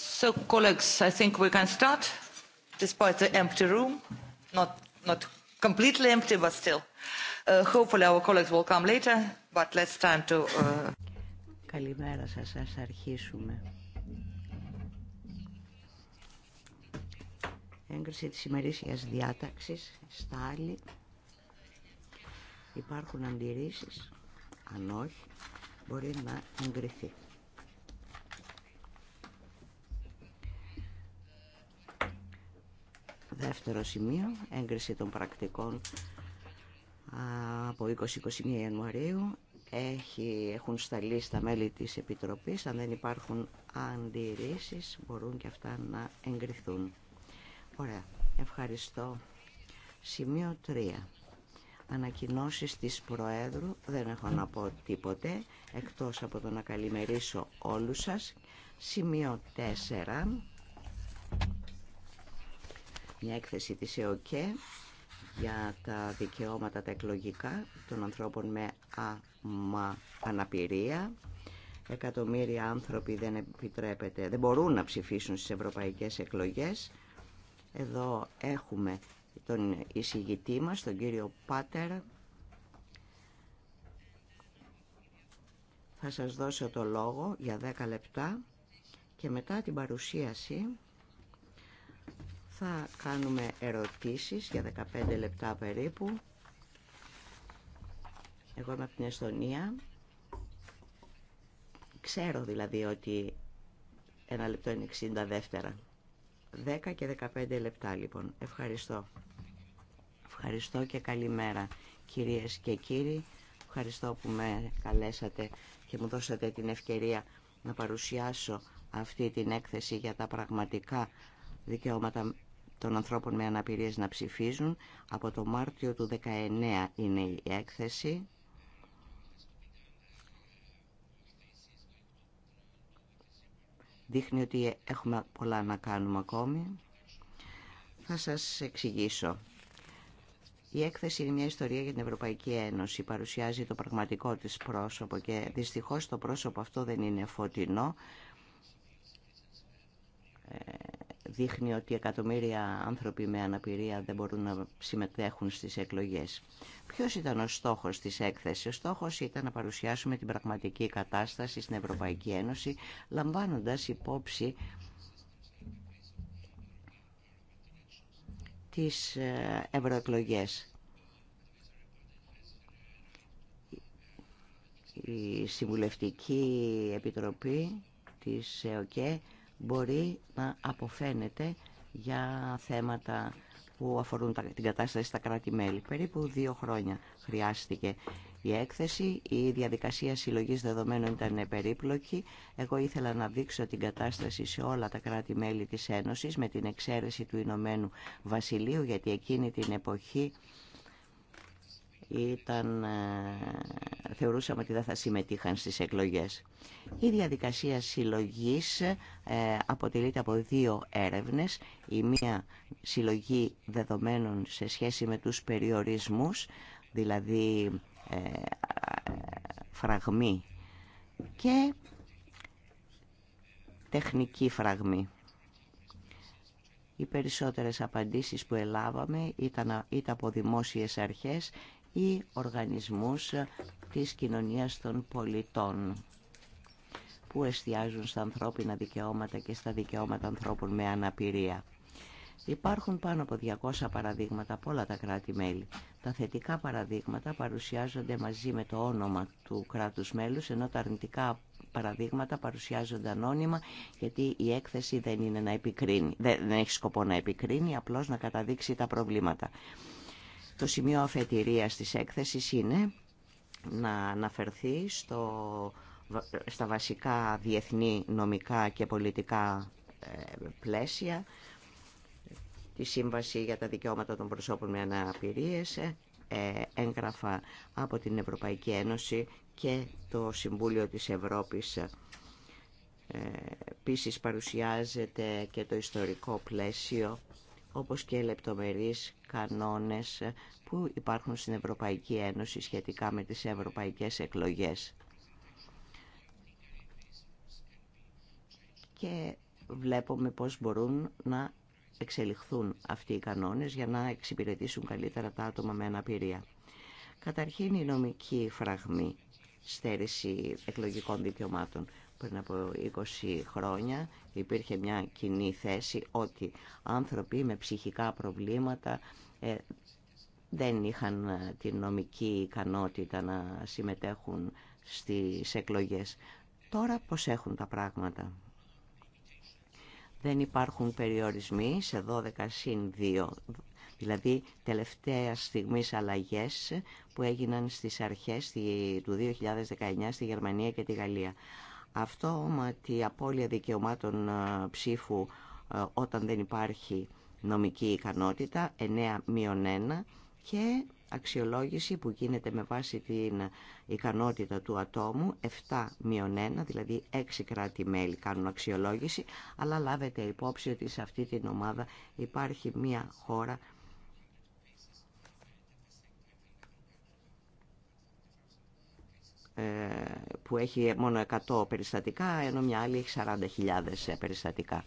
So, colleagues, I think we can start, despite the empty room. Not, not completely empty, but still. Uh, hopefully our colleagues will come later, but let's time to... Uh... Καλημέρα σας, ας αρχίσουμε. Έγκριση της ημερήσιας διάταξης, στάλη. Υπάρχουν αντιρρήσεις, αν όχι, μπορεί να εγκριθεί. Δεύτερο σημείο, έγκριση των πρακτικών από 20-21 Ιανουαρίου. Έχει, έχουν σταλεί στα μέλη της Επιτροπής. Αν δεν υπάρχουν αντιρρήσεις, μπορούν και αυτά να εγκριθούν. Ωραία. Ευχαριστώ. Σημείο 3. Ανακοινώσεις της Προέδρου. Δεν έχω να πω τίποτε, εκτός από το να καλημερίσω όλους σας. Σημείο 4 μια έκθεση της ΕΟΚΕ για τα δικαιώματα τα εκλογικά των ανθρώπων με αμα αναπηρία. Εκατομμύρια άνθρωποι δεν επιτρέπεται, δεν μπορούν να ψηφίσουν στις ευρωπαϊκές εκλογές. Εδώ έχουμε τον εισηγητή μας, τον κύριο Πάτερ. Θα σας δώσω το λόγο για 10 λεπτά και μετά την παρουσίαση θα κάνουμε ερωτήσεις για 15 λεπτά περίπου. Εγώ είμαι από την Εστονία. Ξέρω δηλαδή ότι ένα λεπτό είναι 60 δεύτερα. 10 και 15 λεπτά λοιπόν. Ευχαριστώ. Ευχαριστώ και καλημέρα κυρίες και κύριοι. Ευχαριστώ που με καλέσατε και μου δώσατε την ευκαιρία να παρουσιάσω αυτή την έκθεση για τα πραγματικά δικαιώματα των ανθρώπων με αναπηρίες να ψηφίζουν. Από το Μάρτιο του 19 είναι η έκθεση. Δείχνει ότι έχουμε πολλά να κάνουμε ακόμη. Θα σας εξηγήσω. Η έκθεση είναι μια ιστορία για την Ευρωπαϊκή Ένωση. Παρουσιάζει το πραγματικό της πρόσωπο και δυστυχώς το πρόσωπο αυτό δεν είναι φωτεινό. Ε, δείχνει ότι εκατομμύρια άνθρωποι με αναπηρία δεν μπορούν να συμμετέχουν στις εκλογές. Ποιος ήταν ο στόχος της έκθεσης. Ο στόχος ήταν να παρουσιάσουμε την πραγματική κατάσταση στην Ευρωπαϊκή Ένωση, λαμβάνοντας υπόψη τις ε, ευρωεκλογές. Η Συμβουλευτική Επιτροπή της ΕΟΚΕ μπορεί να αποφαίνεται για θέματα που αφορούν την κατάσταση στα κράτη-μέλη. Περίπου δύο χρόνια χρειάστηκε η έκθεση. Η διαδικασία συλλογής δεδομένων ήταν περίπλοκη. Εγώ ήθελα να δείξω την κατάσταση σε όλα τα κράτη-μέλη της Ένωσης με την εξαίρεση του Ηνωμένου Βασιλείου γιατί εκείνη την εποχή ήταν, ε, θεωρούσαμε ότι δεν θα συμμετείχαν στις εκλογές. Η διαδικασία συλλογής ε, αποτελείται από δύο έρευνες. Η μία συλλογή δεδομένων σε σχέση με τους περιορισμούς, δηλαδή ε, φραγμή και τεχνική φραγμή. Οι περισσότερες απαντήσεις που ελάβαμε ήταν από δημόσιες αρχές ή οργανισμούς της κοινωνίας των πολιτών που εστιάζουν στα ανθρώπινα δικαιώματα και στα δικαιώματα ανθρώπων με αναπηρία. Υπάρχουν πάνω από 200 παραδείγματα από όλα τα κράτη-μέλη. Τα θετικά παραδείγματα παρουσιάζονται μαζί με το όνομα του κράτους μέλους, ενώ τα αρνητικά παραδείγματα παρουσιάζονται ανώνυμα, γιατί η έκθεση δεν, είναι να δεν έχει σκοπό να επικρίνει, απλώς να καταδείξει τα προβλήματα. Το σημείο αφετηρίας της έκθεσης είναι να αναφερθεί στα βασικά διεθνή νομικά και πολιτικά ε, πλαίσια, τη Σύμβαση για τα Δικαιώματα των Προσώπων με Αναπηρίες, ε, ε, έγγραφα από την Ευρωπαϊκή Ένωση και το Συμβούλιο της Ευρώπης. Επίσης παρουσιάζεται και το ιστορικό πλαίσιο όπως και λεπτομερείς κανόνες που υπάρχουν στην Ευρωπαϊκή Ένωση σχετικά με τις ευρωπαϊκές εκλογές. Και βλέπουμε πώς μπορούν να εξελιχθούν αυτοί οι κανόνες για να εξυπηρετήσουν καλύτερα τα άτομα με αναπηρία. Καταρχήν η νομική φραγμή στέρηση εκλογικών δικαιωμάτων πριν από 20 χρόνια υπήρχε μια κοινή θέση ότι άνθρωποι με ψυχικά προβλήματα ε, δεν είχαν ε, την νομική ικανότητα να συμμετέχουν στις εκλογές. Τώρα πώς έχουν τα πράγματα. Δεν υπάρχουν περιορισμοί σε 12 συν 2, δηλαδή τελευταία στιγμής αλλαγές που έγιναν στις αρχές του 2019 στη Γερμανία και τη Γαλλία αυτό αυτόματη απώλεια δικαιωμάτων ε, ψήφου ε, όταν δεν υπάρχει νομική ικανότητα 9 1 και αξιολόγηση που γίνεται με βάση την ικανότητα του ατόμου 7 1, δηλαδή 6 κράτη-μέλη κάνουν αξιολόγηση αλλά λάβετε υπόψη ότι σε αυτή την ομάδα υπάρχει μια χώρα Ε, που έχει μόνο 100 περιστατικά, ενώ μια άλλη έχει 40.000 ε, περιστατικά.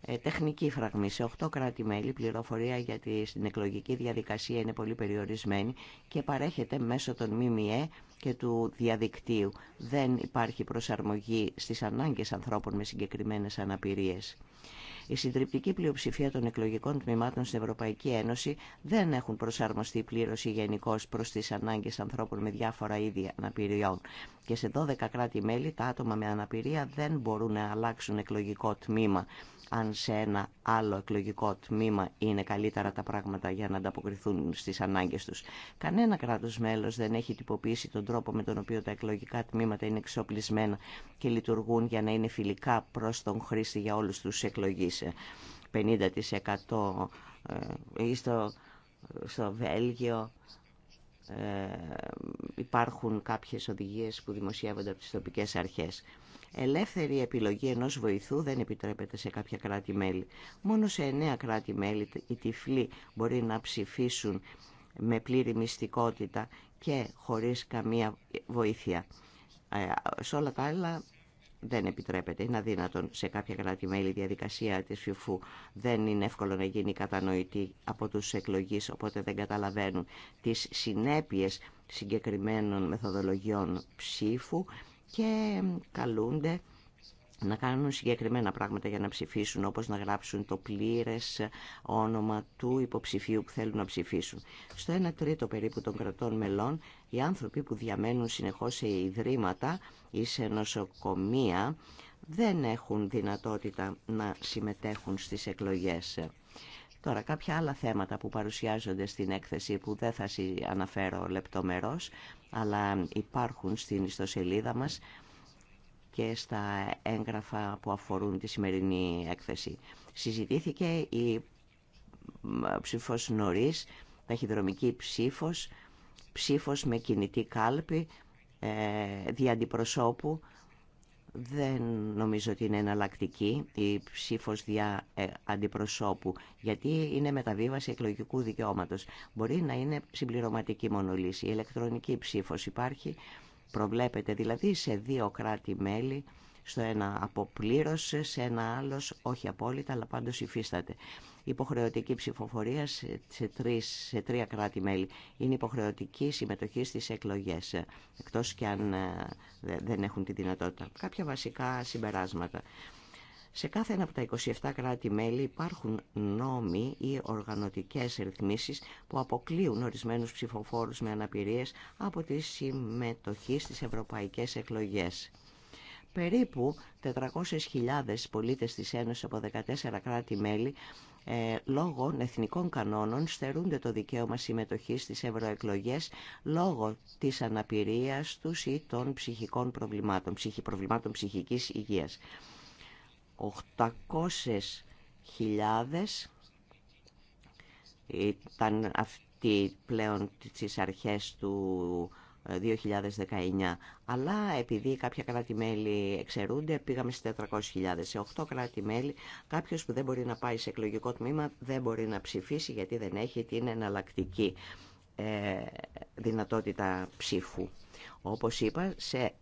Ε, τεχνική φραγμή σε 8 κράτη-μέλη, πληροφορία για την εκλογική διαδικασία είναι πολύ περιορισμένη και παρέχεται μέσω των ΜΜΕ και του διαδικτύου. Δεν υπάρχει προσαρμογή στις ανάγκες ανθρώπων με συγκεκριμένες αναπηρίες. Η συντριπτική πλειοψηφία των εκλογικών τμήματων στην Ευρωπαϊκή Ένωση δεν έχουν προσαρμοστεί πλήρω ή γενικώ προ τι ανάγκε ανθρώπων με διάφορα είδη αναπηριών. Και σε 12 κράτη-μέλη τα άτομα με αναπηρία δεν μπορούν να αλλάξουν εκλογικό τμήμα αν σε ένα άλλο εκλογικό τμήμα είναι καλύτερα τα πράγματα για να ανταποκριθούν στις ανάγκες τους. Κανένα κράτος μέλος δεν έχει τυποποιήσει τον τρόπο με τον οποίο τα εκλογικά τμήματα είναι εξοπλισμένα και λειτουργούν για να είναι φιλικά προς τον χρήστη για όλους τους εκλογείς. 50% ε, ή στο, στο Βέλγιο ε, υπάρχουν κάποιες οδηγίες που δημοσιεύονται από τις τοπικές αρχές ελεύθερη επιλογή ενός βοηθού δεν επιτρέπεται σε κάποια κράτη-μέλη. Μόνο σε εννέα κράτη-μέλη οι τυφλοί μπορεί να ψηφίσουν με πλήρη μυστικότητα και χωρίς καμία βοήθεια. Σε όλα τα άλλα δεν επιτρέπεται. Είναι αδύνατον σε κάποια κράτη-μέλη η διαδικασία της ΦΥΦΟΥ. Δεν είναι εύκολο να γίνει κατανοητή από τους εκλογείς, οπότε δεν καταλαβαίνουν τις συνέπειες συγκεκριμένων μεθοδολογιών ψήφου και καλούνται να κάνουν συγκεκριμένα πράγματα για να ψηφίσουν, όπως να γράψουν το πλήρες όνομα του υποψηφίου που θέλουν να ψηφίσουν. Στο 1 τρίτο περίπου των κρατών μελών, οι άνθρωποι που διαμένουν συνεχώς σε ιδρύματα ή σε νοσοκομεία δεν έχουν δυνατότητα να συμμετέχουν στις εκλογές. Τώρα κάποια άλλα θέματα που παρουσιάζονται στην έκθεση που δεν θα αναφέρω λεπτομερώς αλλά υπάρχουν στην ιστοσελίδα μας και στα έγγραφα που αφορούν τη σημερινή έκθεση. Συζητήθηκε η ψήφος νωρίς, ταχυδρομική ψήφος, ψήφος με κινητή κάλπη, ε, διαντιπροσώπου, δεν νομίζω ότι είναι εναλλακτική η ψήφος δια ε, αντιπροσώπου, γιατί είναι μεταβίβαση εκλογικού δικαιώματος. Μπορεί να είναι συμπληρωματική μονολύση. Η ηλεκτρονική ψήφος υπάρχει, προβλέπεται δηλαδή σε δύο κράτη-μέλη στο ένα αποπλήρωσε, σε ένα άλλο όχι απόλυτα, αλλά πάντως υφίσταται. Υποχρεωτική ψηφοφορία σε, τρεις, σε τρία κράτη-μέλη. Είναι υποχρεωτική συμμετοχή στις εκλογές, εκτός και αν ε, δεν έχουν τη δυνατότητα. Κάποια βασικά συμπεράσματα. Σε κάθε ένα από τα 27 κράτη-μέλη υπάρχουν νόμοι ή οργανωτικές ρυθμίσεις που αποκλείουν ορισμένους ψηφοφόρους με αναπηρίες από τη συμμετοχή στις ευρωπαϊκές εκλογές περίπου 400.000 πολίτες της Ένωσης από 14 κράτη-μέλη ε, λόγω εθνικών κανόνων στερούνται το δικαίωμα συμμετοχής στις ευρωεκλογές λόγω της αναπηρίας τους ή των ψυχικών προβλημάτων, ψυχικών προβλημάτων ψυχικής υγείας. 800.000 ήταν αυτοί πλέον τις αρχές του 2019. Αλλά επειδή κάποια κράτη-μέλη εξαιρούνται, πήγαμε στι 400.000. Σε 8 κράτη-μέλη κάποιο που δεν μπορεί να πάει σε εκλογικό τμήμα δεν μπορεί να ψηφίσει γιατί δεν έχει την εναλλακτική ε, δυνατότητα ψήφου. Όπω είπα, σε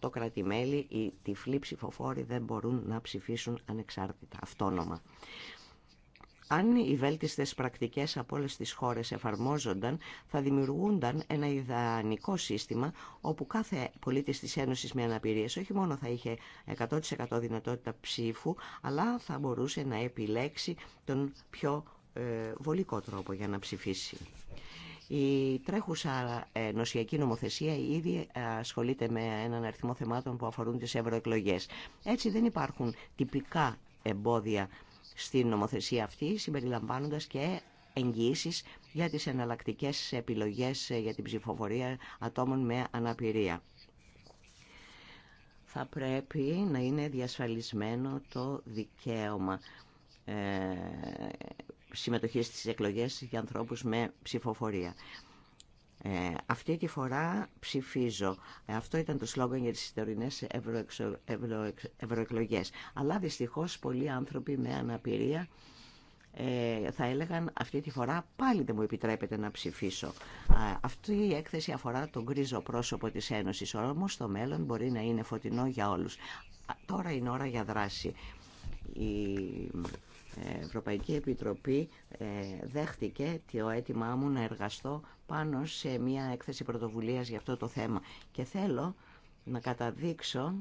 18 κράτη-μέλη οι τυφλοί ψηφοφόροι δεν μπορούν να ψηφίσουν ανεξάρτητα, αυτόνομα. Αν οι βέλτιστες πρακτικές από όλες τις χώρες εφαρμόζονταν, θα δημιουργούνταν ένα ιδανικό σύστημα όπου κάθε πολίτης της Ένωσης με αναπηρίες όχι μόνο θα είχε 100% δυνατότητα ψήφου, αλλά θα μπορούσε να επιλέξει τον πιο ε, βολικό τρόπο για να ψηφίσει. Η τρέχουσα ε, νοσιακή νομοθεσία ήδη ασχολείται με έναν αριθμό θεμάτων που αφορούν τις ευρωεκλογέ. Έτσι δεν υπάρχουν τυπικά εμπόδια στην νομοθεσία αυτή, συμπεριλαμβάνοντας και εγγύησεις για τις εναλλακτικέ επιλογές ε, για την ψηφοφορία ατόμων με αναπηρία. Θα πρέπει να είναι διασφαλισμένο το δικαίωμα ε, συμμετοχής στις εκλογές για ανθρώπους με ψηφοφορία. Ε, αυτή τη φορά ψηφίζω. Ε, αυτό ήταν το σλόγγαν για τις τωρινές ευρωεξο, Αλλά δυστυχώς πολλοί άνθρωποι με αναπηρία ε, θα έλεγαν αυτή τη φορά πάλι δεν μου επιτρέπεται να ψηφίσω. αυτή η έκθεση αφορά τον γκρίζο πρόσωπο της Ένωσης, Όμω το μέλλον μπορεί να είναι φωτεινό για όλους. Τώρα είναι ώρα για δράση. Η Ευρωπαϊκή Επιτροπή ε, δέχτηκε το αίτημά μου να εργαστώ πάνω σε μια έκθεση πρωτοβουλίας για αυτό το θέμα. Και θέλω να καταδείξω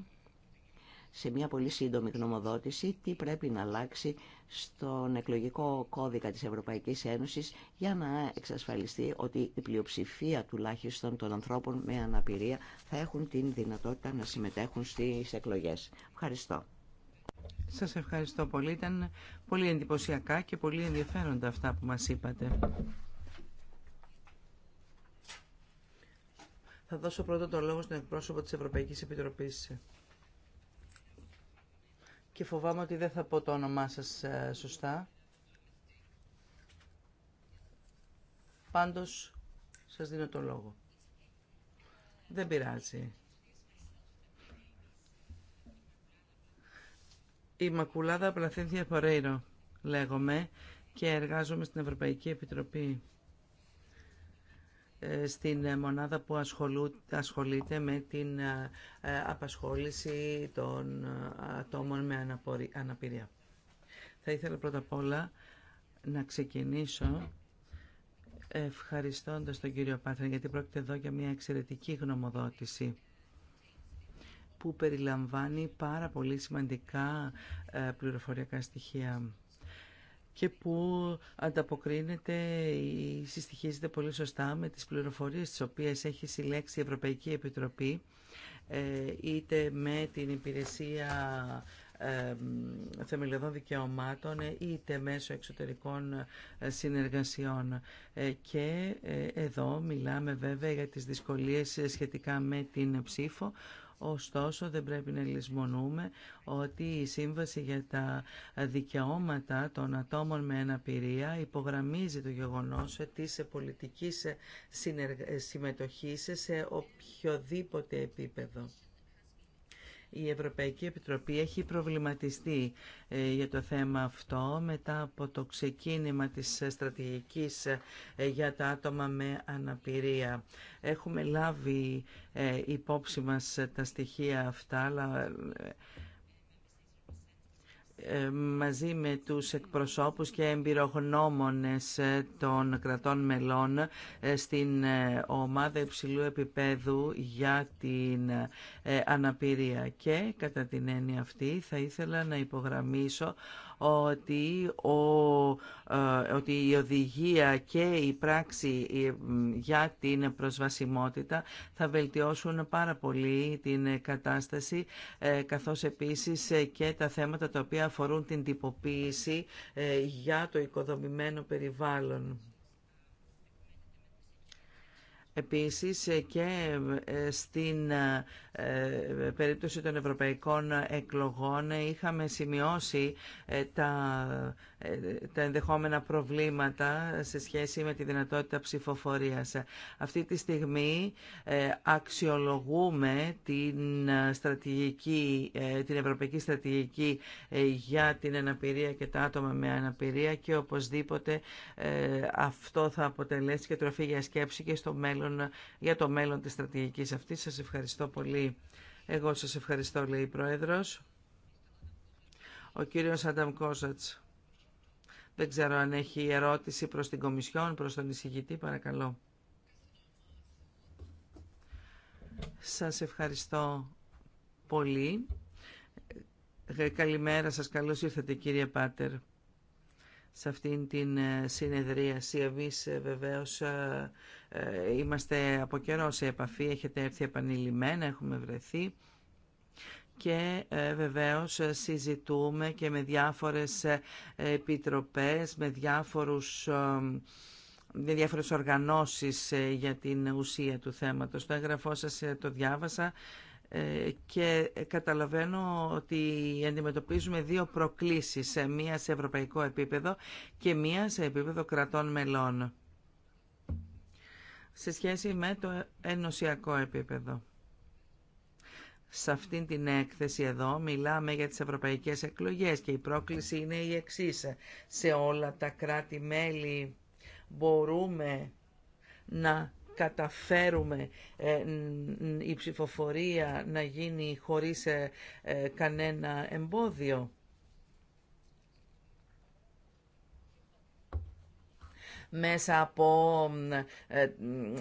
σε μια πολύ σύντομη γνωμοδότηση τι πρέπει να αλλάξει στον εκλογικό κώδικα της Ευρωπαϊκής Ένωσης για να εξασφαλιστεί ότι η πλειοψηφία τουλάχιστον των ανθρώπων με αναπηρία θα έχουν την δυνατότητα να συμμετέχουν στις εκλογές. Ευχαριστώ. Σας ευχαριστώ πολύ. Πολύ εντυπωσιακά και πολύ ενδιαφέροντα αυτά που μας είπατε. Θα δώσω πρώτα τον λόγο στον εκπρόσωπο της Ευρωπαϊκής Επιτροπής. Και φοβάμαι ότι δεν θα πω το όνομά σας ε, σωστά. Πάντως, σας δίνω τον λόγο. Δεν πειράζει. Η Μακουλάδα Πλαθένθια Πορέιρο λέγομαι και εργάζομαι στην Ευρωπαϊκή Επιτροπή ε, στην ε, μονάδα που ασχολείται με την ε, απασχόληση των ατόμων με αναπηρία. Θα ήθελα πρώτα απ' όλα να ξεκινήσω ευχαριστώντας τον κύριο Πάθρα γιατί πρόκειται εδώ για μια εξαιρετική γνωμοδότηση που περιλαμβάνει πάρα πολύ σημαντικά ε, πληροφοριακά στοιχεία και που ανταποκρίνεται ή συστοιχίζεται πολύ σωστά με τις πληροφορίες τις οποίες έχει συλλέξει η Ευρωπαϊκή Επιτροπή ε, είτε με την υπηρεσία ε, θεμελιωδών δικαιωμάτων είτε μέσω εξωτερικών συνεργασιών. Και εδώ μιλάμε βέβαια για τις δυσκολίες σχετικά με την ψήφο Ωστόσο δεν πρέπει να λησμονούμε ότι η Σύμβαση για τα Δικαιώματα των Ατόμων με Αναπηρία υπογραμμίζει το γεγονός της πολιτικής συμμετοχή σε οποιοδήποτε επίπεδο. Η Ευρωπαϊκή Επιτροπή έχει προβληματιστεί ε, για το θέμα αυτό μετά από το ξεκίνημα της στρατηγικής ε, για τα άτομα με αναπηρία. Έχουμε λάβει ε, υπόψη μας τα στοιχεία αυτά, αλλά ε, μαζί με τους εκπροσώπους και εμπειρογνώμονες ε, των κρατών μελών ε, στην ομάδα υψηλού επίπεδου για την αναπηρία. Και κατά την έννοια αυτή θα ήθελα να υπογραμμίσω ότι, ο, ε, ότι η οδηγία και η πράξη ε, για την προσβασιμότητα θα βελτιώσουν πάρα πολύ την κατάσταση ε, καθώς επίσης και τα θέματα τα οποία αφορούν την τυποποίηση για το οικοδομημένο περιβάλλον. Επίσης ε, και ε, στην ε, περίπτωση των ευρωπαϊκών εκλογών είχαμε σημειώσει τα τα ενδεχόμενα προβλήματα σε σχέση με τη δυνατότητα ψηφοφορίας. Αυτή τη στιγμή ε, αξιολογούμε την, ε, στρατηγική, ε, την Ευρωπαϊκή Στρατηγική για την αναπηρία και τα άτομα με αναπηρία και οπωσδήποτε αυτό θα αποτελέσει και τροφή για σκέψη και στο μέλλον, για το μέλλον της στρατηγικής αυτής. Σας ευχαριστώ πολύ. Εγώ σας ευχαριστώ, λέει η Πρόεδρος. Ο κύριος Ανταμ Κόζατς. Δεν ξέρω αν έχει ερώτηση προς την Κομισιόν, προς τον εισηγητή, παρακαλώ. Σας ευχαριστώ πολύ. Ε, καλημέρα σας, καλώς ήρθατε κύριε Πάτερ σε αυτήν την ε, συνεδρίαση. Εμεί ε, βεβαίως είμαστε από καιρό σε επαφή, έχετε έρθει επανειλημμένα, έχουμε βρεθεί και ε, βεβαίως συζητούμε και με διάφορες ε, επιτροπές, με διάφορους ε, με διάφορες οργανώσεις για την ουσία του θέματος. Το έγγραφό σας το διάβασα και καταλαβαίνω ότι αντιμετωπίζουμε δύο προκλήσεις, μία σε ευρωπαϊκό επίπεδο και μία σε επίπεδο κρατών μελών, σε σχέση με το ενωσιακό επίπεδο σε αυτήν την έκθεση εδώ μιλάμε για τις ευρωπαϊκές εκλογές και η πρόκληση είναι η εξής. Σε όλα τα κράτη-μέλη μπορούμε να καταφέρουμε ε, η ψηφοφορία να γίνει χωρίς ε, ε, κανένα εμπόδιο. μέσα από ε,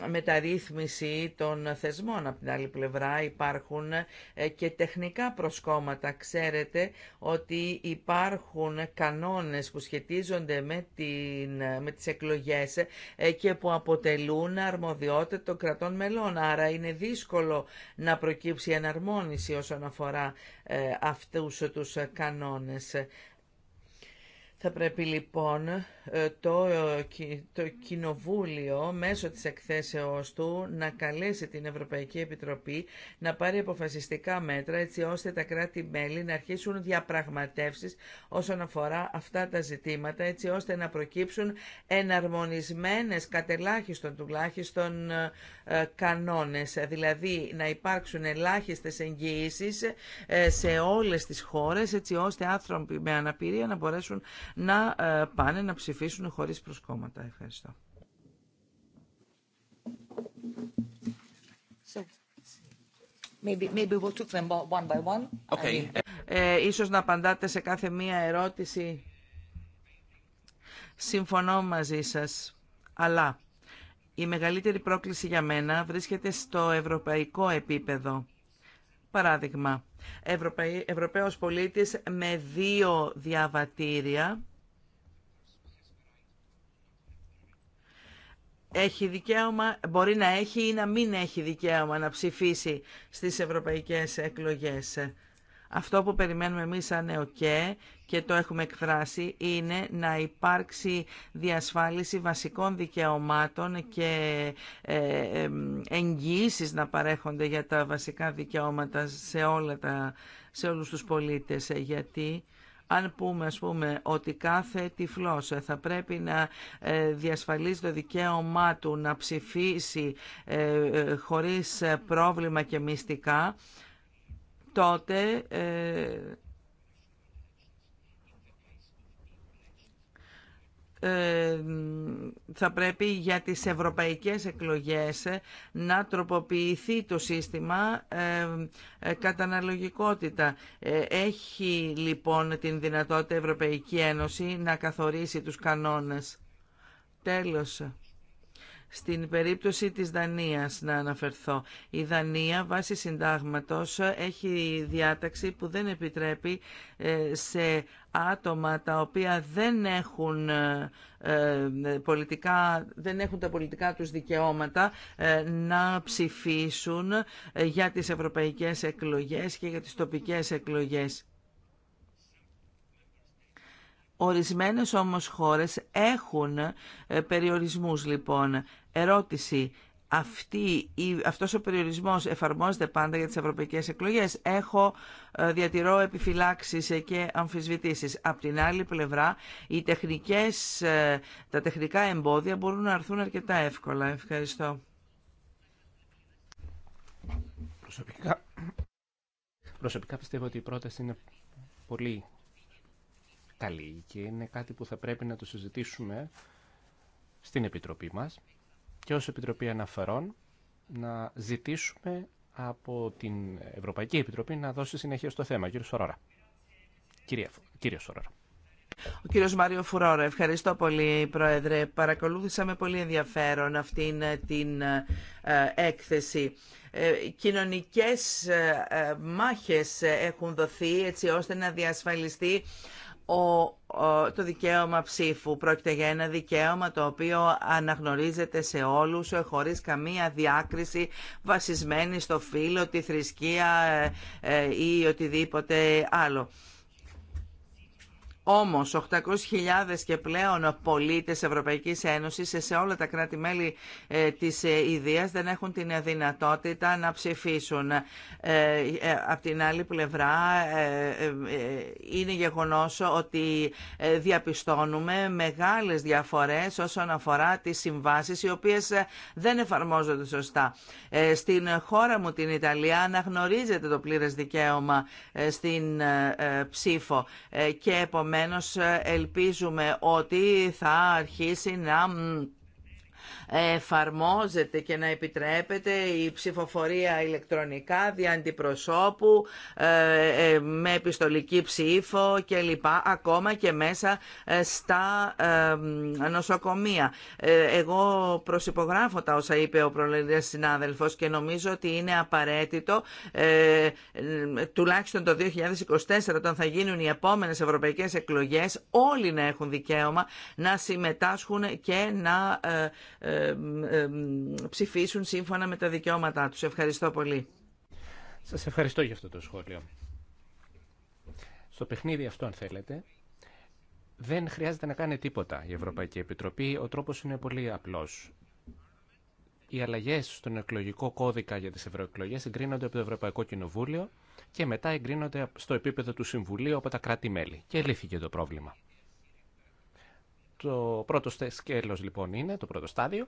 μεταρρύθμιση των θεσμών. Από την άλλη πλευρά υπάρχουν ε, και τεχνικά προσκόμματα. Ξέρετε ότι υπάρχουν κανόνες που σχετίζονται με, την, με τις εκλογές ε, και που αποτελούν αρμοδιότητα των κρατών μελών. Άρα είναι δύσκολο να προκύψει εναρμόνιση όσον αφορά αυτούς τους κανόνες. Θα πρέπει λοιπόν το, ε, το Κοινοβούλιο μέσω της εκθέσεώς του να καλέσει την Ευρωπαϊκή Επιτροπή να πάρει αποφασιστικά μέτρα έτσι ώστε τα κράτη-μέλη να αρχίσουν διαπραγματεύσεις όσον αφορά αυτά τα ζητήματα έτσι ώστε να προκύψουν εναρμονισμένες κατελάχιστον τουλάχιστον ε, κανόνες δηλαδή να υπάρξουν ελάχιστες εγγυήσεις ε, σε όλες τις χώρες έτσι ώστε άνθρωποι με αναπηρία να μπορέσουν να πάνε να ψηφίσουν ψηφίσουν χωρίς προσκόμματα. Ευχαριστώ. Maybe, ίσως να απαντάτε σε κάθε μία ερώτηση. Συμφωνώ μαζί σας, αλλά η μεγαλύτερη πρόκληση για μένα βρίσκεται στο ευρωπαϊκό επίπεδο. Παράδειγμα, Ευρωπαϊ... Ευρωπαίος πολίτης με δύο διαβατήρια έχει δικαίωμα, μπορεί να έχει ή να μην έχει δικαίωμα να ψηφίσει στις ευρωπαϊκές εκλογές. Αυτό που περιμένουμε εμείς σαν ΕΟΚΕ και το έχουμε εκφράσει είναι να υπάρξει διασφάλιση βασικών δικαιωμάτων και ε, εγγυήσει να παρέχονται για τα βασικά δικαιώματα σε, όλα τα, σε όλους τους πολίτες. Ε, γιατί αν πούμε, ας πούμε, ότι κάθε τυφλός θα πρέπει να ε, διασφαλίζει το δικαίωμά του να ψηφίσει ε, ε, χωρίς πρόβλημα και μυστικά, τότε Ε, θα πρέπει για τις ευρωπαϊκές εκλογές να τροποποιηθεί το σύστημα ε, ε, κατά αναλογικότητα. Έχει λοιπόν την δυνατότητα η Ευρωπαϊκή Ένωση να καθορίσει τους κανόνες. Τέλος. Στην περίπτωση της Δανίας να αναφερθώ. Η Δανία βάσει συντάγματος έχει διάταξη που δεν επιτρέπει ε, σε άτομα τα οποία δεν έχουν, ε, ε, πολιτικά, δεν έχουν τα πολιτικά τους δικαιώματα να ψηφίσουν για τις ευρωπαϊκές εκλογές και για τις τοπικές εκλογές. Ορισμένες όμως χώρες έχουν ε, περιορισμούς λοιπόν. Ερώτηση, αυτή, αυτός ο περιορισμός εφαρμόζεται πάντα για τις ευρωπαϊκές εκλογές. Έχω, ε, διατηρώ επιφυλάξεις και αμφισβητήσεις. Απ' την άλλη πλευρά, οι τεχνικές, ε, τα τεχνικά εμπόδια μπορούν να έρθουν αρκετά εύκολα. Ευχαριστώ. Προσωπικά, προσωπικά πιστεύω ότι η πρόταση είναι πολύ και είναι κάτι που θα πρέπει να το συζητήσουμε στην Επιτροπή μας και ως Επιτροπή Αναφερών να ζητήσουμε από την Ευρωπαϊκή Επιτροπή να δώσει συνέχεια στο θέμα. Κύριε Σορόρα. Κύριε, κύριε Ο κύριος Μάριο Φουρόρα, ευχαριστώ πολύ Πρόεδρε. Παρακολούθησα με πολύ ενδιαφέρον αυτήν ε, την ε, έκθεση. Ε, κοινωνικές μάχες έχουν δοθεί έτσι ώστε να διασφαλιστεί ο το δικαίωμα ψήφου. Πρόκειται για ένα δικαίωμα το οποίο αναγνωρίζεται σε όλους ε, χωρίς καμία διάκριση βασισμένη στο φύλλο, τη θρησκεία ε, ε, ή οτιδήποτε άλλο. Όμως 800.000 και πλέον πολίτες Ευρωπαϊκής Ένωσης σε όλα τα κράτη-μέλη ε, της ε, Ιδίας δεν έχουν την δυνατότητα να ψηφίσουν. Ε, απ' την άλλη πλευρά είναι γεγονός ότι διαπιστώνουμε μεγάλες διαφορές όσον αφορά τις συμβάσεις οι οποίες δεν εφαρμόζονται σωστά. Στην χώρα μου την Ιταλία αναγνωρίζεται το πλήρες δικαίωμα στην ψήφο και επομένως επομένως ελπίζουμε ότι θα αρχίσει να εφαρμόζεται και να επιτρέπεται η ψηφοφορία ηλεκτρονικά δια αντιπροσώπου ε, ε, με επιστολική ψήφο κλπ. Ακόμα και μέσα ε, στα νοσοκομεία. Εγώ προσυπογράφω τα όσα είπε ο προλεγγύης συνάδελφος και νομίζω ότι είναι απαραίτητο τουλάχιστον το 2024 όταν θα γίνουν οι επόμενες ευρωπαϊκές εκλογές όλοι να έχουν δικαίωμα να συμμετάσχουν και να ψηφίσουν σύμφωνα με τα δικαιώματά τους. Ευχαριστώ πολύ. Σας ευχαριστώ για αυτό το σχόλιο. Στο παιχνίδι αυτό, αν θέλετε, δεν χρειάζεται να κάνει τίποτα η Ευρωπαϊκή Επιτροπή. Ο τρόπος είναι πολύ απλός. Οι αλλαγέ στον εκλογικό κώδικα για τι ευρωεκλογέ εγκρίνονται από το Ευρωπαϊκό Κοινοβούλιο και μετά εγκρίνονται στο επίπεδο του Συμβουλίου από τα κράτη-μέλη. Και λύθηκε το πρόβλημα. Το πρώτο σκέλος λοιπόν είναι, το πρώτο στάδιο.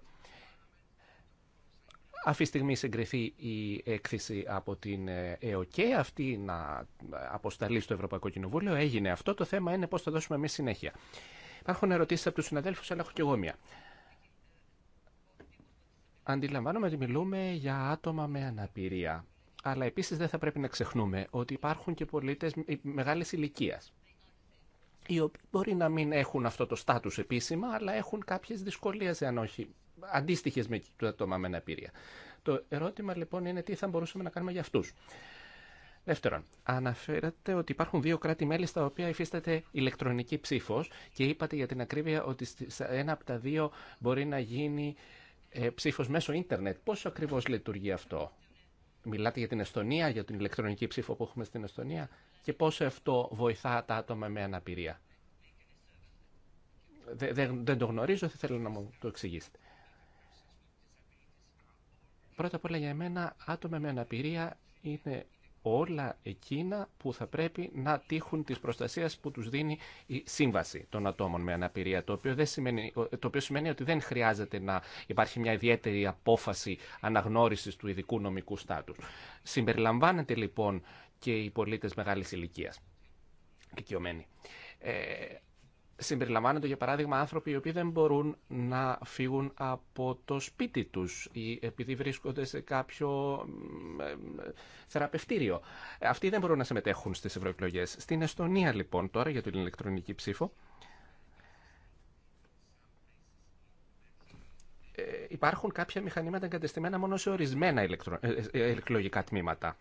Αυτή τη στιγμή συγκριθεί η έκθεση από την ε, ΕΟΚΕ, αυτή να αποσταλεί στο Ευρωπαϊκό Κοινοβούλιο. Έγινε αυτό, το θέμα είναι πώς θα δώσουμε εμείς συνέχεια. Υπάρχουν ερωτήσεις από τους συναδέλφους, αλλά έχω και εγώ μία. Αντιλαμβάνομαι ότι μιλούμε για άτομα με αναπηρία, αλλά επίσης δεν θα πρέπει να ξεχνούμε ότι υπάρχουν και πολίτες μεγάλης ηλικίας οι οποίοι μπορεί να μην έχουν αυτό το στάτους επίσημα, αλλά έχουν κάποιες δυσκολίες, αν όχι αντίστοιχες με το άτομα με αναπηρία. Το ερώτημα λοιπόν είναι τι θα μπορούσαμε να κάνουμε για αυτούς. Δεύτερον, αναφέρατε ότι υπάρχουν δύο κράτη-μέλη στα οποία υφίσταται ηλεκτρονική ψήφο και είπατε για την ακρίβεια ότι ένα από τα δύο μπορεί να γίνει ε, ψήφο μέσω ίντερνετ. Πόσο ακριβώ λειτουργεί αυτό, Μιλάτε για την Εστονία, για την ηλεκτρονική ψήφο που έχουμε στην Εστονία και πόσο αυτό βοηθά τα άτομα με αναπηρία. Δεν, δεν το γνωρίζω, θα θέλω να μου το εξηγήσετε. Πρώτα απ' όλα για μένα, άτομα με αναπηρία είναι όλα εκείνα που θα πρέπει να τύχουν της προστασίας που τους δίνει η σύμβαση των ατόμων με αναπηρία, το οποίο, δεν σημαίνει, το οποίο σημαίνει ότι δεν χρειάζεται να υπάρχει μια ιδιαίτερη απόφαση αναγνώρισης του ειδικού νομικού στάτους. Συμπεριλαμβάνεται λοιπόν και οι πολίτες μεγάλης ηλικία δικαιωμένοι. Ε, συμπεριλαμβάνονται για παράδειγμα άνθρωποι οι οποίοι δεν μπορούν να φύγουν από το σπίτι τους ή επειδή βρίσκονται σε κάποιο ε, ε, θεραπευτήριο. Αυτοί δεν μπορούν να συμμετέχουν στις ευρωεκλογέ. Στην Εστονία λοιπόν τώρα για την ηλεκτρονική ψήφο ε, υπάρχουν κάποια μηχανήματα εγκατεστημένα μόνο σε ορισμένα εκλογικά τμήματα.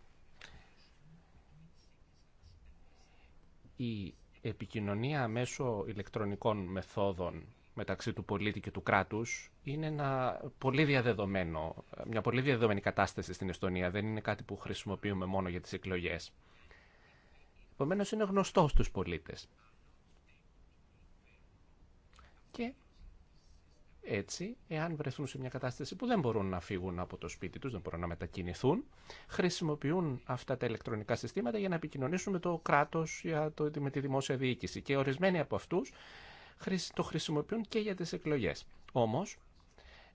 η επικοινωνία μέσω ηλεκτρονικών μεθόδων μεταξύ του πολίτη και του κράτους είναι ένα πολύ διαδεδομένο, μια πολύ διαδεδομένη κατάσταση στην Εστονία. Δεν είναι κάτι που χρησιμοποιούμε μόνο για τις εκλογές. Επομένως είναι γνωστό στους πολίτες. Και έτσι, εάν βρεθούν σε μια κατάσταση που δεν μπορούν να φύγουν από το σπίτι τους, δεν μπορούν να μετακινηθούν, χρησιμοποιούν αυτά τα ηλεκτρονικά συστήματα για να επικοινωνήσουν με το κράτος, για το, με τη δημόσια διοίκηση. Και ορισμένοι από αυτούς το χρησιμοποιούν και για τις εκλογές. Όμως,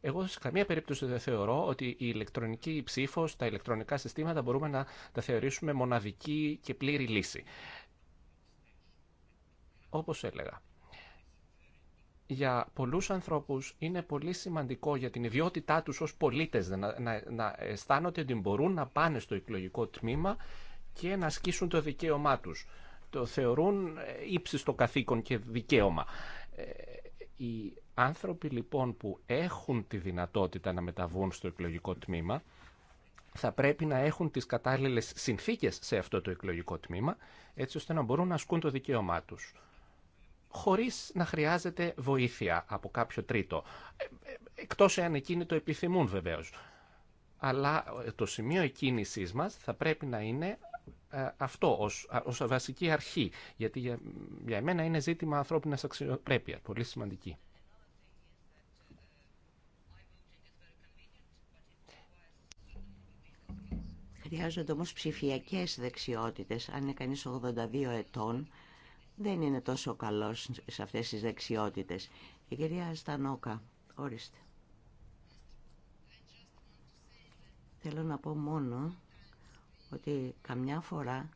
εγώ σε καμία περίπτωση δεν θεωρώ ότι η ηλεκτρονική ψήφο, τα ηλεκτρονικά συστήματα μπορούμε να τα θεωρήσουμε μοναδική και πλήρη λύση. Όπως έλεγα, για πολλούς ανθρώπους είναι πολύ σημαντικό για την ιδιότητά τους ως πολίτες να, να, να αισθάνονται ότι μπορούν να πάνε στο εκλογικό τμήμα και να ασκήσουν το δικαίωμά τους. Το θεωρούν ε, ύψιστο καθήκον και δικαίωμα. Ε, οι άνθρωποι λοιπόν που έχουν τη δυνατότητα να μεταβούν στο εκλογικό τμήμα θα πρέπει να έχουν τις κατάλληλες συνθήκες σε αυτό το εκλογικό τμήμα έτσι ώστε να μπορούν να ασκούν το δικαίωμά τους χωρίς να χρειάζεται βοήθεια από κάποιο τρίτο. Ε, ε, εκτός εάν εκείνοι το επιθυμούν βεβαίως. Αλλά ε, το σημείο εκκίνησής μας θα πρέπει να είναι αυτό ως, ως βασική αρχή. Γιατί για, για εμένα είναι ζήτημα ανθρώπινας αξιοπρέπειας, πολύ σημαντική. Χρειάζονται όμως ψηφιακές δεξιότητες. Αν είναι κανείς 82 ετών, δεν είναι τόσο καλός σε αυτές τις δεξιότητες. Η κυρία Στανόκα, ορίστε. Θέλω να πω μόνο ότι καμιά φορά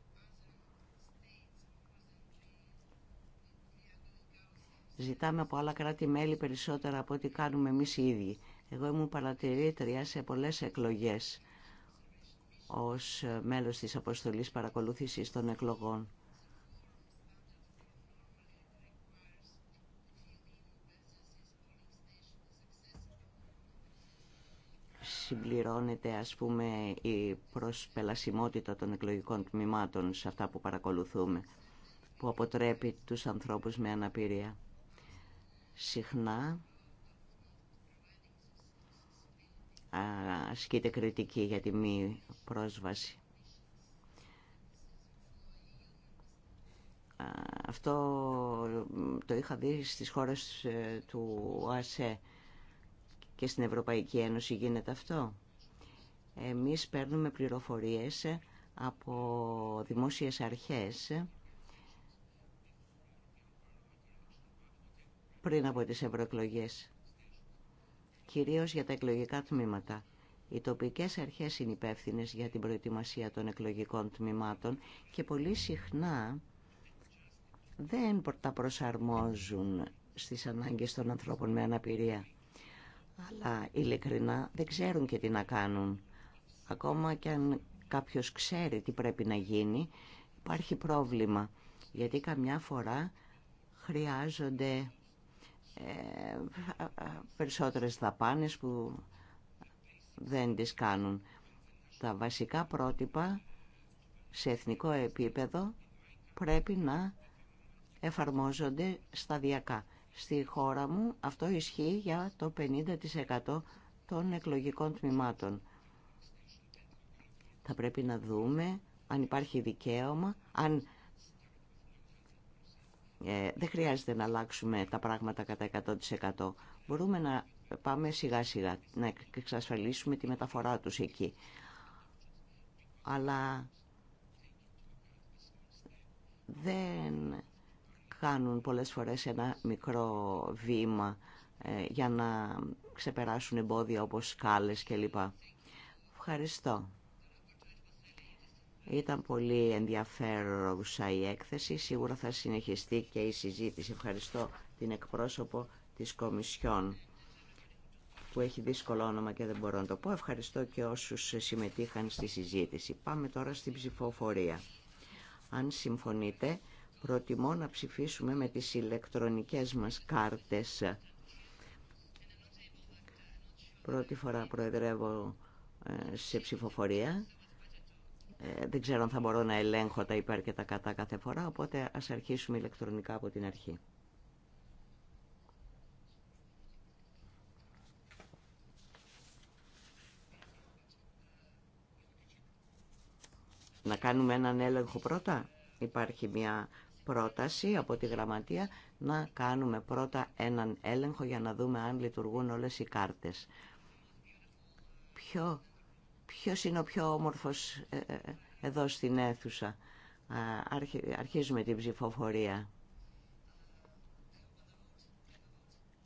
ζητάμε από άλλα κράτη-μέλη περισσότερα από ό,τι κάνουμε εμείς οι ίδιοι. Εγώ ήμουν παρατηρήτρια σε πολλές εκλογές ως μέλος της αποστολής παρακολούθησης των εκλογών. συμπληρώνεται ας πούμε η προσπελασιμότητα των εκλογικών τμήματων σε αυτά που παρακολουθούμε που αποτρέπει τους ανθρώπους με αναπηρία. Συχνά ασκείται κριτική για τη μη πρόσβαση. Αυτό το είχα δει στις χώρες ε, του ΟΑΣΕ και στην Ευρωπαϊκή Ένωση γίνεται αυτό. Εμείς παίρνουμε πληροφορίες από δημόσιες αρχές πριν από τις ευρωεκλογέ. Κυρίως για τα εκλογικά τμήματα. Οι τοπικές αρχές είναι υπεύθυνε για την προετοιμασία των εκλογικών τμήματων και πολύ συχνά δεν τα προσαρμόζουν στις ανάγκες των ανθρώπων με αναπηρία αλλά ειλικρινά δεν ξέρουν και τι να κάνουν. Ακόμα και αν κάποιος ξέρει τι πρέπει να γίνει, υπάρχει πρόβλημα. Γιατί καμιά φορά χρειάζονται ε, περισσότερες δαπάνες που δεν τις κάνουν. Τα βασικά πρότυπα σε εθνικό επίπεδο πρέπει να εφαρμόζονται σταδιακά. Στη χώρα μου αυτό ισχύει για το 50% των εκλογικών τμήματων. Θα πρέπει να δούμε αν υπάρχει δικαίωμα, αν ε, δεν χρειάζεται να αλλάξουμε τα πράγματα κατά 100%. Μπορούμε να πάμε σιγά σιγά, να εξασφαλίσουμε τη μεταφορά τους εκεί. Αλλά δεν κάνουν πολλές φορές ένα μικρό βήμα ε, για να ξεπεράσουν εμπόδια όπως σκάλες κλπ. Ευχαριστώ. Ήταν πολύ ενδιαφέρουσα η έκθεση. Σίγουρα θα συνεχιστεί και η συζήτηση. Ευχαριστώ την εκπρόσωπο της Κομισιόν που έχει δύσκολο όνομα και δεν μπορώ να το πω. Ευχαριστώ και όσους συμμετείχαν στη συζήτηση. Πάμε τώρα στην ψηφοφορία. Αν συμφωνείτε, Προτιμώ να ψηφίσουμε με τις ηλεκτρονικές μας κάρτες. Πρώτη φορά προεδρεύω ε, σε ψηφοφορία. Ε, δεν ξέρω αν θα μπορώ να ελέγχω τα υπέρ και τα κατά κάθε φορά, οπότε ας αρχίσουμε ηλεκτρονικά από την αρχή. Να κάνουμε έναν έλεγχο πρώτα. Υπάρχει μια πρόταση από τη Γραμματεία να κάνουμε πρώτα έναν έλεγχο για να δούμε αν λειτουργούν όλες οι κάρτες. Ποιο, ποιος είναι ο πιο όμορφος ε, ε, εδώ στην αίθουσα. αρχίζουμε την ψηφοφορία.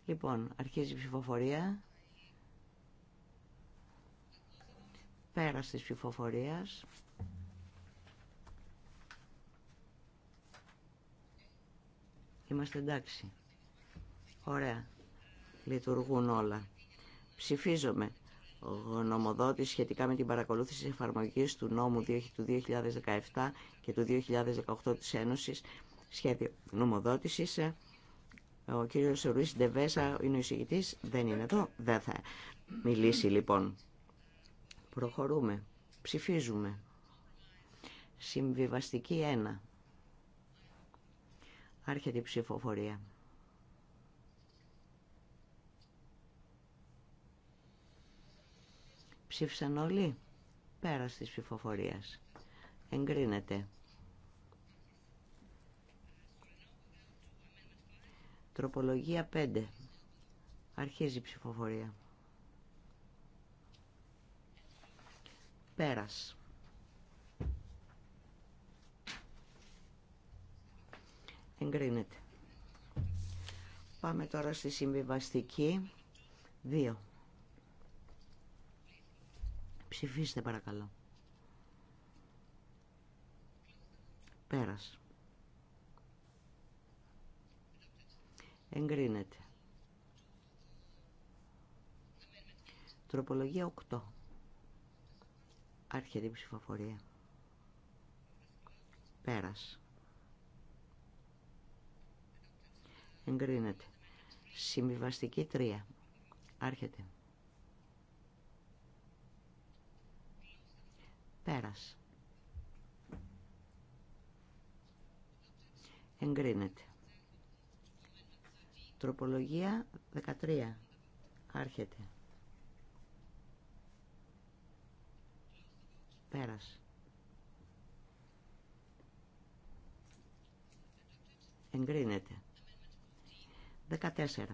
Λοιπόν, αρχίζει η ψηφοφορία. Πέρας της ψηφοφορίας. Είμαστε εντάξει. Ωραία. Λειτουργούν όλα. Ψηφίζομαι γνωμοδότη σχετικά με την παρακολούθηση εφαρμογής του νόμου του 2017 και του 2018 της Ένωσης σχέδιο νομοδότησης ε, Ο κύριος Ρουίς Ντεβέσα είναι ο εισηγητής, δεν είναι εδώ, δεν θα μιλήσει λοιπόν. Προχωρούμε, ψηφίζουμε. Συμβιβαστική 1. Άρχεται η ψηφοφορία. Ψήφισαν όλοι πέρα της ψηφοφορίας. Εγκρίνεται. Τροπολογία 5. Αρχίζει η ψηφοφορία. Πέρας. Εγκρίνεται. Πάμε τώρα στη συμβιβαστική 2. Ψηφίστε παρακαλώ. Πέρας. Εγκρίνεται. Τροπολογία 8. Άρχεται η ψηφοφορία. Πέρας. εγκρίνεται. Συμβιβαστική τρία. Άρχεται. Πέρας. Εγκρίνεται. Τροπολογία 13. Άρχεται. Πέρας. Εγκρίνεται. 14.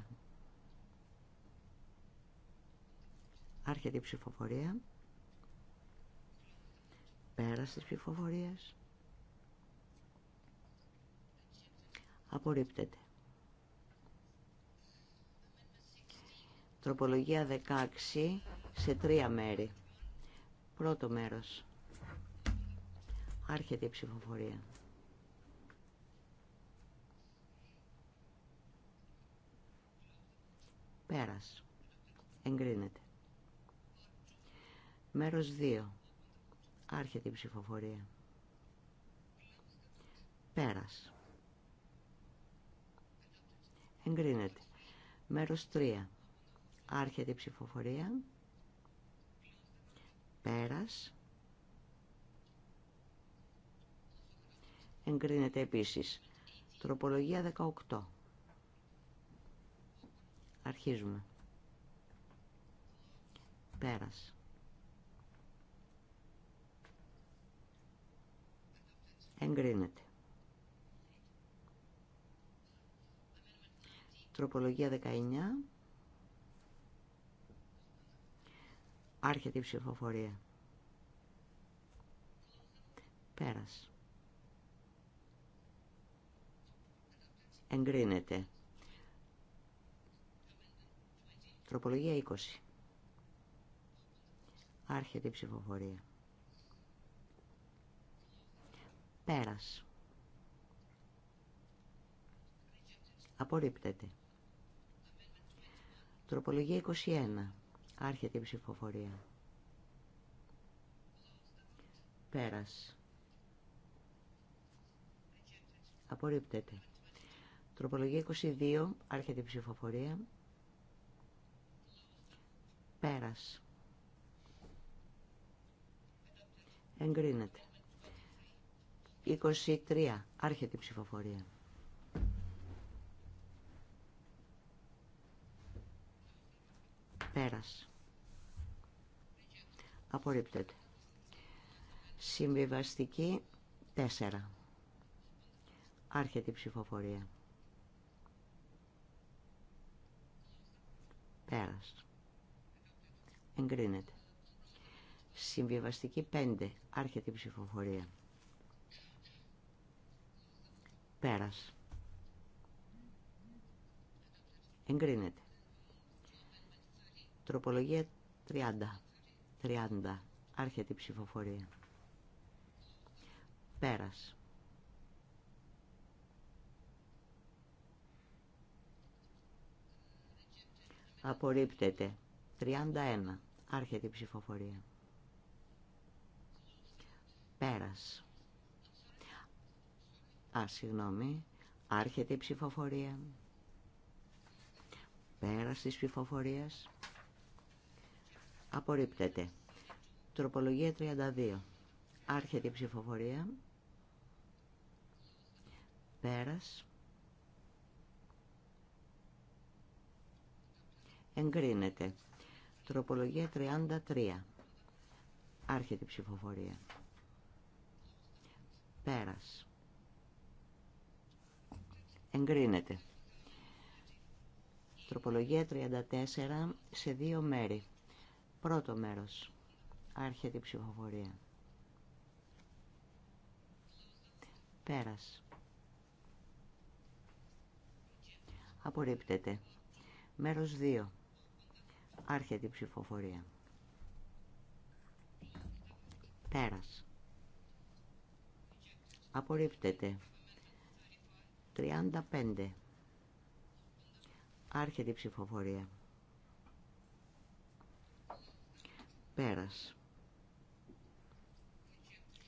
Άρχεται η ψηφοφορία. Πέρασε της ψηφοφορίας. Απορρίπτεται. Τροπολογία 16 σε τρία μέρη. Πρώτο μέρος. Άρχεται η ψηφοφορία. Πέρας. Εγκρίνεται. Μέρος 2. Άρχεται η ψηφοφορία. Πέρας. Εγκρίνεται. Μέρος 3. Άρχεται η ψηφοφορία. Πέρας. Εγκρίνεται επίσης. Τροπολογία 18. Αρχίζουμε. Πέρας. Εγκρίνεται. Τροπολογία 19. Άρχεται η ψηφοφορία. Πέρας. Εγκρίνεται. Τροπολογία 20. Άρχεται η ψηφοφορία. Πέρας. Απορρίπτεται. Τροπολογία 21. Άρχεται η ψηφοφορία. Πέρας. Απορρίπτεται. Τροπολογία 22. Άρχεται η ψηφοφορία. Πέρας. Εγκρίνεται. 23. Άρχεται η ψηφοφορία. Πέρας. Απορρίπτεται. Συμβιβαστική 4. Άρχεται η ψηφοφορία. Πέρας εγκρίνεται. Συμβιβαστική 5. Άρχεται η ψηφοφορία. Πέρας. Εγκρίνεται. Τροπολογία 30. 30. Άρχεται η ψηφοφορία. Πέρας. Απορρίπτεται. 31. Άρχεται η ψηφοφορία. Πέρας. Α, συγγνώμη. Άρχεται η ψηφοφορία. Πέρας της ψηφοφορίας. Απορρίπτεται. Τροπολογία 32. Άρχεται η ψηφοφορία. Πέρας. Εγκρίνεται. Τροπολογία 33. Άρχεται η ψηφοφορία. Πέρας. Εγκρίνεται. Τροπολογία 34 σε δύο μέρη. Πρώτο μέρος. Άρχεται η ψηφοφορία. Πέρας. Απορρίπτεται. Μέρος 2. Άρχεται η ψηφοφορία. Πέρας. Απορρίπτεται. 35. Άρχεται η ψηφοφορία. Πέρας.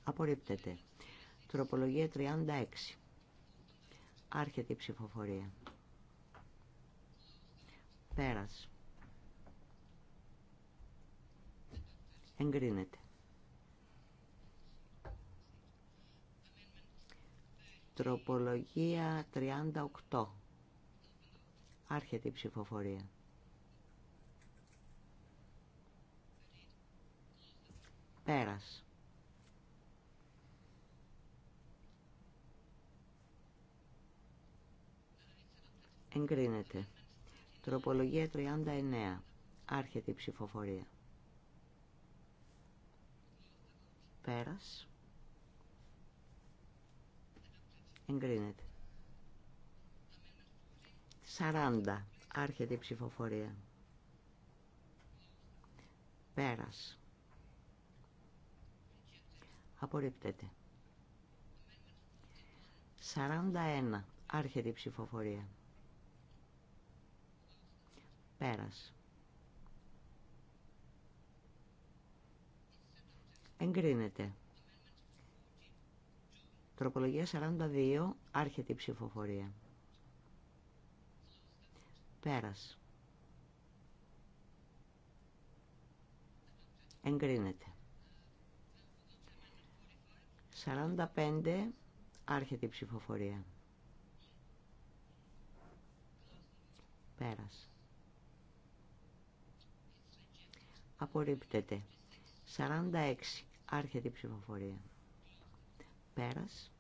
Απορρίπτεται. Τροπολογία 36. Άρχεται η ψηφοφορία. Πέρας. Εγκρίνεται. Τροπολογία 38. Άρχεται η ψηφοφορία. Πέρας. Εγκρίνεται. Τροπολογία 39. Άρχεται η ψηφοφορία. Πέρας. Εγκρίνεται. 40. Άρχεται η ψηφοφορία. Πέρας. Απορρίπτεται. 41. Άρχεται η ψηφοφορία. Πέρας. Εγκρίνεται. Τροπολογία 42. Άρχεται η ψηφοφορία. Πέρας. Εγκρίνεται. 45. Άρχεται η ψηφοφορία. Πέρας. Απορρίπτεται. 46. Άρχεται η ψηφοφορία. Πέρας.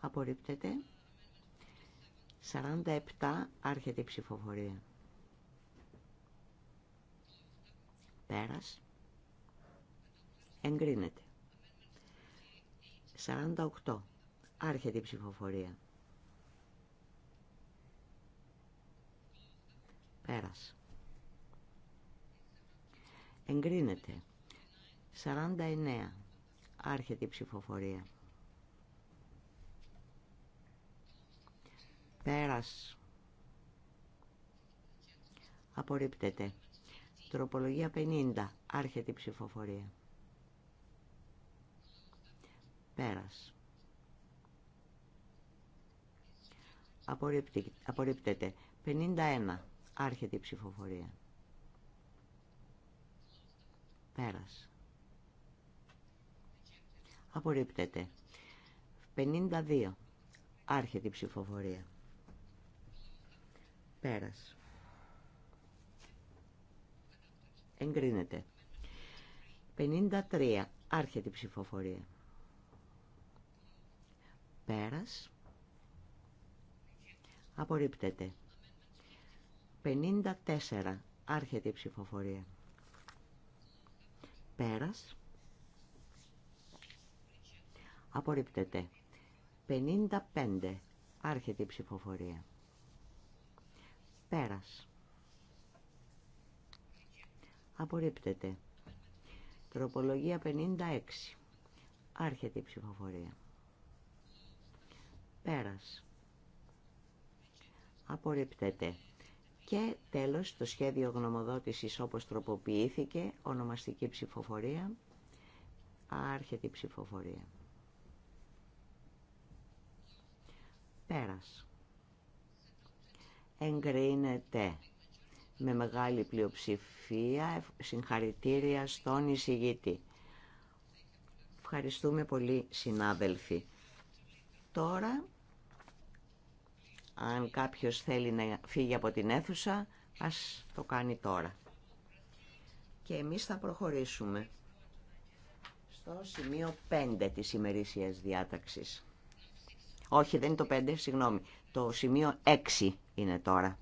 Απορρίπτεται. 47 άρχεται η ψηφοφορία. Πέρας. Εγκρίνεται. 48 άρχεται η ψηφοφορία. Πέρας. Εγκρίνεται. 49. Άρχεται η ψηφοφορία. Πέρας. Απορρίπτεται. Τροπολογία 50. Άρχεται η ψηφοφορία. Πέρας. Απορρίπτεται. 51. Άρχεται η ψηφοφορία. Πέρας. Απορρίπτεται. 52. Άρχεται η ψηφοφορία. Πέρας. Εγκρίνεται. 53. Άρχεται η ψηφοφορία. Πέρας. Απορρίπτεται. 54. Άρχεται η ψηφοφορία. Πέρας. Απορρίπτεται. 55. Άρχεται η ψηφοφορία. Πέρας. Απορρίπτεται. Τροπολογία 56. Άρχεται η ψηφοφορία. Πέρας. Απορρίπτεται. Και τέλος, το σχέδιο γνωμοδότησης όπως τροποποιήθηκε, ονομαστική ψηφοφορία, άρχεται η ψηφοφορία. Πέρας. Εγκρίνεται με μεγάλη πλειοψηφία συγχαρητήρια στον εισηγητή. Ευχαριστούμε πολύ συνάδελφοι. Τώρα αν κάποιος θέλει να φύγει από την αίθουσα, ας το κάνει τώρα. Και εμείς θα προχωρήσουμε στο σημείο 5 της ημερήσιας διάταξης. Όχι, δεν είναι το 5, συγγνώμη. Το σημείο 6 είναι τώρα.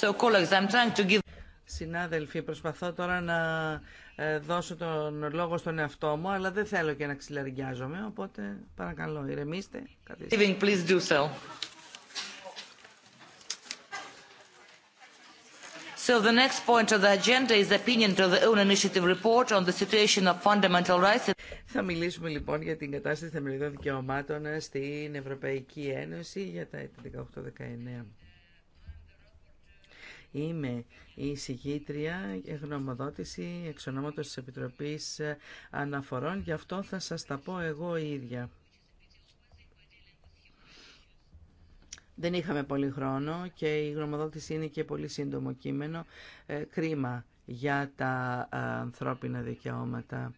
So, colleagues, I'm trying to give... Συνάδελφοι, προσπαθώ τώρα να ε, δώσω τον λόγο στον εαυτό μου, αλλά δεν θέλω και να ξυλαριάζομαι, οπότε παρακαλώ, ηρεμήστε. Καθίστε. Please do so. So the next point of the agenda is the opinion to the own initiative report on the situation of fundamental rights. Θα μιλήσουμε λοιπόν για την κατάσταση θεμελιωδών δικαιωμάτων στην Ευρωπαϊκή Ένωση για τα 18-19. Είμαι η συγκήτρια, γνωμοδότηση εξ ονόματος της Επιτροπής Αναφορών. Γι' αυτό θα σας τα πω εγώ ίδια. Δεν είχαμε πολύ χρόνο και η γνωμοδότηση είναι και πολύ σύντομο κείμενο. Ε, κρίμα για τα ε, ανθρώπινα δικαιώματα.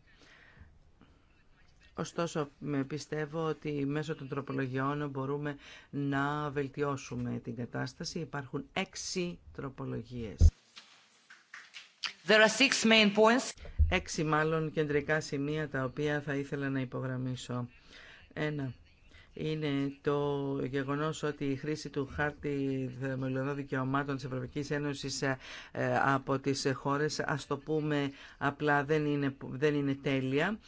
Ωστόσο, πιστεύω ότι μέσω των τροπολογιών μπορούμε να βελτιώσουμε την κατάσταση. Υπάρχουν έξι τροπολογίες. main points. Έξι μάλλον κεντρικά σημεία τα οποία θα ήθελα να υπογραμμίσω. Ένα είναι το γεγονός ότι η χρήση του χάρτη θεμελιωδών δικαιωμάτων της Ευρωπαϊκής Ένωσης ε, ε, από τις χώρες, ας το πούμε απλά, δεν δεν είναι τέλεια.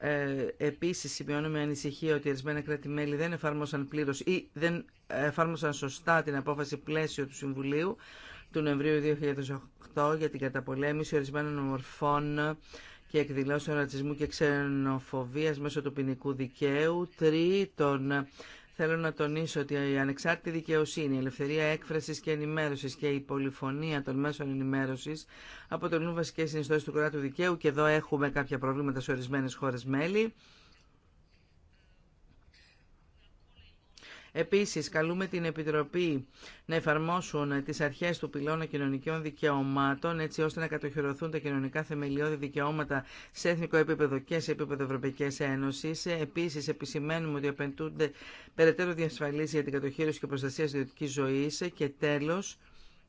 Ε, επίσης, σημειώνουμε ανησυχία ότι ορισμένα κράτη-μέλη δεν εφάρμοσαν πλήρω ή δεν εφάρμοσαν σωστά την απόφαση πλαίσιο του Συμβουλίου του Νοεμβρίου 2008 για την καταπολέμηση ορισμένων ομορφών και εκδηλώσεων ρατσισμού και ξενοφοβία μέσω του ποινικού δικαίου. Τρίτον, Θέλω να τονίσω ότι η ανεξάρτητη δικαιοσύνη, η ελευθερία έκφραση και ενημέρωση και η πολυφωνία των μέσων ενημέρωση αποτελούν βασικέ συνιστώσει του κράτου δικαίου και εδώ έχουμε κάποια προβλήματα σε ορισμένε χώρε μέλη. Επίσης, καλούμε την Επιτροπή να εφαρμόσουν τις αρχές του πυλώνα κοινωνικών δικαιωμάτων, έτσι ώστε να κατοχυρωθούν τα κοινωνικά θεμελιώδη δικαιώματα σε εθνικό επίπεδο και σε επίπεδο Ευρωπαϊκής Ένωσης. Επίσης, επισημαίνουμε ότι απαιτούνται περαιτέρω διασφαλίσει για την κατοχύρωση και προστασία ιδιωτικής ζωής και τέλος,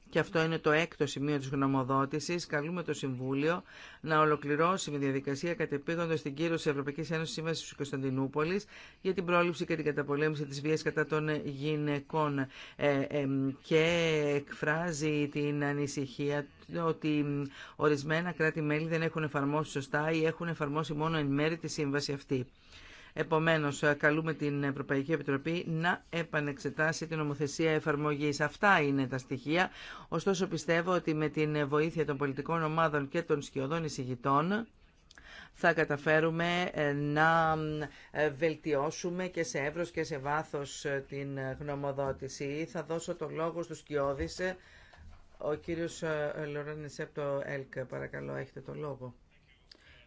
και αυτό είναι το έκτο σημείο της γνωμοδότησης, καλούμε το Συμβούλιο να ολοκληρώσει με διαδικασία κατεπίδοντας την κύρωση της Ευρωπαϊκής Ένωσης τη Κωνσταντινούπολη Κωνσταντινούπολης για την πρόληψη και την καταπολέμηση της βίας κατά των γυναικών ε, και εκφράζει την ανησυχία ότι ορισμένα κράτη-μέλη δεν έχουν εφαρμόσει σωστά ή έχουν εφαρμόσει μόνο εν μέρη τη σύμβαση αυτή. Επομένως, ε, καλούμε την Ευρωπαϊκή Επιτροπή να επανεξετάσει την νομοθεσία εφαρμογής. Αυτά είναι τα στοιχεία. Ωστόσο, πιστεύω ότι με την βοήθεια των πολιτικών ομάδων και των σκιωδών εισηγητών, θα καταφέρουμε ε, να ε, βελτιώσουμε και σε εύρος και σε βάθος την γνωμοδότηση. Θα δώσω το λόγο στους Κιώδης. Ο κύριος Λοράνι Σέπτο Έλκ, παρακαλώ, έχετε το λόγο.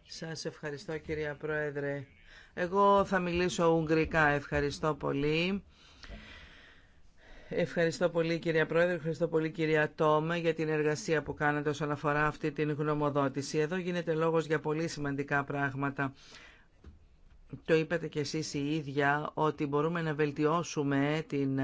Σας ευχαριστώ κυρία Πρόεδρε. Εγώ θα μιλήσω ουγγρικά. Ευχαριστώ πολύ. Ευχαριστώ πολύ κυρία Πρόεδρε, ευχαριστώ πολύ κυρία Τόμα για την εργασία που κάνετε όσον αφορά αυτή την γνωμοδότηση. Εδώ γίνεται λόγος για πολύ σημαντικά πράγματα το είπατε κι εσείς η ίδια ότι μπορούμε να βελτιώσουμε την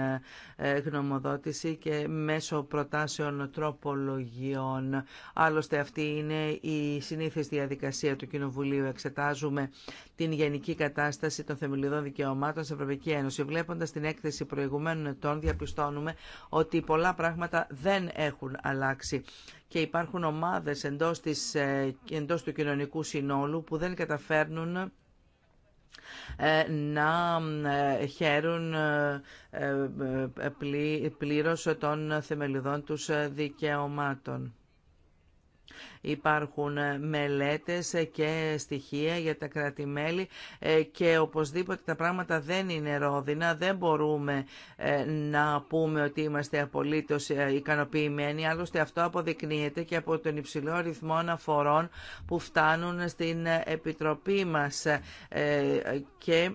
ε, γνωμοδότηση και μέσω προτάσεων τροπολογιών. Άλλωστε αυτή είναι η συνήθις διαδικασία του Κοινοβουλίου. Εξετάζουμε την γενική κατάσταση των θεμελιωδών δικαιωμάτων στην Ευρωπαϊκή Ένωση. Βλέποντας την έκθεση προηγουμένων ετών διαπιστώνουμε ότι πολλά πράγματα δεν έχουν αλλάξει και υπάρχουν ομάδες εντός, της, ε, εντός του κοινωνικού συνόλου που δεν καταφέρνουν ε, να ε, χαίρουν ε, πλήρως των θεμελιδών τους δικαιωμάτων. Υπάρχουν ε, μελέτες ε, και στοιχεία για τα κρατημέλη ε, και οπωσδήποτε τα πράγματα δεν είναι ρόδινα. Δεν μπορούμε να πούμε ότι είμαστε απολύτως ικανοποιημένοι. Άλλωστε αυτό αποδεικνύεται και από τον υψηλό ρυθμό αναφορών που φτάνουν στην Επιτροπή μας και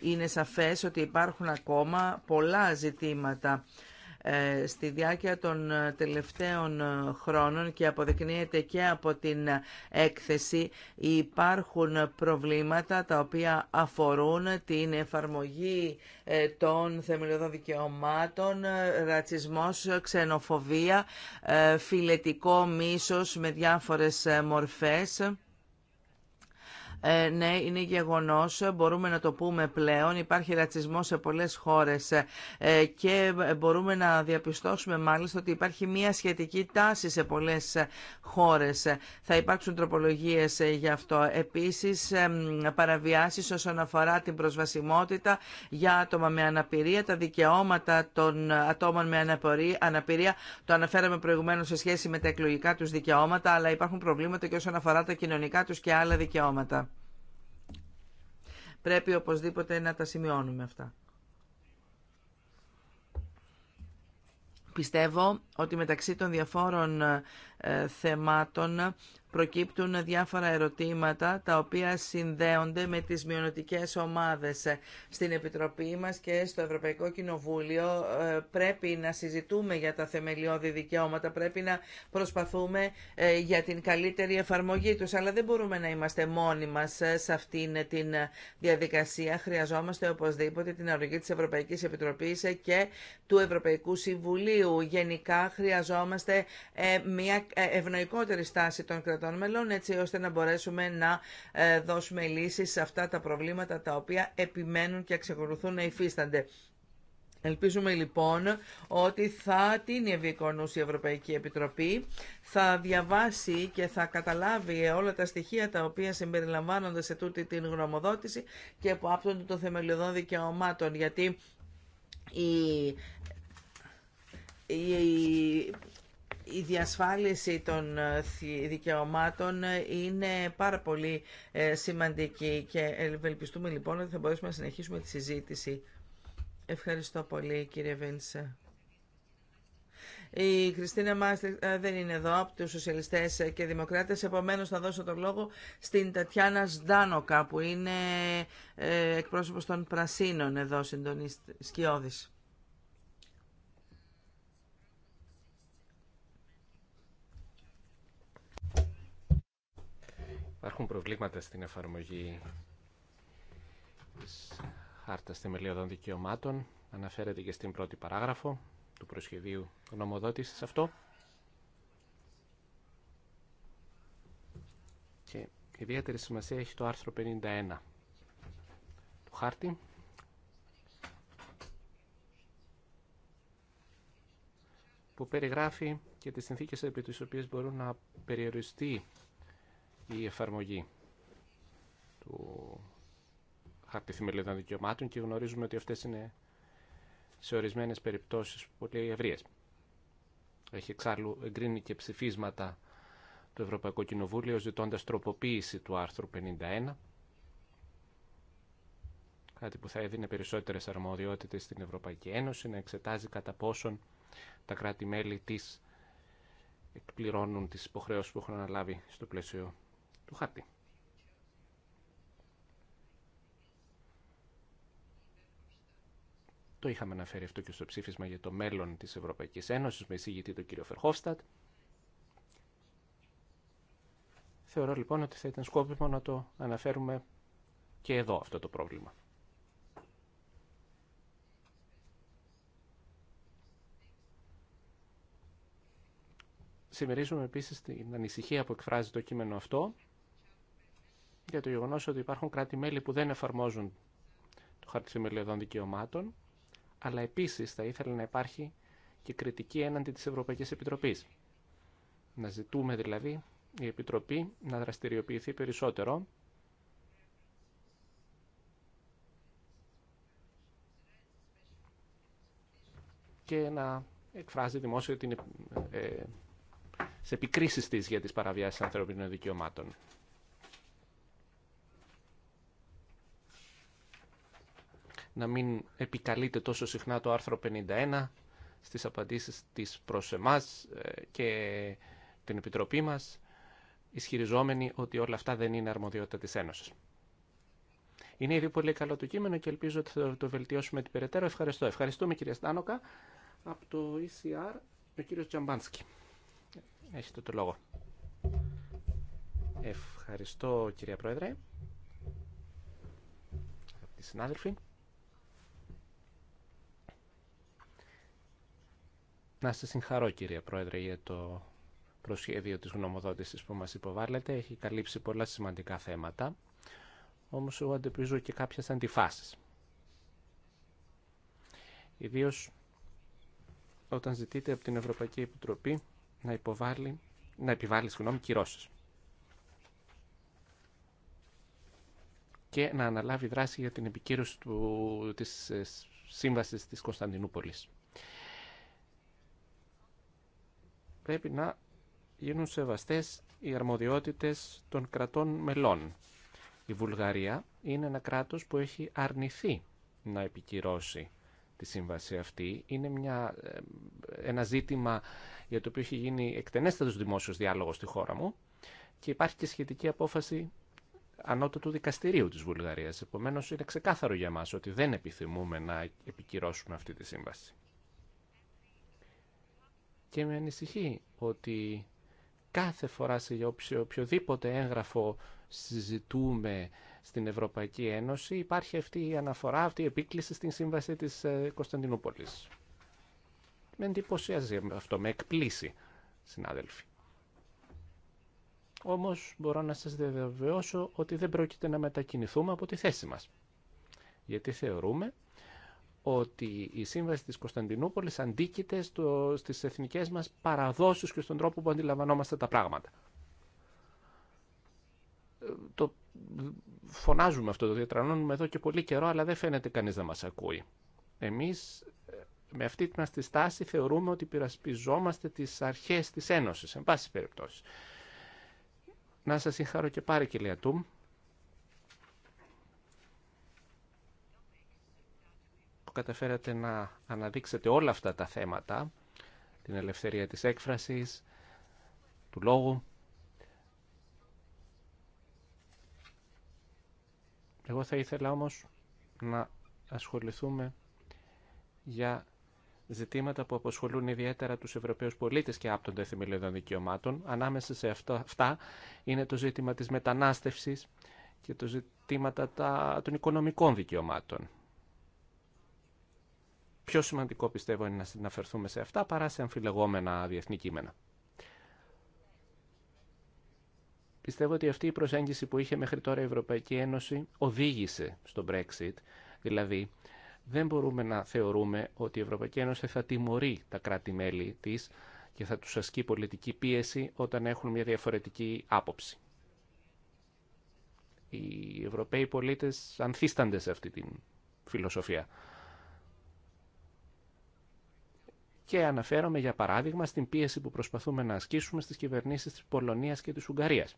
είναι σαφές ότι υπάρχουν ακόμα πολλά ζητήματα ε, στη διάρκεια των ε, τελευταίων ε, χρόνων και αποδεικνύεται και από την έκθεση υπάρχουν προβλήματα τα οποία αφορούν την εφαρμογή των θεμελιωδών δικαιωμάτων, ρατσισμός, ξενοφοβία, φιλετικό μίσος με διάφορες μορφές ε, ναι, είναι γεγονός, μπορούμε να το πούμε πλέον, υπάρχει ρατσισμό σε πολλές χώρες ε, και μπορούμε να διαπιστώσουμε μάλιστα ότι υπάρχει μια σχετική τάση σε πολλές χώρες. Θα υπάρξουν τροπολογίες γι' αυτό. Επίσης, παραβιάσεις όσον αφορά την προσβασιμότητα για άτομα με αναπηρία, τα δικαιώματα των ατόμων με αναπηρία, το αναφέραμε προηγουμένως σε σχέση με τα εκλογικά τους δικαιώματα, αλλά υπάρχουν προβλήματα και όσον αφορά τα κοινωνικά τους και άλλα δικαιώματα. Πρέπει οπωσδήποτε να τα σημειώνουμε αυτά. Πιστεύω ότι μεταξύ των διαφόρων ε, θεμάτων προκύπτουν διάφορα ερωτήματα τα οποία συνδέονται με τις μειονοτικές ομάδες στην Επιτροπή μας και στο Ευρωπαϊκό Κοινοβούλιο. Ε, πρέπει να συζητούμε για τα θεμελιώδη δικαιώματα, πρέπει να προσπαθούμε ε, για την καλύτερη εφαρμογή τους, αλλά δεν μπορούμε να είμαστε μόνοι μας ε, σε αυτήν την διαδικασία. Χρειαζόμαστε οπωσδήποτε την αρρωγή της Ευρωπαϊκής Επιτροπής και του Ευρωπαϊκού Συμβουλίου. Γενικά χρειαζόμαστε μια ευνοϊκότερη στάση των κρατών έτσι ώστε να μπορέσουμε να ε, δώσουμε λύσεις σε αυτά τα προβλήματα τα οποία επιμένουν και εξακολουθούν να υφίστανται. Ελπίζουμε λοιπόν ότι θα την ευηκονούς η Ευρωπαϊκή Επιτροπή, θα διαβάσει και θα καταλάβει όλα τα στοιχεία τα οποία συμπεριλαμβάνονται σε τούτη την γνωμοδότηση και που άπτονται των θεμελιωδών δικαιωμάτων, γιατί η η η διασφάλιση των ε, δικαιωμάτων είναι πάρα πολύ ε, σημαντική και ευελπιστούμε λοιπόν ότι θα μπορέσουμε να συνεχίσουμε τη συζήτηση. Ευχαριστώ πολύ κύριε Βέντσα. Η Κριστίνα μας ε, δεν είναι εδώ από τους σοσιαλιστές και δημοκράτες, επομένως θα δώσω τον λόγο στην Τατιάνα Σντάνοκα που είναι εκπρόσωπος των Πρασίνων εδώ, συντονιστή Σκιώδης. Υπάρχουν προβλήματα στην εφαρμογή της Χάρτας Θεμελιωδών Δικαιωμάτων. Αναφέρεται και στην πρώτη παράγραφο του προσχεδίου γνωμοδότησης αυτό. Και ιδιαίτερη σημασία έχει το άρθρο 51 του χάρτη. που περιγράφει και τις συνθήκες επί τις οποίες μπορούν να περιοριστεί η εφαρμογή του χάρτη θεμελιωδών δικαιωμάτων και γνωρίζουμε ότι αυτές είναι σε ορισμένες περιπτώσεις πολύ ευρείες. Έχει εξάλλου εγκρίνει και ψηφίσματα το Ευρωπαϊκό Κοινοβούλιο ζητώντας τροποποίηση του άρθρου 51 κάτι που θα έδινε περισσότερες αρμοδιότητες στην Ευρωπαϊκή Ένωση να εξετάζει κατά πόσον τα κράτη-μέλη της εκπληρώνουν τις υποχρεώσεις που έχουν αναλάβει στο πλαίσιο του Το είχαμε αναφέρει αυτό και στο ψήφισμα για το μέλλον της Ευρωπαϊκής Ένωσης με εισηγητή τον κύριο Φερχόφστατ. Θεωρώ λοιπόν ότι θα ήταν σκόπιμο να το αναφέρουμε και εδώ αυτό το πρόβλημα. Συμμερίζουμε επίσης την ανησυχία που εκφράζει το κείμενο αυτό για το γεγονός ότι υπάρχουν κράτη-μέλη που δεν εφαρμόζουν το χάρτη θεμελιωδών δικαιωμάτων, αλλά επίσης θα ήθελα να υπάρχει και κριτική έναντι της Ευρωπαϊκής Επιτροπής. Να ζητούμε δηλαδή η Επιτροπή να δραστηριοποιηθεί περισσότερο και να εκφράζει δημόσια την, ε, ε σε επικρίσεις της για τις παραβιάσεις ανθρωπίνων δικαιωμάτων. να μην επικαλείται τόσο συχνά το άρθρο 51 στις απαντήσεις της προς εμάς ε, και την Επιτροπή μας, ισχυριζόμενοι ότι όλα αυτά δεν είναι αρμοδιότητα της Ένωσης. Είναι ήδη πολύ καλό το κείμενο και ελπίζω ότι θα το βελτιώσουμε την περαιτέρω. Ευχαριστώ. Ευχαριστούμε κυρία Στάνοκα. Από το ECR, ο κύριος Τζαμπάνσκι. Έχετε το λόγο. Ευχαριστώ κυρία Πρόεδρε. Αγαπητοί συνάδελφοι. Να σας συγχαρώ κύριε Πρόεδρε για το προσχέδιο της γνωμοδότησης που μας υποβάλλεται. Έχει καλύψει πολλά σημαντικά θέματα, όμως εγώ αντιπίζω και κάποιες αντιφάσεις. Ιδίω, όταν ζητείτε από την Ευρωπαϊκή Επιτροπή να, υποβάλει, να επιβάλλει συγγνώμη, κυρώσεις. και να αναλάβει δράση για την επικύρωση του, της ε, σύμβασης της Κωνσταντινούπολης. πρέπει να γίνουν σεβαστές οι αρμοδιότητες των κρατών μελών. Η Βουλγαρία είναι ένα κράτος που έχει αρνηθεί να επικυρώσει τη σύμβαση αυτή. Είναι μια, ε, ένα ζήτημα για το οποίο έχει γίνει εκτενέστατος δημόσιος διάλογος στη χώρα μου και υπάρχει και σχετική απόφαση ανώτατου δικαστηρίου της Βουλγαρίας. Επομένως είναι ξεκάθαρο για μας ότι δεν επιθυμούμε να επικυρώσουμε αυτή τη σύμβαση και με ανησυχεί ότι κάθε φορά σε οποιοδήποτε έγγραφο συζητούμε στην Ευρωπαϊκή Ένωση υπάρχει αυτή η αναφορά, αυτή η επίκληση στην σύμβαση της ε, Κωνσταντινούπολης. Με εντυπωσιάζει αυτό, με εκπλήσει, συνάδελφοι. Όμως μπορώ να σας διαβεβαιώσω ότι δεν πρόκειται να μετακινηθούμε από τη θέση μας. Γιατί θεωρούμε ότι η Σύμβαση της Κωνσταντινούπολης αντίκειται στο, στις εθνικές μας παραδόσεις και στον τρόπο που αντιλαμβανόμαστε τα πράγματα. Ε, το φωνάζουμε αυτό, το διατρανώνουμε εδώ και πολύ καιρό, αλλά δεν φαίνεται κανείς να μας ακούει. Εμείς ε, με αυτή την τη στάση θεωρούμε ότι πειρασπιζόμαστε τις αρχές της Ένωσης, εν πάση περιπτώσει. Να σας συγχαρώ και πάρε και Λεατούμ καταφέρατε να αναδείξετε όλα αυτά τα θέματα, την ελευθερία της έκφρασης, του λόγου. Εγώ θα ήθελα όμως να ασχοληθούμε για ζητήματα που αποσχολούν ιδιαίτερα τους Ευρωπαίους πολίτες και άπτονται θεμελιωδών δικαιωμάτων. Ανάμεσα σε αυτά είναι το ζήτημα της μετανάστευσης και το ζητήματα των οικονομικών δικαιωμάτων. Πιο σημαντικό πιστεύω είναι να συναφερθούμε σε αυτά παρά σε αμφιλεγόμενα διεθνή κείμενα. Πιστεύω ότι αυτή η προσέγγιση που είχε μέχρι τώρα η Ευρωπαϊκή Ένωση οδήγησε στο Brexit. Δηλαδή, δεν μπορούμε να θεωρούμε ότι η Ευρωπαϊκή Ένωση θα τιμωρεί τα κράτη-μέλη της και θα τους ασκεί πολιτική πίεση όταν έχουν μια διαφορετική άποψη. Οι Ευρωπαίοι πολίτες ανθίστανται σε αυτή τη φιλοσοφία. και αναφέρομαι για παράδειγμα στην πίεση που προσπαθούμε να ασκήσουμε στις κυβερνήσεις της Πολωνίας και της Ουγγαρίας.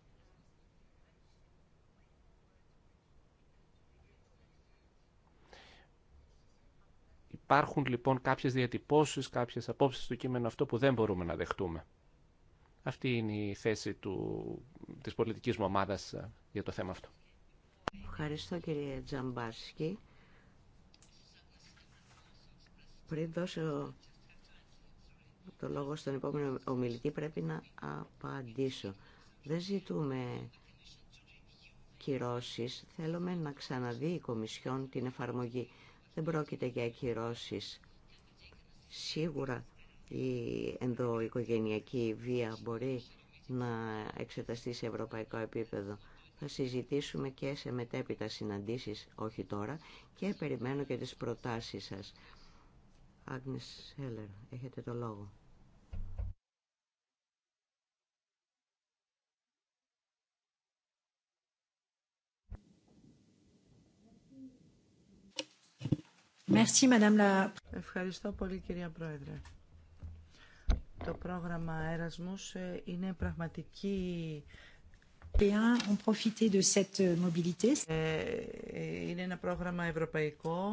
Υπάρχουν λοιπόν κάποιες διατυπώσεις, κάποιες απόψεις στο κείμενο αυτό που δεν μπορούμε να δεχτούμε. Αυτή είναι η θέση του, της πολιτικής μου ομάδας ε, για το θέμα αυτό. Ευχαριστώ κύριε Τζαμπάσκη. Πριν δώσω το λόγο στον επόμενο ομιλητή πρέπει να απαντήσω. Δεν ζητούμε κυρώσεις, θέλουμε να ξαναδεί η Κομισιόν την εφαρμογή. Δεν πρόκειται για κυρώσεις. Σίγουρα η ενδοοικογενειακή βία μπορεί να εξεταστεί σε ευρωπαϊκό επίπεδο. Θα συζητήσουμε και σε μετέπειτα συναντήσεις, όχι τώρα, και περιμένω και τις προτάσεις σας. Άγνης Χέλλερ, έχετε το λόγο. Ευχαριστώ πολύ κυρία Πρόεδρε. Το πρόγραμμα Erasmus ε, είναι πραγματική Euh, ε, ε, είναι ένα πρόγραμμα ευρωπαϊκό.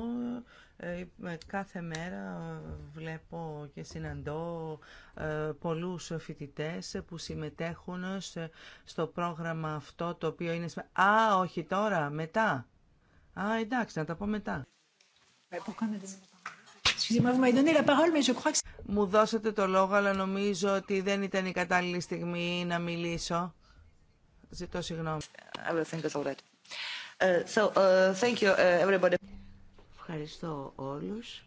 Ε, κάθε μέρα βλέπω και συναντώ πολλούς φοιτητές που συμμετέχουν στο πρόγραμμα αυτό το οποίο είναι... Α, όχι τώρα, μετά. Α, εντάξει, να τα πω μετά. Μου δώσατε το λόγο, αλλά νομίζω ότι δεν ήταν η κατάλληλη στιγμή να μιλήσω. Ζητώ συγγνώμη. Ευχαριστώ όλους.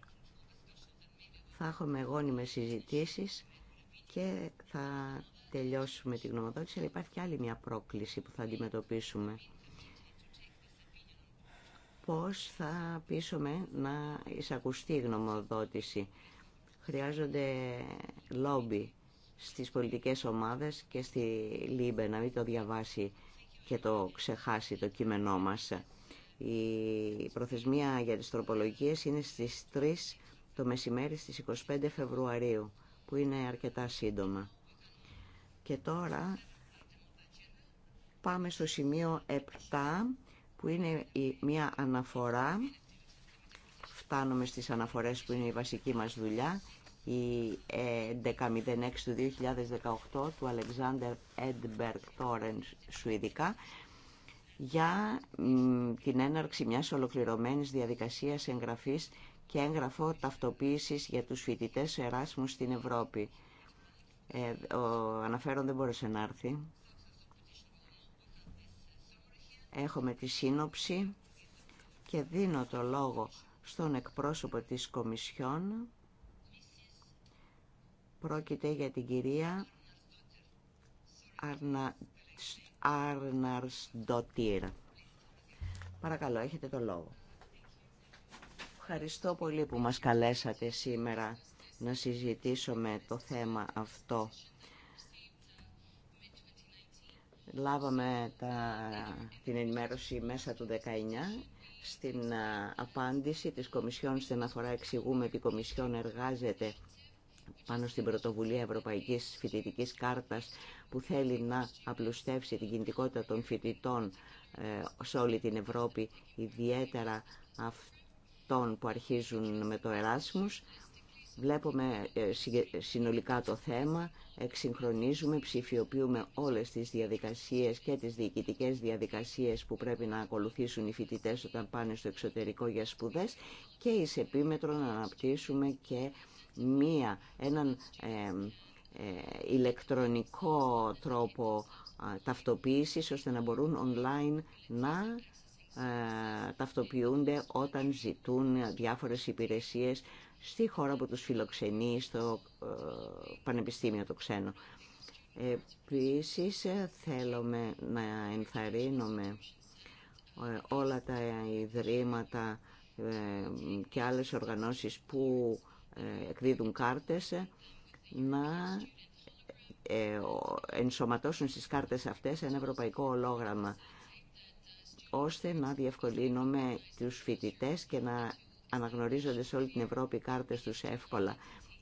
Θα έχουμε γόνιμες συζητήσεις και θα τελειώσουμε την γνωμοδότηση, αλλά υπάρχει και άλλη μια πρόκληση που θα αντιμετωπίσουμε. Πώς θα πείσουμε να εισακουστεί η γνωμοδότηση. Χρειάζονται λόμπι στις πολιτικές ομάδες και στη ΛΥΜΠΕ να μην το διαβάσει και το ξεχάσει το κείμενό μας. Η προθεσμία για τις τροπολογίες είναι στις 3 το μεσημέρι στις 25 Φεβρουαρίου, που είναι αρκετά σύντομα. Και τώρα πάμε στο σημείο 7, που είναι μια αναφορά. Φτάνουμε στις αναφορές που είναι η βασική μας δουλειά η 1106 ε, του 2018 του Αλεξάνδερ Έντμπεργκ Τόρεν Σουηδικά για την έναρξη μιας ολοκληρωμένης διαδικασίας εγγραφής και έγγραφο ταυτοποίησης για τους φοιτητές Εράσμου στην Ευρώπη. Ε, ο αναφέρον δεν μπορούσε να έρθει. Έχουμε τη σύνοψη και δίνω το λόγο στον εκπρόσωπο της Κομισιόν Πρόκειται για την κυρία Αρνα... Παρακαλώ, έχετε το λόγο. Ευχαριστώ πολύ που μας καλέσατε σήμερα να συζητήσουμε το θέμα αυτό. Λάβαμε τα, την ενημέρωση μέσα του 19 στην απάντηση της Κομισιόν στην αφορά εξηγούμε ότι η Κομισιόν εργάζεται πάνω στην πρωτοβουλία Ευρωπαϊκής Φοιτητικής Κάρτας που θέλει να απλουστεύσει την κινητικότητα των φοιτητών ε, σε όλη την Ευρώπη, ιδιαίτερα αυτών που αρχίζουν με το Εράσμους. Βλέπουμε ε, συνολικά το θέμα, εξυγχρονίζουμε, ψηφιοποιούμε όλες τις διαδικασίες και τις διοικητικές διαδικασίες που πρέπει να ακολουθήσουν οι φοιτητές όταν πάνε στο εξωτερικό για σπουδές και εις επίμετρο να αναπτύσσουμε και μία, έναν ε, ηλεκτρονικό τρόπο ταυτοποίησης ώστε να μπορούν online να ε, ταυτοποιούνται όταν ζητούν διάφορες υπηρεσίες στη χώρα που τους φιλοξενεί στο ε, πανεπιστήμιο το ξένο. Επίσης θέλουμε να ενθαρρύνουμε όλα τα ιδρύματα και άλλες οργανώσεις που εκδίδουν κάρτες να ε, ενσωματώσουν στις κάρτες αυτές ένα ευρωπαϊκό ολόγραμμα ώστε να διευκολύνουμε τους φοιτητές και να αναγνωρίζονται σε όλη την Ευρώπη κάρτες τους εύκολα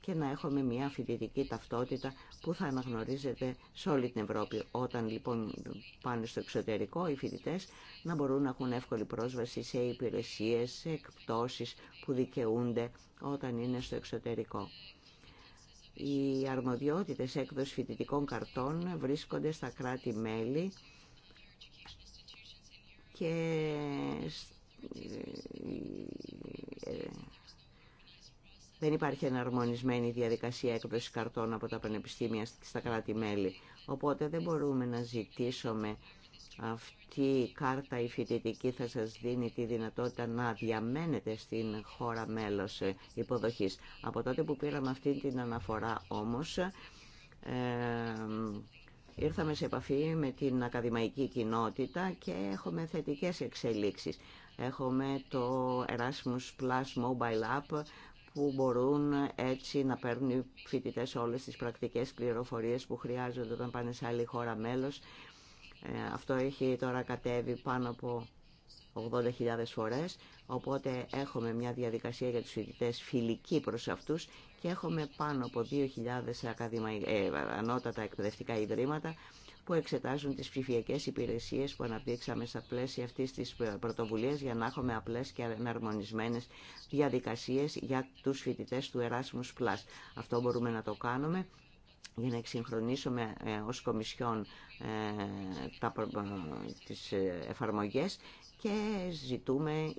και να έχουμε μια φοιτητική ταυτότητα που θα αναγνωρίζεται σε όλη την Ευρώπη. Όταν λοιπόν πάνε στο εξωτερικό οι φοιτητέ να μπορούν να έχουν εύκολη πρόσβαση σε υπηρεσίες, σε εκπτώσεις που δικαιούνται όταν είναι στο εξωτερικό. Οι αρμοδιότητες έκδοση φοιτητικών καρτών βρίσκονται στα κράτη-μέλη και ε, ε, δεν υπάρχει εναρμονισμένη διαδικασία έκδοση καρτών από τα πανεπιστήμια στα κράτη-μέλη. Οπότε δεν μπορούμε να ζητήσουμε αυτή η κάρτα η φοιτητική θα σας δίνει τη δυνατότητα να διαμένετε στην χώρα μέλος υποδοχής. Από τότε που πήραμε αυτή την αναφορά όμως, ήρθαμε σε επαφή με την ακαδημαϊκή κοινότητα και έχουμε θετικές εξελίξεις. Έχουμε το Erasmus Plus Mobile App που μπορούν έτσι να παίρνουν οι φοιτητέ όλες τις πρακτικές πληροφορίες που χρειάζονται όταν πάνε σε άλλη χώρα μέλος. Ε, αυτό έχει τώρα κατέβει πάνω από 80.000 φορές, οπότε έχουμε μια διαδικασία για τους φοιτητέ φιλική προς αυτούς και έχουμε πάνω από 2.000 ε, ανώτατα εκπαιδευτικά ιδρύματα που εξετάζουν τις ψηφιακές υπηρεσίες που αναπτύξαμε στα πλαίσια αυτής της ε, πρωτοβουλίας για να έχουμε απλές και εναρμονισμένες διαδικασίες για τους φοιτητές του Erasmus+. Αυτό μπορούμε να το κάνουμε για να εξυγχρονίσουμε ε, ως Κομισιόν ε, τα, τις εφαρμογές και ζητούμε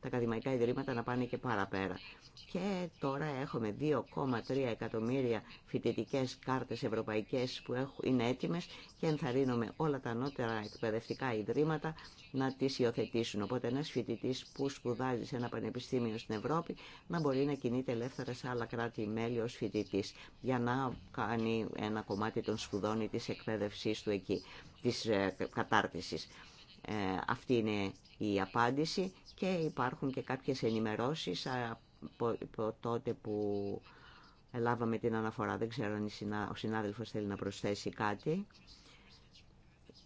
τα ακαδημαϊκά ιδρύματα να πάνε και παραπέρα. Και τώρα έχουμε 2,3 εκατομμύρια φοιτητικές κάρτες ευρωπαϊκές που είναι έτοιμες και ενθαρρύνουμε όλα τα ανώτερα εκπαιδευτικά ιδρύματα να τις υιοθετήσουν. Οπότε ένας φοιτητής που σπουδάζει σε ένα πανεπιστήμιο στην Ευρώπη να μπορεί να κινείται ελεύθερα σε άλλα κράτη-μέλη ως φοιτητής για να κάνει ένα κομμάτι των σπουδών ή της εκπαίδευσής του εκεί, της ε, κατάρτισης. Ε, αυτή είναι η της εκπαιδευσης του εκει της καταρτισης αυτη ειναι η απαντηση και υπάρχουν και κάποιες ενημερώσεις τότε που λάβαμε την αναφορά. Δεν ξέρω αν ο συνάδελφος θέλει να προσθέσει κάτι.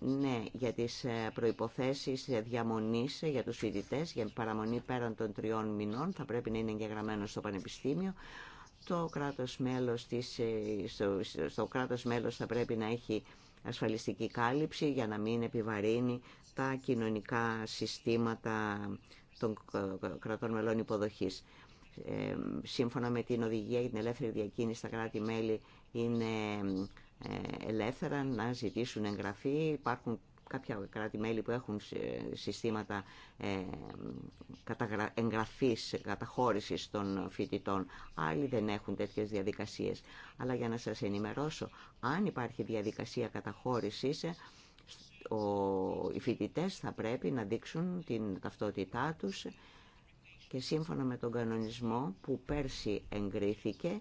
Ναι, για τις ε, προϋποθέσεις διαμονής για τους φοιτητέ, για παραμονή πέραν των τριών μηνών, θα πρέπει να είναι εγγεγραμμένο στο Πανεπιστήμιο. Το κράτος μέλος της, ε, στο, στο κράτος μέλος θα πρέπει να έχει ασφαλιστική κάλυψη για να μην επιβαρύνει τα κοινωνικά συστήματα των κρατών μελών υποδοχής. Ε, σύμφωνα με την οδηγία για την ελεύθερη διακίνηση τα κράτη-μέλη είναι ε, ελεύθερα να ζητήσουν εγγραφή. Υπάρχουν κάποια κράτη-μέλη που έχουν συστήματα ε, εγγραφής, καταχώρησης των φοιτητών. Άλλοι δεν έχουν τέτοιες διαδικασίες. Αλλά για να σας ενημερώσω, αν υπάρχει διαδικασία καταχώρησης, οι φοιτητές θα πρέπει να δείξουν την ταυτότητά τους και σύμφωνα με τον κανονισμό που πέρσι εγκρίθηκε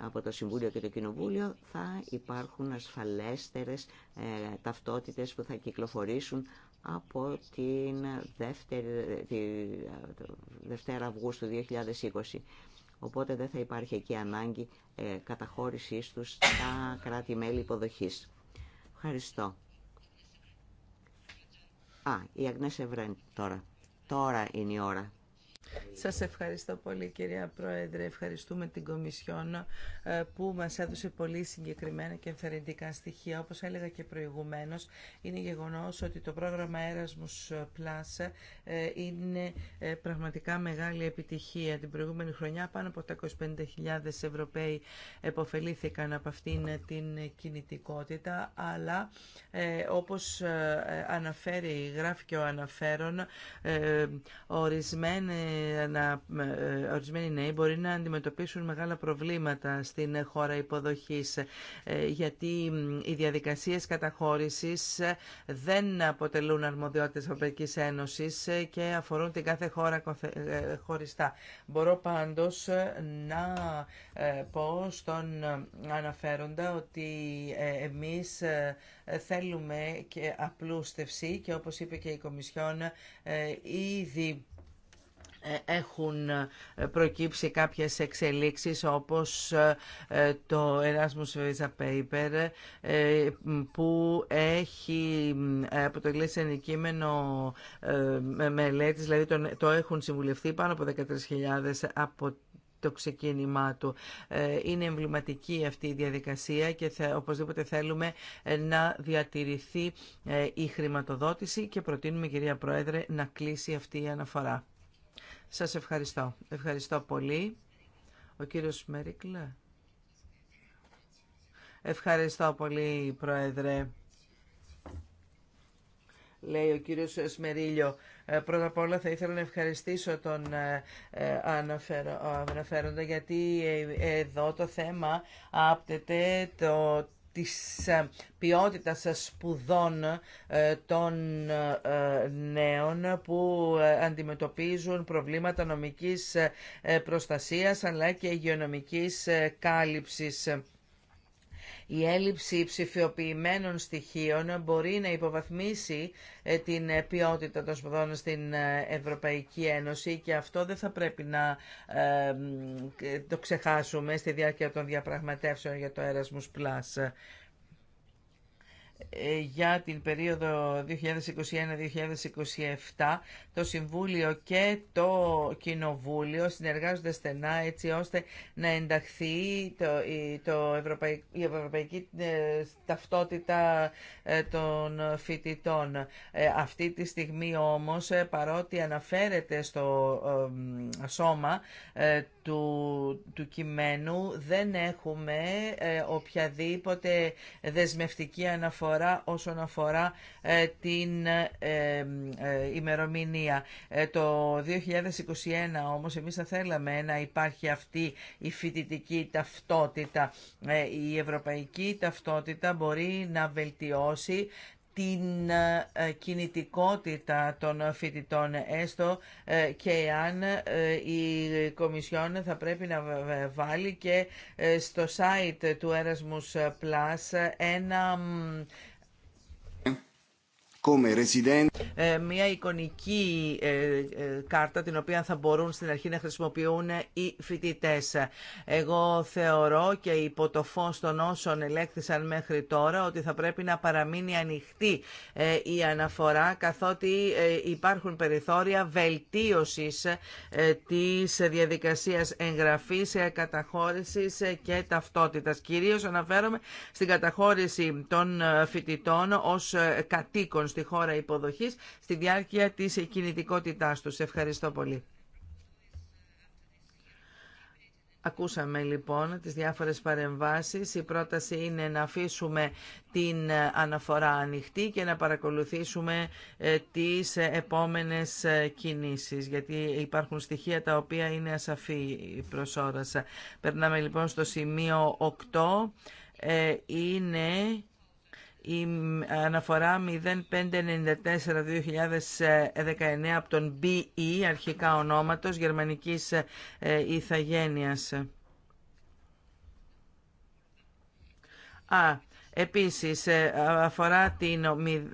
από το Συμβούλιο και το Κοινοβούλιο θα υπάρχουν ασφαλέστερες ε, ταυτότητες που θα κυκλοφορήσουν από την δεύτερη, Δευτέρα Αυγούστου 2020. Οπότε δεν θα υπάρχει εκεί ανάγκη ε, καταχώρησής τους στα κράτη-μέλη υποδοχής. Ευχαριστώ. Α, η Αγνές Ευρέν τώρα. Τώρα είναι η ώρα. Σας ευχαριστώ πολύ κυρία Πρόεδρε, ευχαριστούμε την Κομισιόν ε, που μας έδωσε πολύ συγκεκριμένα και ενθαρρυντικά στοιχεία. Όπως έλεγα και προηγουμένως, είναι γεγονός ότι το πρόγραμμα Erasmus Plus ε, είναι ε, πραγματικά μεγάλη επιτυχία. Την προηγούμενη χρονιά πάνω από 250.000 Ευρωπαίοι εποφελήθηκαν από αυτήν την κινητικότητα, αλλά όπως αναφέρει, γράφει και ο αναφέρον, ορισμένες να, ε, ορισμένοι νέοι μπορεί να αντιμετωπίσουν μεγάλα προβλήματα στην χώρα υποδοχής ε, γιατί οι διαδικασίες καταχώρησης ε, δεν αποτελούν αρμοδιότητες Ευρωπαϊκή Ευρωπαϊκής Ένωσης και αφορούν την κάθε χώρα χωριστά. Μπορώ πάντως να πω στον αναφέροντα ότι εμείς θέλουμε και απλούστευση και όπως είπε και η Κομισιόν ήδη ε, έχουν ε, προκύψει κάποιες εξελίξεις όπως ε, το Erasmus Visa Paper που έχει αποτελεί σε αντικείμενο μελέτης, δηλαδή το έχουν συμβουλευτεί πάνω από 13.000 από το ξεκίνημά του. Είναι εμβληματική αυτή η διαδικασία και θα, οπωσδήποτε θέλουμε να διατηρηθεί η χρηματοδότηση και προτείνουμε κυρία Πρόεδρε να κλείσει αυτή η αναφορά. Σας ευχαριστώ. Ευχαριστώ πολύ. Ο κύριος Μερίκλα. Ευχαριστώ πολύ, Πρόεδρε. Λέει ο κύριος Σμερίλιο. Ε, πρώτα απ' όλα θα ήθελα να ευχαριστήσω τον ε, ε, αναφέροντα γιατί εδώ το θέμα άπτεται το της ε, ποιότητας σπουδών ε, των ε, νέων που αντιμετωπίζουν προβλήματα νομικής προστασίας αλλά και υγειονομικής κάλυψης. Η έλλειψη ψηφιοποιημένων στοιχείων μπορεί να υποβαθμίσει ε, την ε, ποιότητα των σπουδών στην ε, Ευρωπαϊκή Ένωση και αυτό δεν θα πρέπει να το ξεχάσουμε στη διάρκεια των διαπραγματεύσεων για το Erasmus+. Ε, για την περίοδο 2021-2027 το Συμβούλιο και το Κοινοβούλιο συνεργάζονται στενά έτσι ώστε να ενταχθεί το, η, το ευρωπαϊκή ε, ταυτότητα ε, των φοιτητών. αυτή τη στιγμή όμως παρότι αναφέρεται στο σώμα του, του κειμένου δεν έχουμε οποιαδήποτε δεσμευτική αναφορά όσον αφορά ε, την ε, ε, ημερομηνία. Το 2021 όμως εμείς θα θέλαμε να υπάρχει αυτή η φοιτητική ταυτότητα. Η ευρωπαϊκή ταυτότητα μπορεί να βελτιώσει την ε, ε, κινητικότητα των φοιτητών έστω ε, και αν η Κομισιόν θα πρέπει να βάλει και στο site του Erasmus Plus ένα ε, μια εικονική ε, ε, κάρτα την οποία θα μπορούν στην αρχή να χρησιμοποιούν οι φοιτητέ. Εγώ θεωρώ και υπό το φω των όσων ελέγχθησαν μέχρι τώρα ότι θα πρέπει να παραμείνει ανοιχτή η αναφορά καθότι υπάρχουν περιθώρια βελτίωσης της διαδικασίας εγγραφής, καταχώρησης και ταυτότητας. Κυρίως αναφέρομαι στην καταχώρηση των φοιτητών ως κατοίκων στη χώρα υποδοχής στη διάρκεια της κινητικότητάς τους. Ευχαριστώ πολύ. Ακούσαμε λοιπόν τις διάφορες παρεμβάσεις. Η πρόταση είναι να αφήσουμε την αναφορά ανοιχτή και να παρακολουθήσουμε ε, τις επόμενες ε, κινήσεις, γιατί υπάρχουν στοιχεία τα οποία είναι ασαφή προς όρασα. Περνάμε λοιπόν στο σημείο 8. Ε, είναι η αναφορά 0594-2019 από τον BE, αρχικά ονόματος, γερμανικής ε, ηθαγένειας. Α, επίσης ε, αφορά την,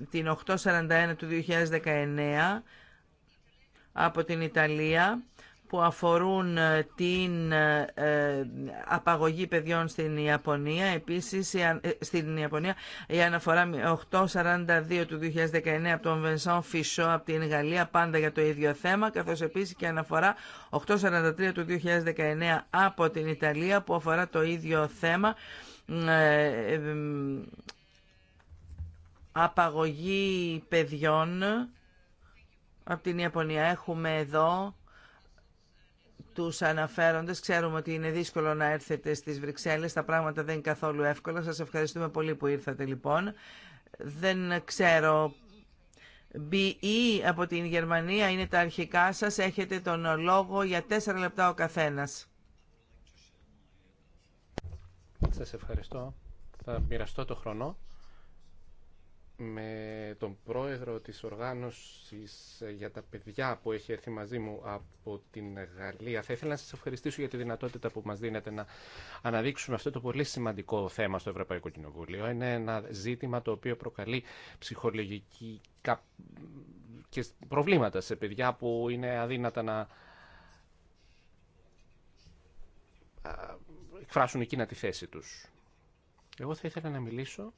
την 841 του 2019 από την Ιταλία που αφορούν ε, την ε, ε, απαγωγή παιδιών στην Ιαπωνία. Επίσης, στην Ιαπωνία η αναφορά 842 του 2019 από τον Βενσόν Φισό από την Γαλλία, πάντα για το ίδιο θέμα, καθώς επίσης και αναφορά 843 του 2019 από την Ιταλία που αφορά το ίδιο θέμα απαγωγή παιδιών από την Ιαπωνία. Έχουμε εδώ τους αναφέροντες. Ξέρουμε ότι είναι δύσκολο να έρθετε στις Βρυξέλλες. Τα πράγματα δεν είναι καθόλου εύκολα. Σας ευχαριστούμε πολύ που ήρθατε λοιπόν. Δεν ξέρω BE από την Γερμανία είναι τα αρχικά σας. Έχετε τον λόγο για τέσσερα λεπτά ο καθένας. Σας ευχαριστώ. Θα μοιραστώ το χρόνο με τον πρόεδρο της οργάνωσης ε, για τα παιδιά που έχει έρθει μαζί μου από την Γαλλία. Θα ήθελα να σας ευχαριστήσω για τη δυνατότητα που μας δίνετε να αναδείξουμε αυτό το πολύ σημαντικό θέμα στο Ευρωπαϊκό Κοινοβούλιο. Είναι ένα ζήτημα το οποίο προκαλεί ψυχολογική και προβλήματα σε παιδιά που είναι αδύνατα να εκφράσουν εκείνα τη θέση τους. Εγώ θα ήθελα να μιλήσω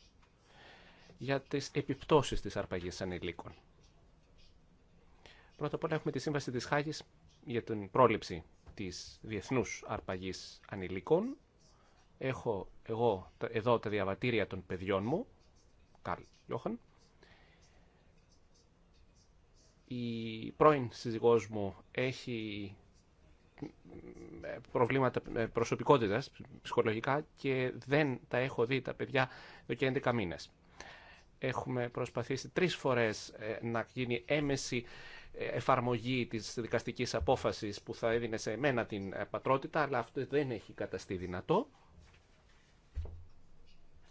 για τις επιπτώσεις της αρπαγής ανηλίκων. Πρώτα απ' όλα έχουμε τη Σύμβαση της Χάγης για την πρόληψη της διεθνούς αρπαγής ανηλίκων. Έχω εγώ εδώ τα διαβατήρια των παιδιών μου, Καρλ Λιώχαν. Η πρώην σύζυγός μου έχει ε, προβλήματα ε, προσωπικότητας, ψυχολογικά και δεν τα έχω δει τα παιδιά εδώ και 11 μήνες έχουμε προσπαθήσει τρεις φορές ε, να γίνει έμεση ε, εφαρμογή της δικαστικής απόφασης που θα έδινε σε εμένα την ε, πατρότητα, αλλά αυτό δεν έχει καταστεί δυνατό.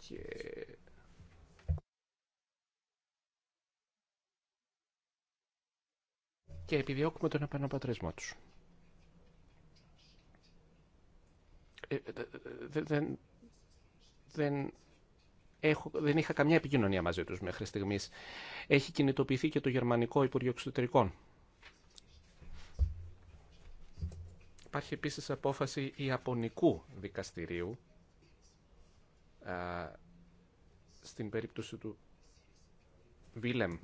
Και... και επιδιώκουμε τον επαναπατρισμό τους. δεν, δεν έχω, δεν είχα καμιά επικοινωνία μαζί τους μέχρι στιγμής. Έχει κινητοποιηθεί και το Γερμανικό Υπουργείο Εξωτερικών. Υπάρχει επίσης απόφαση Ιαπωνικού δικαστηρίου α, στην περίπτωση του Βίλεμ.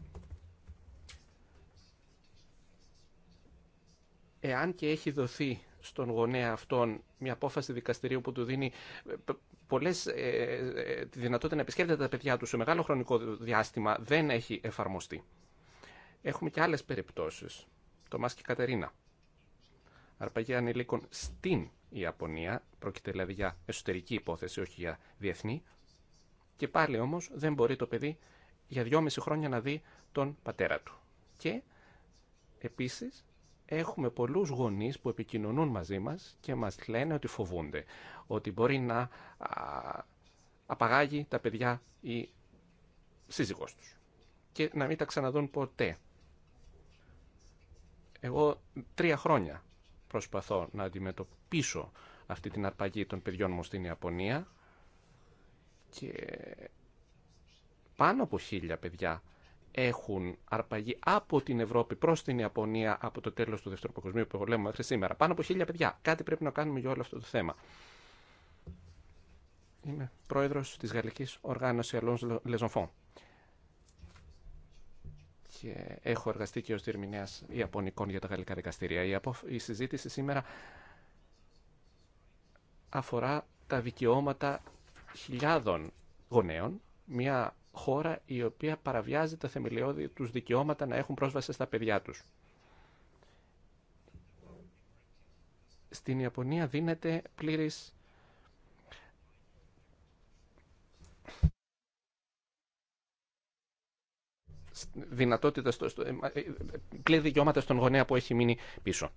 Εάν και έχει δοθεί στον γονέα αυτόν μια απόφαση δικαστηρίου που του δίνει πολλές, ε, ε, τη δυνατότητα να επισκέπτεται τα παιδιά του σε μεγάλο χρονικό διάστημα δεν έχει εφαρμοστεί. Έχουμε και άλλες περιπτώσεις. Το Μάσκη Κατερίνα. Αρπαγή ανηλίκων στην Ιαπωνία. Πρόκειται δηλαδή για εσωτερική υπόθεση, όχι για διεθνή. Και πάλι όμως δεν μπορεί το παιδί για δυόμιση χρόνια να δει τον πατέρα του. Και επίσης έχουμε πολλούς γονείς που επικοινωνούν μαζί μας και μας λένε ότι φοβούνται, ότι μπορεί να απαγάγει τα παιδιά ή σύζυγός τους και να μην τα ξαναδούν ποτέ. Εγώ τρία χρόνια προσπαθώ να αντιμετωπίσω αυτή την αρπαγή των παιδιών μου στην Ιαπωνία και πάνω από χίλια παιδιά έχουν αρπαγεί από την Ευρώπη προ την Ιαπωνία από το τέλο του Δεύτερου Παγκοσμίου Πολέμου μέχρι σήμερα. Πάνω από χίλια παιδιά. Κάτι πρέπει να κάνουμε για όλο αυτό το θέμα. Είμαι πρόεδρο τη γαλλική οργάνωση Αλόν Λεζονφών. Και έχω εργαστεί και ω διερμηνέα Ιαπωνικών για τα γαλλικά δικαστήρια. Η συζήτηση σήμερα αφορά τα δικαιώματα χιλιάδων γονέων. Μια χώρα η οποία παραβιάζει τα θεμελιώδη τους δικαιώματα να έχουν πρόσβαση στα παιδιά τους. Στην Ιαπωνία δίνεται πλήρης δυνατότητα, στο, στο, ε, ε, δικαιώματα στον γονέα που έχει μείνει πίσω.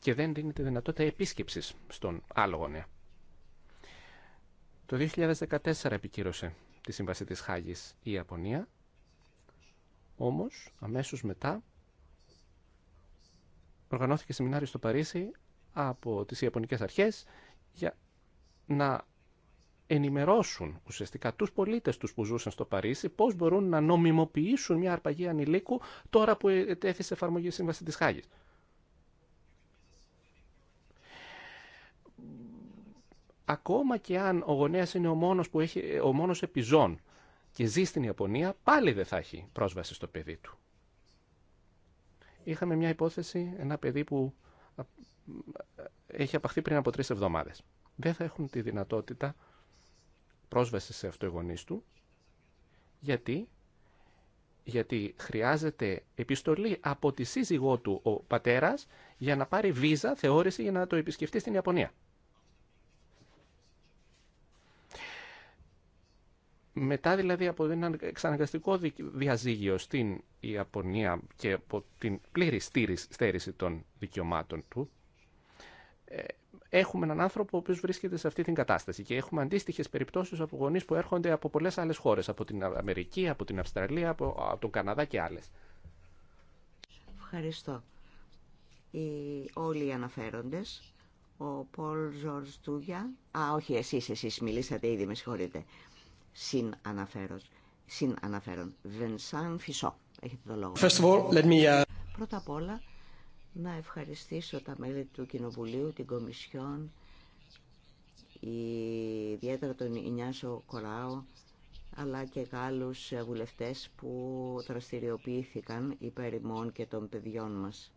Και δεν δίνεται δυνατότητα επίσκεψης στον άλλο γονέα. Το 2014 επικύρωσε τη Σύμβαση της Χάγης η Ιαπωνία, όμως αμέσως μετά οργανώθηκε σεμινάριο στο Παρίσι από τις Ιαπωνικές Αρχές για να ενημερώσουν ουσιαστικά τους πολίτες τους που ζούσαν στο Παρίσι πώς μπορούν να νομιμοποιήσουν μια αρπαγή ανηλίκου τώρα που ετέθησε εφαρμογή η Σύμβαση της Χάγης. ακόμα και αν ο γονέας είναι ο μόνος, που έχει, ο επιζών και ζει στην Ιαπωνία, πάλι δεν θα έχει πρόσβαση στο παιδί του. Είχαμε μια υπόθεση, ένα παιδί που έχει απαχθεί πριν από τρεις εβδομάδες. Δεν θα έχουν τη δυνατότητα πρόσβαση σε αυτό οι γονείς του, γιατί γιατί χρειάζεται επιστολή από τη σύζυγό του ο πατέρας για να πάρει βίζα θεώρηση για να το επισκεφτεί στην Ιαπωνία. Μετά δηλαδή από ένα εξαναγκαστικό διαζύγιο στην Ιαπωνία και από την πλήρη στέρηση των δικαιωμάτων του, ε, έχουμε έναν άνθρωπο ο οποίος βρίσκεται σε αυτή την κατάσταση και έχουμε αντίστοιχες περιπτώσεις από γονείς που έρχονται από πολλές άλλες χώρες, από την Αμερική, από την Αυστραλία, από τον Καναδά και άλλες. Ευχαριστώ. Οι, όλοι οι αναφέροντες, ο Πολ Ζορστούγια, α όχι εσείς, εσείς μιλήσατε ήδη, με συγχωρείτε, συναναφέρον. Βενσάν Φυσό. Έχετε το λόγο. First of all, let me... Uh, Πρώτα απ' όλα, να ευχαριστήσω τα μέλη του Κοινοβουλίου, την Κομισιόν, ιδιαίτερα τον Ινιάσο Κοράο, αλλά και Γάλλους βουλευτές που δραστηριοποιήθηκαν υπέρ ημών και των παιδιών μας.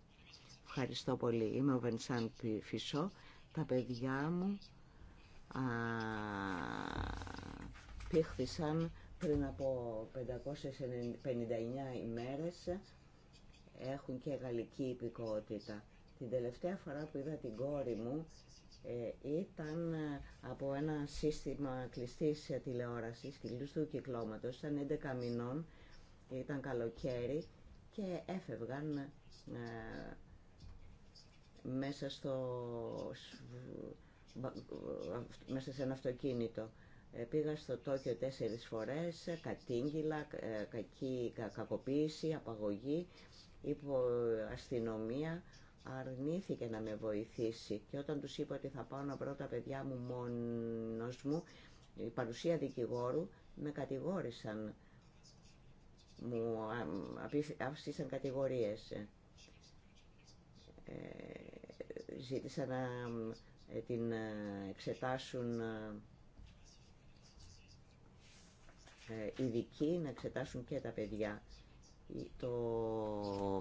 Ευχαριστώ πολύ. Είμαι ο Βενσάν Φυσό. Τα παιδιά μου απήχθησαν πριν από 559 ημέρες έχουν και γαλλική υπηκότητα. Την τελευταία φορά που είδα την κόρη μου ε, ήταν ε, από ένα σύστημα κλειστής τηλεόρασης, κλειστού κυκλώματος, ήταν 11 μηνών, ήταν καλοκαίρι και έφευγαν ε, μέσα, στο, μέσα σε ένα αυτοκίνητο. Ε, πήγα στο Τόκιο τέσσερις φορές, ε, κατήγγυλα, ε, κακή, κακοποίηση, απαγωγή, υπό αστυνομία αρνήθηκε να με βοηθήσει και όταν τους είπα ότι θα πάω να βρω τα παιδιά μου μόνος μου, η παρουσία δικηγόρου με κατηγόρησαν, μου άφησαν κατηγορίες. Ε, ζήτησα να την εξετάσουν ε, ειδικοί να εξετάσουν και τα παιδιά. Το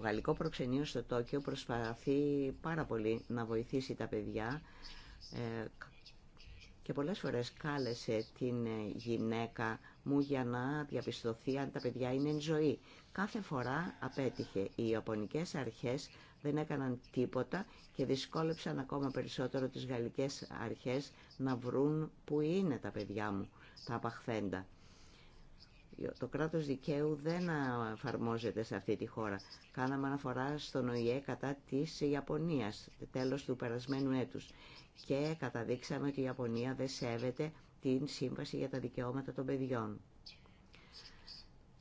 γαλλικό προξενείο στο Τόκιο προσπαθεί πάρα πολύ να βοηθήσει τα παιδιά ε, και πολλές φορές κάλεσε την ε, γυναίκα μου για να διαπιστωθεί αν τα παιδιά είναι εν ζωή. Κάθε φορά απέτυχε. Οι Ιαπωνικές αρχές δεν έκαναν τίποτα και δυσκόλεψαν ακόμα περισσότερο τις γαλλικές αρχές να βρουν που είναι τα παιδιά μου, τα απαχθέντα το κράτος δικαίου δεν εφαρμόζεται σε αυτή τη χώρα. Κάναμε αναφορά στον ΟΗΕ κατά της Ιαπωνίας, τέλος του περασμένου έτους. Και καταδείξαμε ότι η Ιαπωνία δεν σέβεται την Σύμβαση για τα Δικαιώματα των Παιδιών.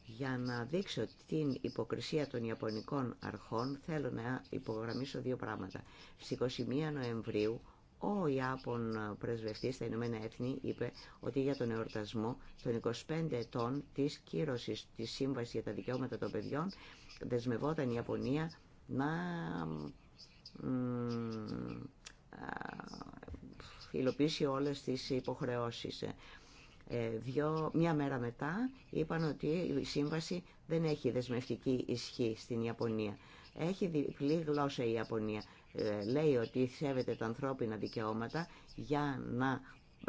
Για να δείξω την υποκρισία των Ιαπωνικών αρχών, θέλω να υπογραμμίσω δύο πράγματα. Στις 21 Νοεμβρίου, ο Ιάπων πρεσβευτής στα Ηνωμένα Έθνη είπε ότι για τον εορτασμό των 25 ετών τη κύρωση της Σύμβασης για τα Δικαιώματα των Παιδιών δεσμευόταν η Ιαπωνία να υλοποιήσει όλες τις υποχρεώσεις. Ε, δυο, μια μέρα μετά είπαν ότι η σύμβαση δεν έχει δεσμευτική ισχύ στην Ιαπωνία. Έχει διπλή γλώσσα η Ιαπωνία. Ε, λέει ότι σέβεται τα ανθρώπινα δικαιώματα για να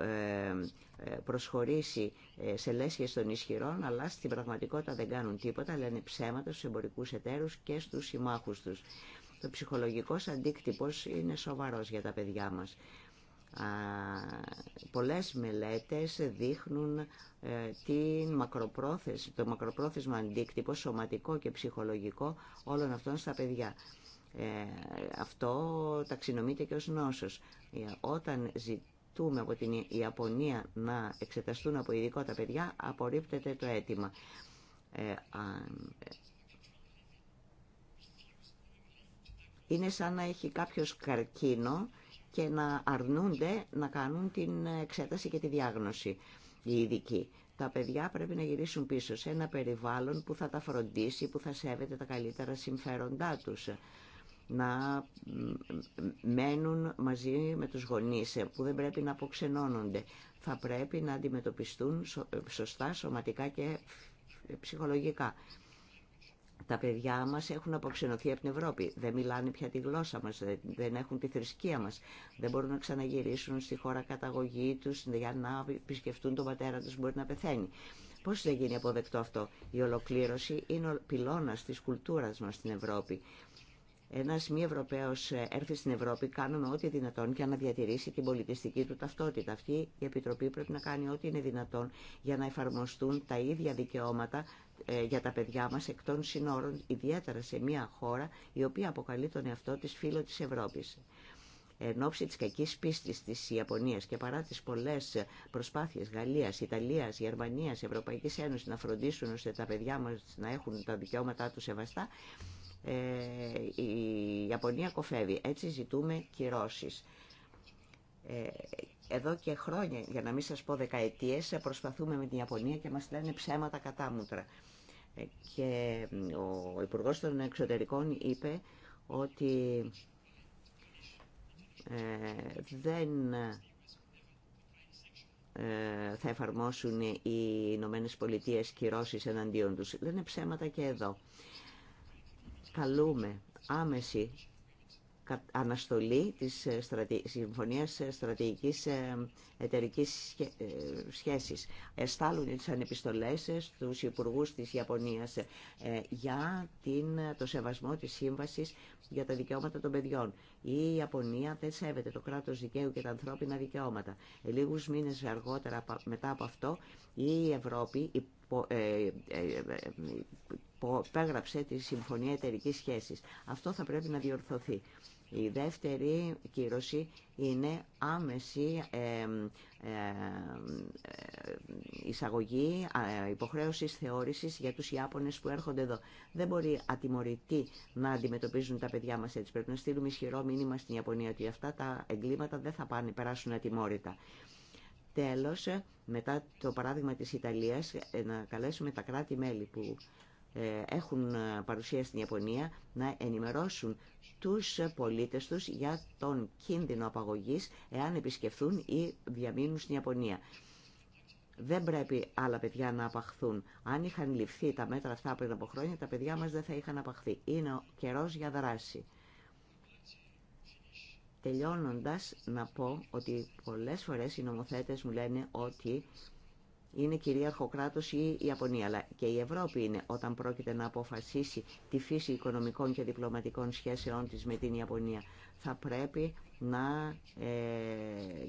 ε, ε, προσχωρήσει σε λέσχες των ισχυρών αλλά στην πραγματικότητα δεν κάνουν τίποτα λένε ψέματα στους εμπορικούς εταίρους και στους συμμάχους τους το ψυχολογικός αντίκτυπος είναι σοβαρός για τα παιδιά μας πολλές μελέτες δείχνουν την μακροπρόθεση, το μακροπρόθεσμα αντίκτυπο σωματικό και ψυχολογικό όλων αυτών στα παιδιά. Ε, αυτό ταξινομείται και ως νόσος. Ε, όταν ζητούμε από την Ιαπωνία να εξεταστούν από ειδικό τα παιδιά, απορρίπτεται το αίτημα. Ε, είναι σαν να έχει κάποιος καρκίνο και να αρνούνται να κάνουν την εξέταση και τη διάγνωση οι ειδικοί. Τα παιδιά πρέπει να γυρίσουν πίσω σε ένα περιβάλλον που θα τα φροντίσει, που θα σέβεται τα καλύτερα συμφέροντά τους να μένουν μαζί με τους γονείς ε, που δεν πρέπει να αποξενώνονται. Θα πρέπει να αντιμετωπιστούν ε, σωστά σωματικά και ψυχολογικά. Τα παιδιά μας έχουν αποξενωθεί από την Ευρώπη. Δεν μιλάνε πια τη γλώσσα μας, δεν έχουν τη θρησκεία μας. Δεν μπορούν να ξαναγυρίσουν στη χώρα καταγωγή τους για να επισκεφτούν τον πατέρα τους που μπορεί να πεθαίνει. Πώς δεν γίνει αποδεκτό αυτό. Η ολοκλήρωση είναι ο πυλώνας της κουλτούρας μας στην Ευρώπη. Ένα μη Ευρωπαίος ε, έρθει στην Ευρώπη, κάνουμε ό,τι δυνατόν για να διατηρήσει την πολιτιστική του ταυτότητα. Αυτή η Επιτροπή πρέπει να κάνει ό,τι είναι δυνατόν για να εφαρμοστούν τα ίδια δικαιώματα ε, για τα παιδιά μα εκ των συνόρων, ιδιαίτερα σε μια χώρα η οποία αποκαλεί τον εαυτό τη φίλο τη Ευρώπη. Εν ώψη της κακής πίστης της Ιαπωνίας και παρά τις πολλές προσπάθειες Γαλλίας, Ιταλίας, Γερμανίας, Ευρωπαϊκής Ένωσης να φροντίσουν ώστε τα παιδιά μας να έχουν τα δικαιώματά του σεβαστά, ε, η Ιαπωνία κοφεύει. Έτσι ζητούμε κυρώσεις. Ε, εδώ και χρόνια, για να μην σας πω δεκαετίες, προσπαθούμε με την Ιαπωνία και μας λένε ψέματα κατάμουτρα. Ε, και ο υπουργό των Εξωτερικών είπε ότι δεν θα εφαρμόσουν οι Ηνωμένε Πολιτείε κυρώσεις εναντίον τους. Δεν είναι ψέματα και εδώ καλούμε άμεση αναστολή της ε, Συμφωνίας ε, Στρατηγικής ε, Εταιρικής Σχέσης. Εστάλουν τις ανεπιστολές στους Υπουργούς της Ιαπωνίας για την, το σεβασμό της Σύμβασης για τα δικαιώματα των παιδιών. Η Ιαπωνία δεν σέβεται το κράτος δικαίου και τα ανθρώπινα δικαιώματα. Λίγους μήνες αργότερα μετά από αυτό η Ευρώπη υπέγραψε τη Συμφωνία εταιρική Σχέσης. Αυτό θα πρέπει να διορθωθεί. Η δεύτερη κύρωση είναι άμεση ε, ε, ε, εισαγωγή υποχρέωση θεώρησης για τους Ιάπωνες που έρχονται εδώ. Δεν μπορεί ατιμωρητοί να αντιμετωπίζουν τα παιδιά μας έτσι. Πρέπει να στείλουμε ισχυρό μήνυμα στην Ιαπωνία ότι αυτά τα εγκλήματα δεν θα πάνε, περάσουν ατιμόρυτα. Τέλος, μετά το παράδειγμα της Ιταλίας, να καλέσουμε τα κράτη-μέλη που ε, έχουν ε, παρουσία στην Ιαπωνία να ενημερώσουν τους πολίτες τους για τον κίνδυνο απαγωγής εάν επισκεφθούν ή διαμείνουν στην Ιαπωνία. Δεν πρέπει άλλα παιδιά να απαχθούν. Αν είχαν ληφθεί τα μέτρα αυτά πριν από χρόνια, τα παιδιά μας δεν θα είχαν απαχθεί. Είναι ο καιρός για δράση. Τελειώνοντας, να πω ότι πολλές φορές οι νομοθέτες μου λένε ότι είναι κυρίαρχο Κράτο ή η Ιαπωνία, αλλά και η Ευρώπη είναι όταν πρόκειται να αποφασίσει τη φύση οικονομικών και διπλωματικών σχέσεών της με την Ιαπωνία. Θα πρέπει να ε, ε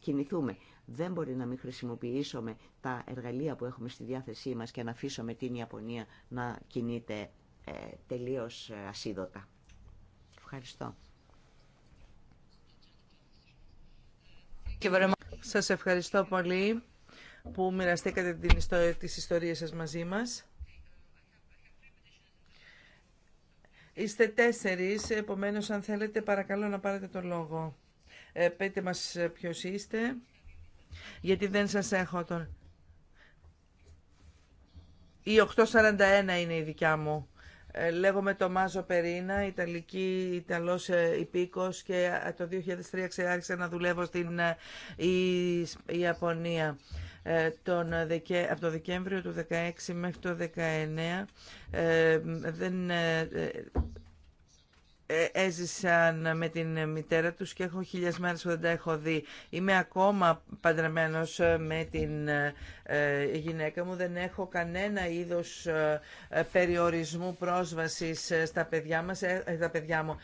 κινηθούμε. Δεν μπορεί να μην χρησιμοποιήσουμε τα εργαλεία που έχουμε στη διάθεσή μας και να αφήσουμε την Ιαπωνία να κινείται ε, τελείως ε, ασίδωτα. Ευχαριστώ. Σας ευχαριστώ πολύ που μοιραστήκατε την ιστορία, τις ιστορίες σας μαζί μας. Είστε τέσσερις, επομένως αν θέλετε παρακαλώ να πάρετε το λόγο. Ε, πέτε μας ε, ποιος είστε, γιατί δεν σας έχω τον... Η 841 είναι η δικιά μου. Ε, λέγομαι Τομάζο Περίνα, Ιταλική, Ιταλός ε, υπήκος και ε, το 2003 ξεάρχισα να δουλεύω στην Ιαπωνία. Τον, από το Δεκέμβριο του 2016 μέχρι το 2019 δεν ε, έζησαν με την μητέρα τους και έχω χίλιες μέρες που δεν τα έχω δει. Είμαι ακόμα παντρεμένος ε, με την ε, γυναίκα μου. Δεν έχω κανένα είδος περιορισμού πρόσβασης στα παιδιά, μας, παιδιά μου.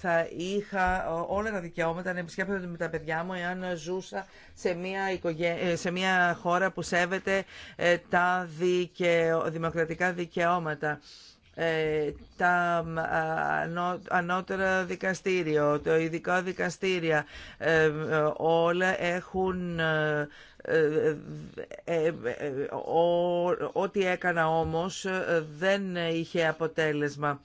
θα είχα όλα τα δικαιώματα να επισκέπτονται με τα παιδιά μου εάν ζούσα σε μια, οικογέ... σε μια χώρα που σέβεται τα δημοκρατικά δικαιώματα. Ε, τα ανώτερα δικαστήρια, το ειδικό δικαστήρια, ε, όλα έχουν ε, ό,τι έκανα όμως δεν είχε αποτέλεσμα.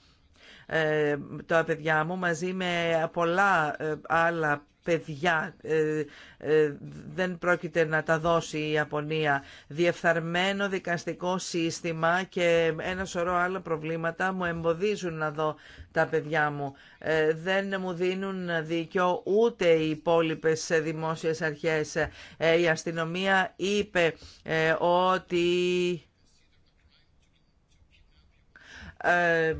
Το παιδιά μου μαζί με πολλά άλλα παιδιά. Ε, ε, δεν πρόκειται να τα δώσει η Ιαπωνία. Διεφθαρμένο δικαστικό σύστημα και ένα σωρό άλλα προβλήματα μου εμποδίζουν να δω τα παιδιά μου. Ε, δεν μου δίνουν δίκιο ούτε οι υπόλοιπε δημόσιες αρχές. Η αστυνομία είπε ότι ε, ε,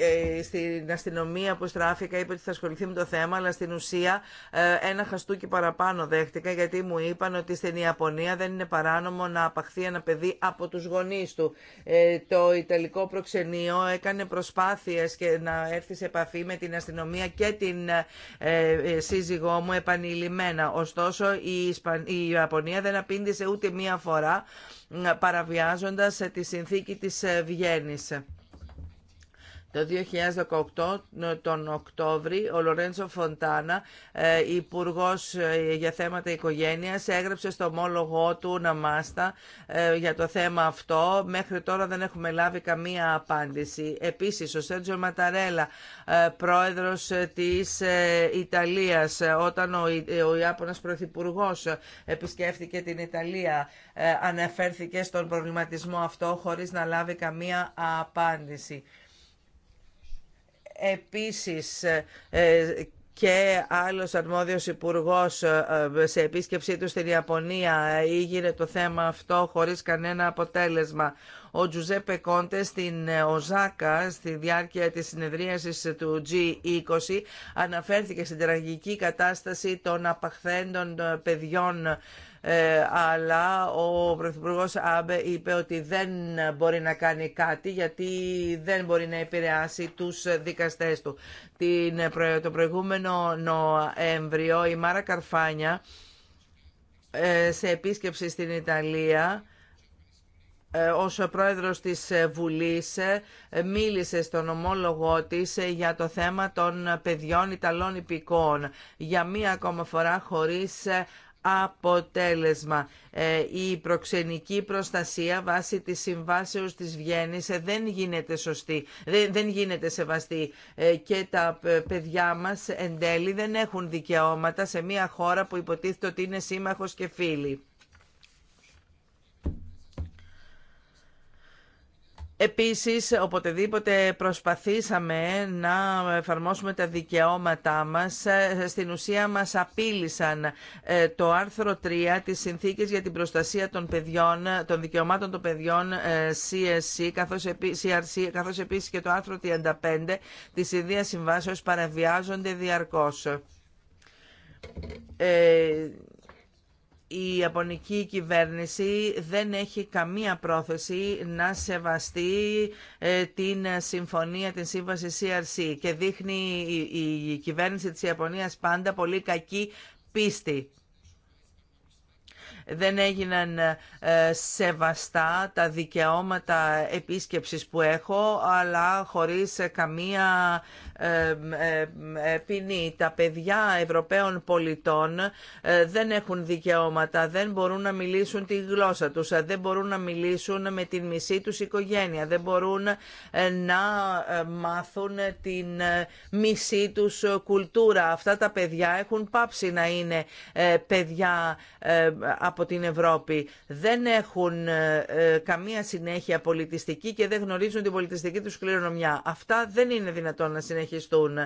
ε, στην αστυνομία που στράφηκα είπε ότι θα ασχοληθεί με το θέμα, αλλά στην ουσία ένα χαστούκι παραπάνω δέχτηκα γιατί μου είπαν ότι στην Ιαπωνία δεν είναι παράνομο να απαχθεί ένα παιδί από τους γονείς του. Το Ιταλικό προξενείο έκανε προσπάθειες και να έρθει σε επαφή με την αστυνομία και την σύζυγό μου επανειλημμένα. Ωστόσο η Ιαπωνία δεν απήντησε ούτε μία φορά παραβιάζοντας ε, τη συνθήκη της ε, Βιέννης. Το 2018, τον Οκτώβρη, ο Λορέντζο Φοντάνα, ε, υπουργό ε, για θέματα οικογένειας, έγραψε στο μόλογό του να μάστα ε, για το θέμα αυτό. Μέχρι τώρα δεν έχουμε λάβει καμία απάντηση. Επίσης, ο Σέντζο Ματαρέλα, πρόεδρος της Ιταλίας, όταν ο Ιάπωνα Πρωθυπουργό επισκέφθηκε την Ιταλία, αναφέρθηκε στον προβληματισμό αυτό χωρίς να λάβει καμία απάντηση. Επίσης, ε, και άλλος αρμόδιος υπουργός ε, ε, σε επίσκεψή του στην Ιαπωνία ήγηρε το θέμα αυτό χωρίς κανένα αποτέλεσμα. Ο Τζουζέπε Κόντε στην Οζάκα στη διάρκεια της συνεδρίασης του G20 αναφέρθηκε στην τραγική κατάσταση των απαχθέντων παιδιών ε, αλλά ο Πρωθυπουργό Άμπε είπε ότι δεν μπορεί να κάνει κάτι γιατί δεν μπορεί να επηρεάσει τους δικαστές του. Την, το προηγούμενο Νοέμβριο η Μάρα Καρφάνια ε, σε επίσκεψη στην Ιταλία ε, ως πρόεδρος της Βουλής μίλησε στον ομόλογό της για το θέμα των παιδιών Ιταλών υπηκών για μία ακόμα φορά χωρίς αποτέλεσμα. Ε, η προξενική προστασία βάσει της συμβάσεως της Βιέννης ε, δεν γίνεται σωστή, δεν γίνεται σεβαστή ε, και τα παιδιά μας εν τέλει δεν έχουν δικαιώματα σε μια χώρα που υποτίθεται ότι είναι σύμμαχος και φίλοι. Επίσης, οποτεδήποτε προσπαθήσαμε να εφαρμόσουμε τα δικαιώματά μας, ε, στην ουσία μας απείλησαν ε, το άρθρο 3 της Συνθήκης για την Προστασία των, παιδιών, των Δικαιωμάτων των Παιδιών CSC, ε, καθώς, CRC, καθώς επίσης και το άρθρο 35 της Ιδίας Συμβάσεως παραβιάζονται διαρκώς η Ιαπωνική κυβέρνηση δεν έχει καμία πρόθεση να σεβαστεί ε, την συμφωνία, την σύμβαση CRC και δείχνει η κυβέρνηση της Ιαπωνίας πάντα πολύ κακή πίστη δεν έγιναν ε, σεβαστά τα δικαιώματα επίσκεψης που έχω, αλλά χωρίς καμία ε, ε, ποινή. Τα παιδιά Ευρωπαίων πολιτών δεν έχουν δικαιώματα, δεν μπορούν να μιλήσουν τη γλώσσα τους, δεν μπορούν να μιλήσουν με την μισή τους οικογένεια, δεν μπορούν να μάθουν την μισή τους κουλτούρα. Αυτά τα παιδιά έχουν πάψει να είναι παιδιά από την Ευρώπη. Δεν έχουν ε, ε, καμία συνέχεια πολιτιστική και δεν γνωρίζουν την πολιτιστική τους κληρονομιά. Αυτά δεν είναι δυνατόν να συνεχιστούν.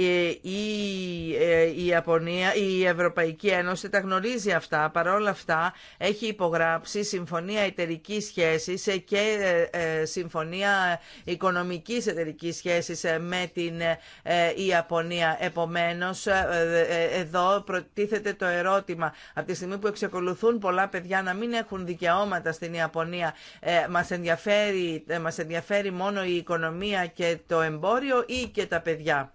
Ε, η, ε, η Ευρωπαϊκή Ένωση τα γνωρίζει αυτά. Παρ' όλα αυτά έχει υπογράψει συμφωνία εταιρική σχέσης ε, και συμφωνία οικονομικής εταιρική σχέσης με την Ιαπωνία. Επομένως, εδώ προτίθεται το ερώτημα. Από τη στιγμή που εξακολουθούν πολλά παιδιά να μην έχουν δικαιώματα στην Ιαπωνία, μα ενδιαφέρει, ενδιαφέρει μόνο η οικονομία και το εμπόριο ή και τα παιδιά.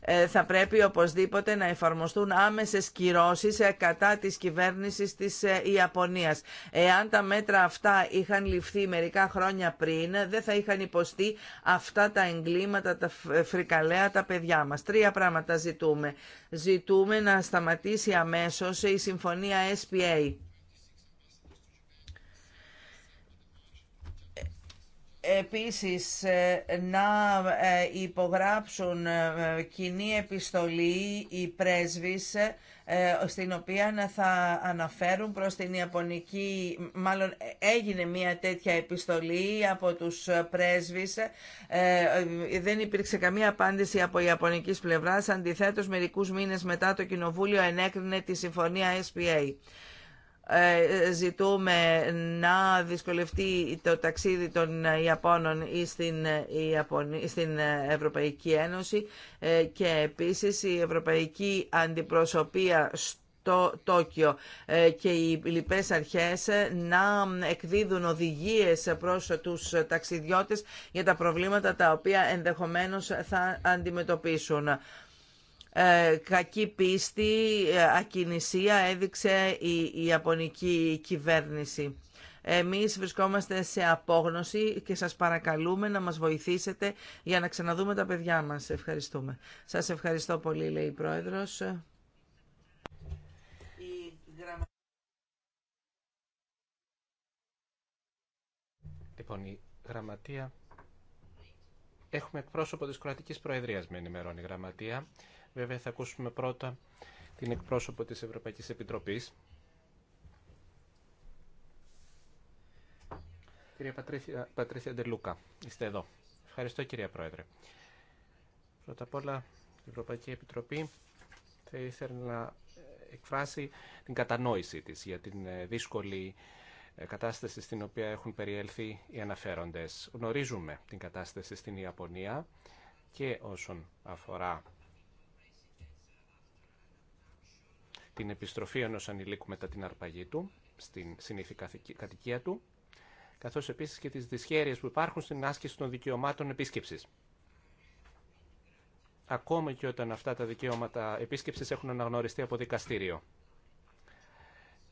Ε, θα πρέπει οπωσδήποτε να εφαρμοστούν άμεσες κυρώσεις ε, κατά της κυβέρνησης της ε, Ιαπωνίας. Εάν τα μέτρα αυτά είχαν ληφθεί μερικά χρόνια πριν, δεν θα είχαν υποστεί αυτά τα εγκλήματα, τα φρικαλέα, τα παιδιά μας. Τρία πράγματα ζητούμε. Ζητούμε να σταματήσει αμέσως η συμφωνία SPA επίσης ε, να ε, υπογράψουν ε, κοινή επιστολή οι πρέσβεις στην οποία θα αναφέρουν προς την Ιαπωνική, μάλλον έγινε μια τέτοια επιστολή από τους πρέσβεις, δεν υπήρξε καμία απάντηση από Ιαπωνική πλευρά. αντιθέτως μερικούς μήνες μετά το Κοινοβούλιο ενέκρινε τη Συμφωνία SPA. Ε, ζητούμε να δυσκολευτεί το ταξίδι των Ιαπώνων ή στην, στην Ευρωπαϊκή Ένωση ε, και επίσης η Ευρωπαϊκή Αντιπροσωπεία στο Τόκιο ε, και οι λοιπές αρχές να εκδίδουν οδηγίες προς τους ταξιδιώτες για τα προβλήματα τα οποία ενδεχομένως θα αντιμετωπίσουν. Ε, κακή πίστη, ε, ακινησία έδειξε η Ιαπωνική κυβέρνηση. Εμείς βρισκόμαστε σε απόγνωση και σας παρακαλούμε να μας βοηθήσετε για να ξαναδούμε τα παιδιά μας. Ευχαριστούμε. Σας ευχαριστώ πολύ, λέει η Πρόεδρος. Λοιπόν, η Γραμματεία... Έχουμε εκπρόσωπο της Κροατικής Προεδρίας με ενημερώνει η Γραμματεία. Βέβαια θα ακούσουμε πρώτα την εκπρόσωπο της Ευρωπαϊκής Επιτροπής. Κυρία Πατρίθια, Ντελούκα, είστε εδώ. Ευχαριστώ κυρία Πρόεδρε. Πρώτα απ' όλα η Ευρωπαϊκή Επιτροπή θα ήθελε να εκφράσει την κατανόηση της για την ε, δύσκολη ε, κατάσταση στην οποία έχουν περιέλθει οι αναφέροντες. Γνωρίζουμε την κατάσταση στην Ιαπωνία και όσον αφορά την επιστροφή ενός ανηλίκου μετά την αρπαγή του στην συνήθη κατοικία του, καθώς επίσης και τις δυσχέρειες που υπάρχουν στην άσκηση των δικαιωμάτων επίσκεψης. Ακόμα και όταν αυτά τα δικαιώματα επίσκεψης έχουν αναγνωριστεί από δικαστήριο.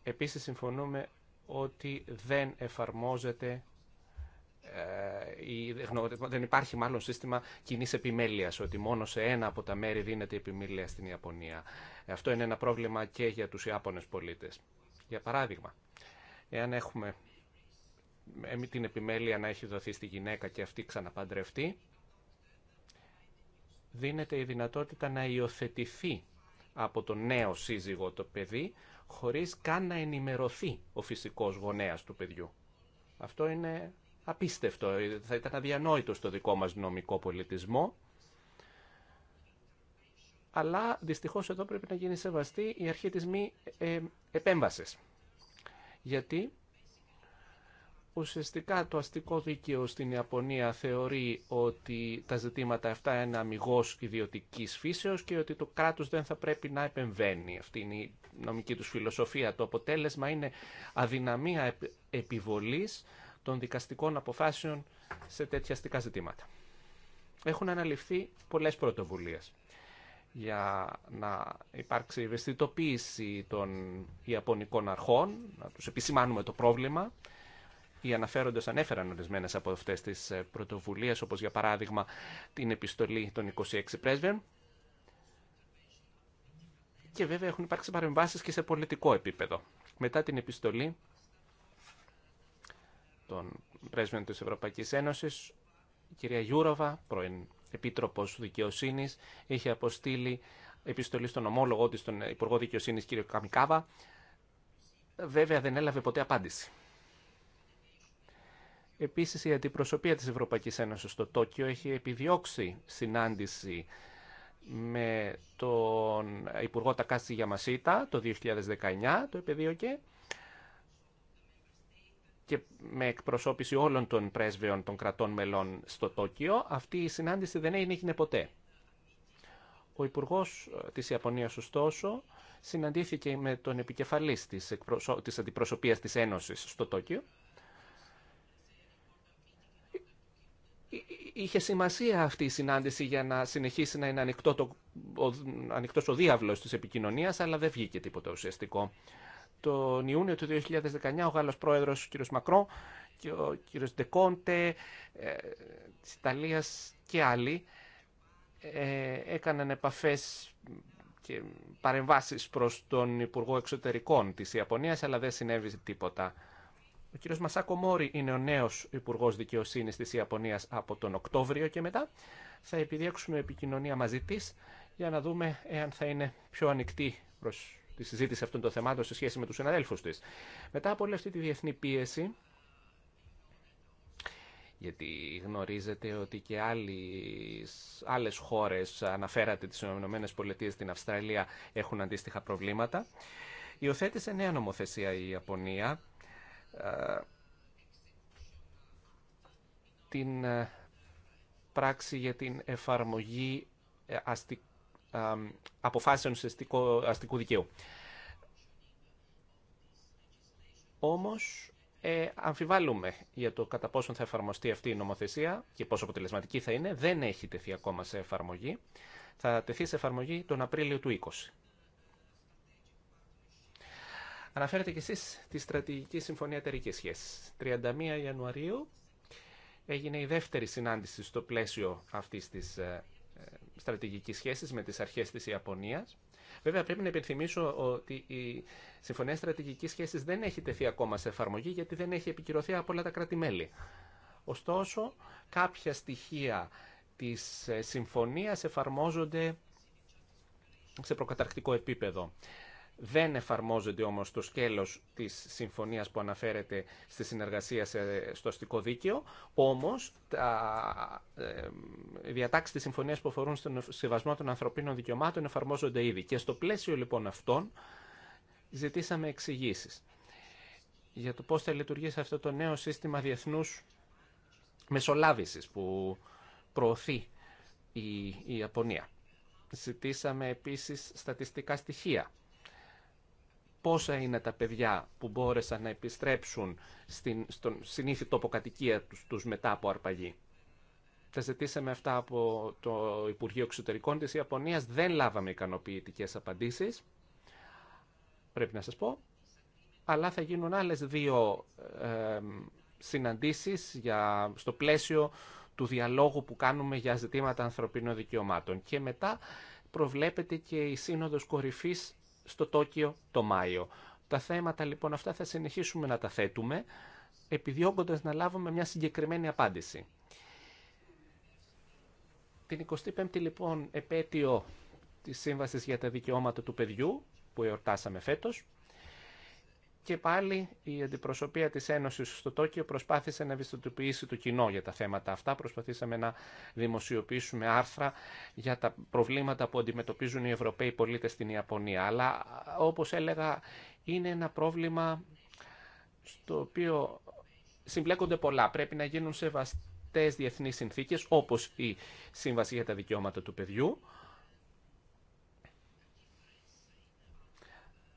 Επίσης συμφωνούμε ότι δεν εφαρμόζεται ε, δεν υπάρχει μάλλον σύστημα κοινή επιμέλεια, ότι μόνο σε ένα από τα μέρη δίνεται επιμέλεια στην Ιαπωνία. Αυτό είναι ένα πρόβλημα και για του Ιάπωνες πολίτε. Για παράδειγμα, εάν έχουμε ε, την επιμέλεια να έχει δοθεί στη γυναίκα και αυτή ξαναπαντρευτεί, δίνεται η δυνατότητα να υιοθετηθεί από τον νέο σύζυγο το παιδί, χωρίς καν να ενημερωθεί ο φυσικός γονέας του παιδιού. Αυτό είναι απίστευτο, θα ήταν αδιανόητο στο δικό μας νομικό πολιτισμό. Αλλά δυστυχώς εδώ πρέπει να γίνει σεβαστή η αρχή της μη ε, επέμβασης. Γιατί ουσιαστικά το αστικό δίκαιο στην Ιαπωνία θεωρεί ότι τα ζητήματα αυτά είναι αμυγός ιδιωτικής φύσεως και ότι το κράτος δεν θα πρέπει να επεμβαίνει. Αυτή είναι η νομική τους φιλοσοφία. Το αποτέλεσμα είναι αδυναμία επιβολής των δικαστικών αποφάσεων σε τέτοια αστικά ζητήματα. Έχουν αναλυφθεί πολλές πρωτοβουλίες για να υπάρξει ευαισθητοποίηση των Ιαπωνικών αρχών, να τους επισημάνουμε το πρόβλημα. Οι αναφέροντες ανέφεραν ορισμένε από αυτές τις ε, πρωτοβουλίες, όπως για παράδειγμα την επιστολή των 26 πρέσβεων. Και βέβαια έχουν υπάρξει παρεμβάσεις και σε πολιτικό επίπεδο. Μετά την επιστολή τον πρέσβεων της Ευρωπαϊκής Ένωσης, η κυρία Γιούροβα, πρώην Επίτροπος Δικαιοσύνης, είχε αποστείλει επιστολή στον ομόλογό της, τον Υπουργό Δικαιοσύνης, κύριο Καμικάβα. Βέβαια δεν έλαβε ποτέ απάντηση. Επίσης, η αντιπροσωπεία της Ευρωπαϊκής Ένωσης στο Τόκιο έχει επιδιώξει συνάντηση με τον Υπουργό Τακάση Γιαμασίτα το 2019, το επεδίωκε, και με εκπροσώπηση όλων των πρέσβεων των κρατών μελών στο Τόκιο. Αυτή η συνάντηση δεν έγινε ποτέ. Ο Υπουργό ε, της Ιαπωνίας, ωστόσο, συναντήθηκε με τον επικεφαλής της, εκπροσω... της αντιπροσωπείας της Ένωσης στο Τόκιο. Είχε σημασία αυτή η συνάντηση για να συνεχίσει να είναι ανοιχτό το... ανοιχτός ο διάβλος της επικοινωνίας, αλλά δεν βγήκε τίποτα ουσιαστικό τον Ιούνιο του 2019 ο Γάλλος πρόεδρος ο κ. Μακρό και ο κ. Ντεκόντε ε, της Ιταλίας και άλλοι ε, έκαναν επαφές και παρεμβάσεις προς τον Υπουργό Εξωτερικών της Ιαπωνίας, αλλά δεν συνέβη τίποτα. Ο κύριος Μασάκο Μόρι είναι ο νέος Υπουργός Δικαιοσύνης της Ιαπωνίας από τον Οκτώβριο και μετά θα επιδιώξουμε επικοινωνία μαζί της για να δούμε εάν θα είναι πιο ανοιχτή προς τη συζήτηση αυτών των θεμάτων σε σχέση με τους συναδέλφου τη. Μετά από όλη αυτή τη διεθνή πίεση, γιατί γνωρίζετε ότι και άλλες, χώρε χώρες, αναφέρατε τις ΗΠΑ, την Αυστραλία, έχουν αντίστοιχα προβλήματα, υιοθέτησε νέα νομοθεσία η Ιαπωνία, ε, την ε, πράξη για την εφαρμογή ε, αστικών αποφάσεων αστικού δικαίου. Όμως, ε, αμφιβάλλουμε για το κατά πόσον θα εφαρμοστεί αυτή η νομοθεσία και πόσο αποτελεσματική θα είναι. Δεν έχει τεθεί ακόμα σε εφαρμογή. Θα τεθεί σε εφαρμογή τον Απρίλιο του 20. Αναφέρετε και εσείς τη Στρατηγική Συμφωνία Εταιρικής Σχέσης. 31 Ιανουαρίου έγινε η δεύτερη συνάντηση στο πλαίσιο αυτής της ε, στρατηγικής σχέσης με τις αρχές της Ιαπωνίας. Βέβαια πρέπει να επιθυμήσω ότι η Συμφωνία Στρατηγικής Σχέσης δεν έχει τεθεί ακόμα σε εφαρμογή γιατί δεν έχει επικυρωθεί από όλα τα κράτη-μέλη. Ωστόσο, κάποια στοιχεία της ε, συμφωνίας εφαρμόζονται σε προκαταρκτικό επίπεδο. Δεν εφαρμόζεται όμως το σκέλος της συμφωνίας που αναφέρεται στη συνεργασία στο αστικό δίκαιο, όμως τα ε, διατάξεις της συμφωνίας που αφορούν στον σεβασμό των ανθρωπίνων δικαιωμάτων εφαρμόζονται ήδη. Και στο πλαίσιο λοιπόν αυτών ζητήσαμε εξηγήσει για το πώς θα λειτουργήσει αυτό το νέο σύστημα διεθνούς μεσολάβησης που προωθεί η Ιαπωνία. Ζητήσαμε επίσης στατιστικά στοιχεία πόσα είναι τα παιδιά που μπόρεσαν να επιστρέψουν στην, στον συνήθι τοποκατοικία τους, μετά από αρπαγή. Τα ζητήσαμε αυτά από το Υπουργείο Εξωτερικών της Ιαπωνίας. Δεν λάβαμε ικανοποιητικέ απαντήσεις, πρέπει να σας πω. Αλλά θα γίνουν άλλες δύο ε, συναντήσεις για, στο πλαίσιο του διαλόγου που κάνουμε για ζητήματα ανθρωπίνων δικαιωμάτων. Και μετά προβλέπεται και η Σύνοδος Κορυφής στο Τόκιο το Μάιο. Τα θέματα λοιπόν αυτά θα συνεχίσουμε να τα θέτουμε, επιδιώκοντας να λάβουμε μια συγκεκριμένη απάντηση. Την 25η λοιπόν επέτειο της Σύμβασης για τα Δικαιώματα του Παιδιού, που εορτάσαμε φέτος, και πάλι η αντιπροσωπεία της Ένωσης στο Τόκιο προσπάθησε να ευαισθητοποιήσει το κοινό για τα θέματα αυτά. Προσπαθήσαμε να δημοσιοποιήσουμε άρθρα για τα προβλήματα που αντιμετωπίζουν οι Ευρωπαίοι πολίτες στην Ιαπωνία. Αλλά όπως έλεγα είναι ένα πρόβλημα στο οποίο συμπλέκονται πολλά. Πρέπει να γίνουν σεβαστές διεθνείς συνθήκες όπως η Σύμβαση για τα Δικαιώματα του Παιδιού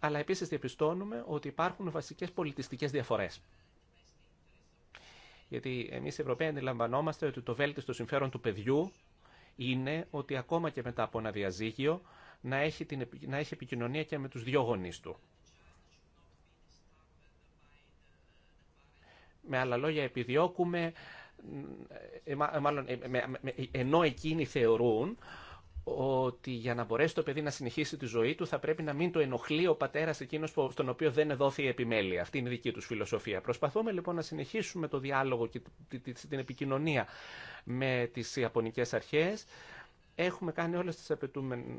αλλά επίσης διαπιστώνουμε ότι υπάρχουν βασικές πολιτιστικές διαφορές. Γιατί εμείς οι Ευρωπαίοι αντιλαμβανόμαστε ότι το βέλτιστο συμφέρον του παιδιού είναι ότι ακόμα και μετά από ένα διαζύγιο να έχει, την, να έχει επικοινωνία και με τους δυο γονείς του. Με άλλα λόγια, επιδιώκουμε, ε, ε, ε, μάλλον, ενώ εκείνοι θεωρούν ότι για να μπορέσει το παιδί να συνεχίσει τη ζωή του θα πρέπει να μην το ενοχλεί ο πατέρα εκείνο στον οποίο δεν δόθη η επιμέλεια. Αυτή είναι η δική του φιλοσοφία. Προσπαθούμε λοιπόν να συνεχίσουμε το διάλογο και την επικοινωνία με τι Ιαπωνικέ αρχέ. Έχουμε κάνει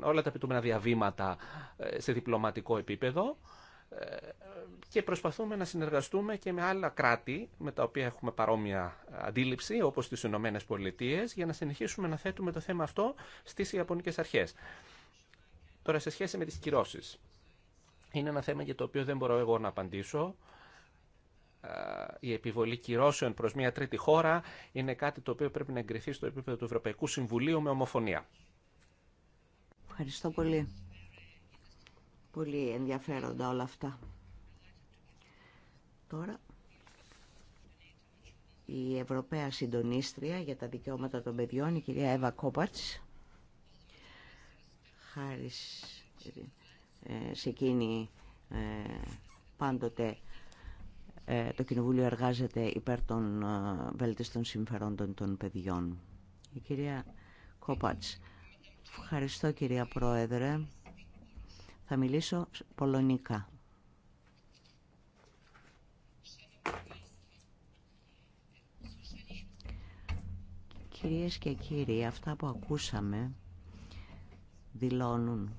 όλα τα απαιτούμενα διαβήματα ε, σε διπλωματικό επίπεδο και προσπαθούμε να συνεργαστούμε και με άλλα κράτη με τα οποία έχουμε παρόμοια αντίληψη όπως τις Ηνωμένε Πολιτείε για να συνεχίσουμε να θέτουμε το θέμα αυτό στις Ιαπωνικές αρχές. Τώρα σε σχέση με τις κυρώσεις. Είναι ένα θέμα για το οποίο δεν μπορώ εγώ να απαντήσω. Η επιβολή κυρώσεων προς μια τρίτη χώρα είναι κάτι το οποίο πρέπει να εγκριθεί στο επίπεδο του Ευρωπαϊκού Συμβουλίου με ομοφωνία. Ευχαριστώ πολύ. Πολύ ενδιαφέροντα όλα αυτά. Τώρα, η Ευρωπαία Συντονίστρια για τα Δικαιώματα των Παιδιών, η κυρία Εύα Κόπατς. Χάρη ε, σε εκείνη ε, πάντοτε ε, το Κοινοβούλιο εργάζεται υπέρ των βέλτιστων συμφερόντων των παιδιών. Η κυρία Κόπατς. Ευχαριστώ κυρία Πρόεδρε. Θα μιλήσω πολωνικά. Κυρίες και κύριοι, αυτά που ακούσαμε δηλώνουν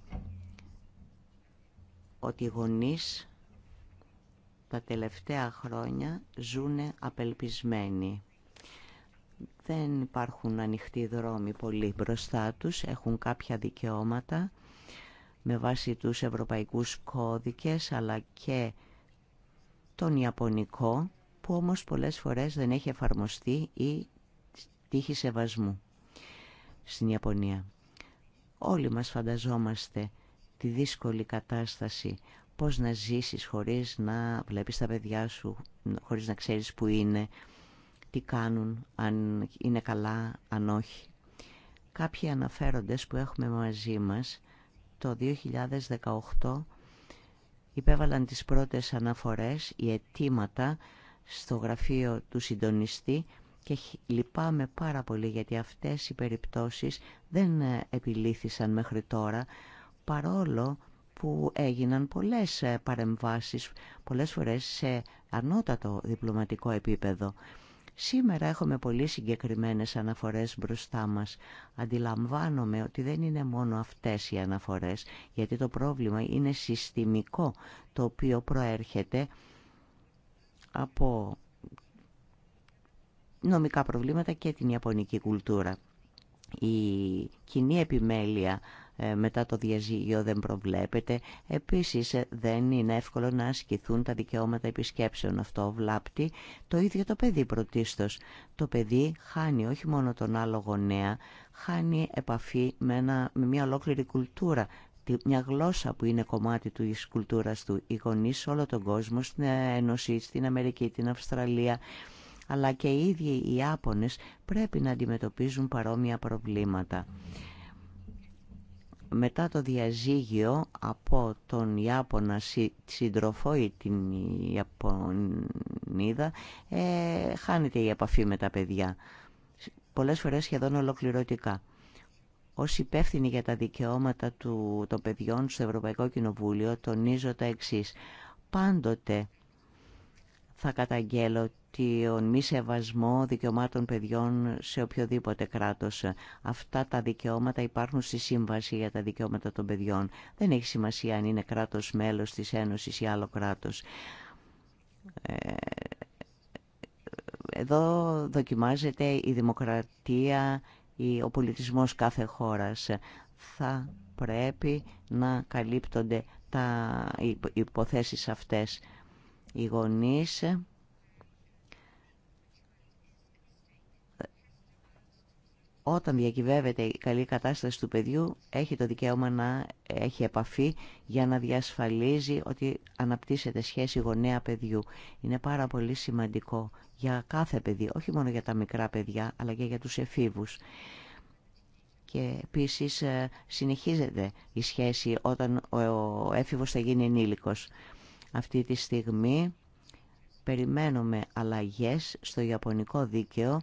ότι οι γονείς τα τελευταία χρόνια ζούνε απελπισμένοι. Δεν υπάρχουν ανοιχτοί δρόμοι πολύ μπροστά τους, έχουν κάποια δικαιώματα με βάση τους ευρωπαϊκούς κώδικες αλλά και τον Ιαπωνικό που όμως πολλές φορές δεν έχει εφαρμοστεί ή τύχει σεβασμού στην Ιαπωνία. Όλοι μας φανταζόμαστε τη δύσκολη κατάσταση πώς να ζήσεις χωρίς να βλέπεις τα παιδιά σου, χωρίς να ξέρεις που είναι, τι κάνουν, αν είναι καλά, αν όχι. Κάποιοι αναφέροντες που έχουμε μαζί μας το 2018 υπέβαλαν τις πρώτες αναφορές, οι αιτήματα στο γραφείο του συντονιστή και λυπάμαι πάρα πολύ γιατί αυτές οι περιπτώσεις δεν ε, επιλήθησαν μέχρι τώρα παρόλο που έγιναν πολλές ε, παρεμβάσεις πολλές φορές σε ανώτατο διπλωματικό επίπεδο. Σήμερα έχουμε πολύ συγκεκριμένες αναφορές μπροστά μας. Αντιλαμβάνομαι ότι δεν είναι μόνο αυτές οι αναφορές, γιατί το πρόβλημα είναι συστημικό, το οποίο προέρχεται από νομικά προβλήματα και την ιαπωνική κουλτούρα. Η κοινή επιμέλεια ε, μετά το διαζύγιο δεν προβλέπεται. Επίσης ε, δεν είναι εύκολο να ασκηθούν τα δικαιώματα επισκέψεων. Αυτό βλάπτει το ίδιο το παιδί πρωτίστως. Το παιδί χάνει όχι μόνο τον άλλο γονέα, χάνει επαφή με, μια ολόκληρη κουλτούρα, μια γλώσσα που είναι κομμάτι του κουλτούρας του. Οι γονείς σε όλο τον κόσμο, στην Ένωση, στην Αμερική, την Αυστραλία, αλλά και οι ίδιοι οι Άπωνες πρέπει να αντιμετωπίζουν παρόμοια προβλήματα μετά το διαζύγιο από τον Ιάπωνα συντροφό ή την Ιαπωνίδα ε, χάνεται η επαφή με τα παιδιά πολλές φορές σχεδόν ολοκληρωτικά ως υπεύθυνη για τα δικαιώματα του, των παιδιών στο Ευρωπαϊκό Κοινοβούλιο τονίζω τα εξής πάντοτε θα καταγγέλω τον μη σεβασμό δικαιωμάτων παιδιών σε οποιοδήποτε κράτος. Αυτά τα δικαιώματα υπάρχουν στη Σύμβαση για τα Δικαιώματα των Παιδιών. Δεν έχει σημασία αν είναι κράτος μέλος της Ένωσης ή άλλο κράτος. Ε, εδώ δοκιμάζεται η δημοκρατία, ο πολιτισμός κάθε χώρας. Θα πρέπει να καλύπτονται τα υποθέσεις αυτές. Οι όταν διακυβεύεται η καλή κατάσταση του παιδιού έχει το δικαίωμα να έχει επαφή για να διασφαλίζει ότι αναπτύσσεται σχέση γονέα παιδιού. Είναι πάρα πολύ σημαντικό για κάθε παιδί, όχι μόνο για τα μικρά παιδιά αλλά και για τους εφήβους. Και επίσης ε, συνεχίζεται η σχέση όταν ο έφηβος θα γίνει ενήλικος. Αυτή τη στιγμή περιμένουμε αλλαγές στο Ιαπωνικό δίκαιο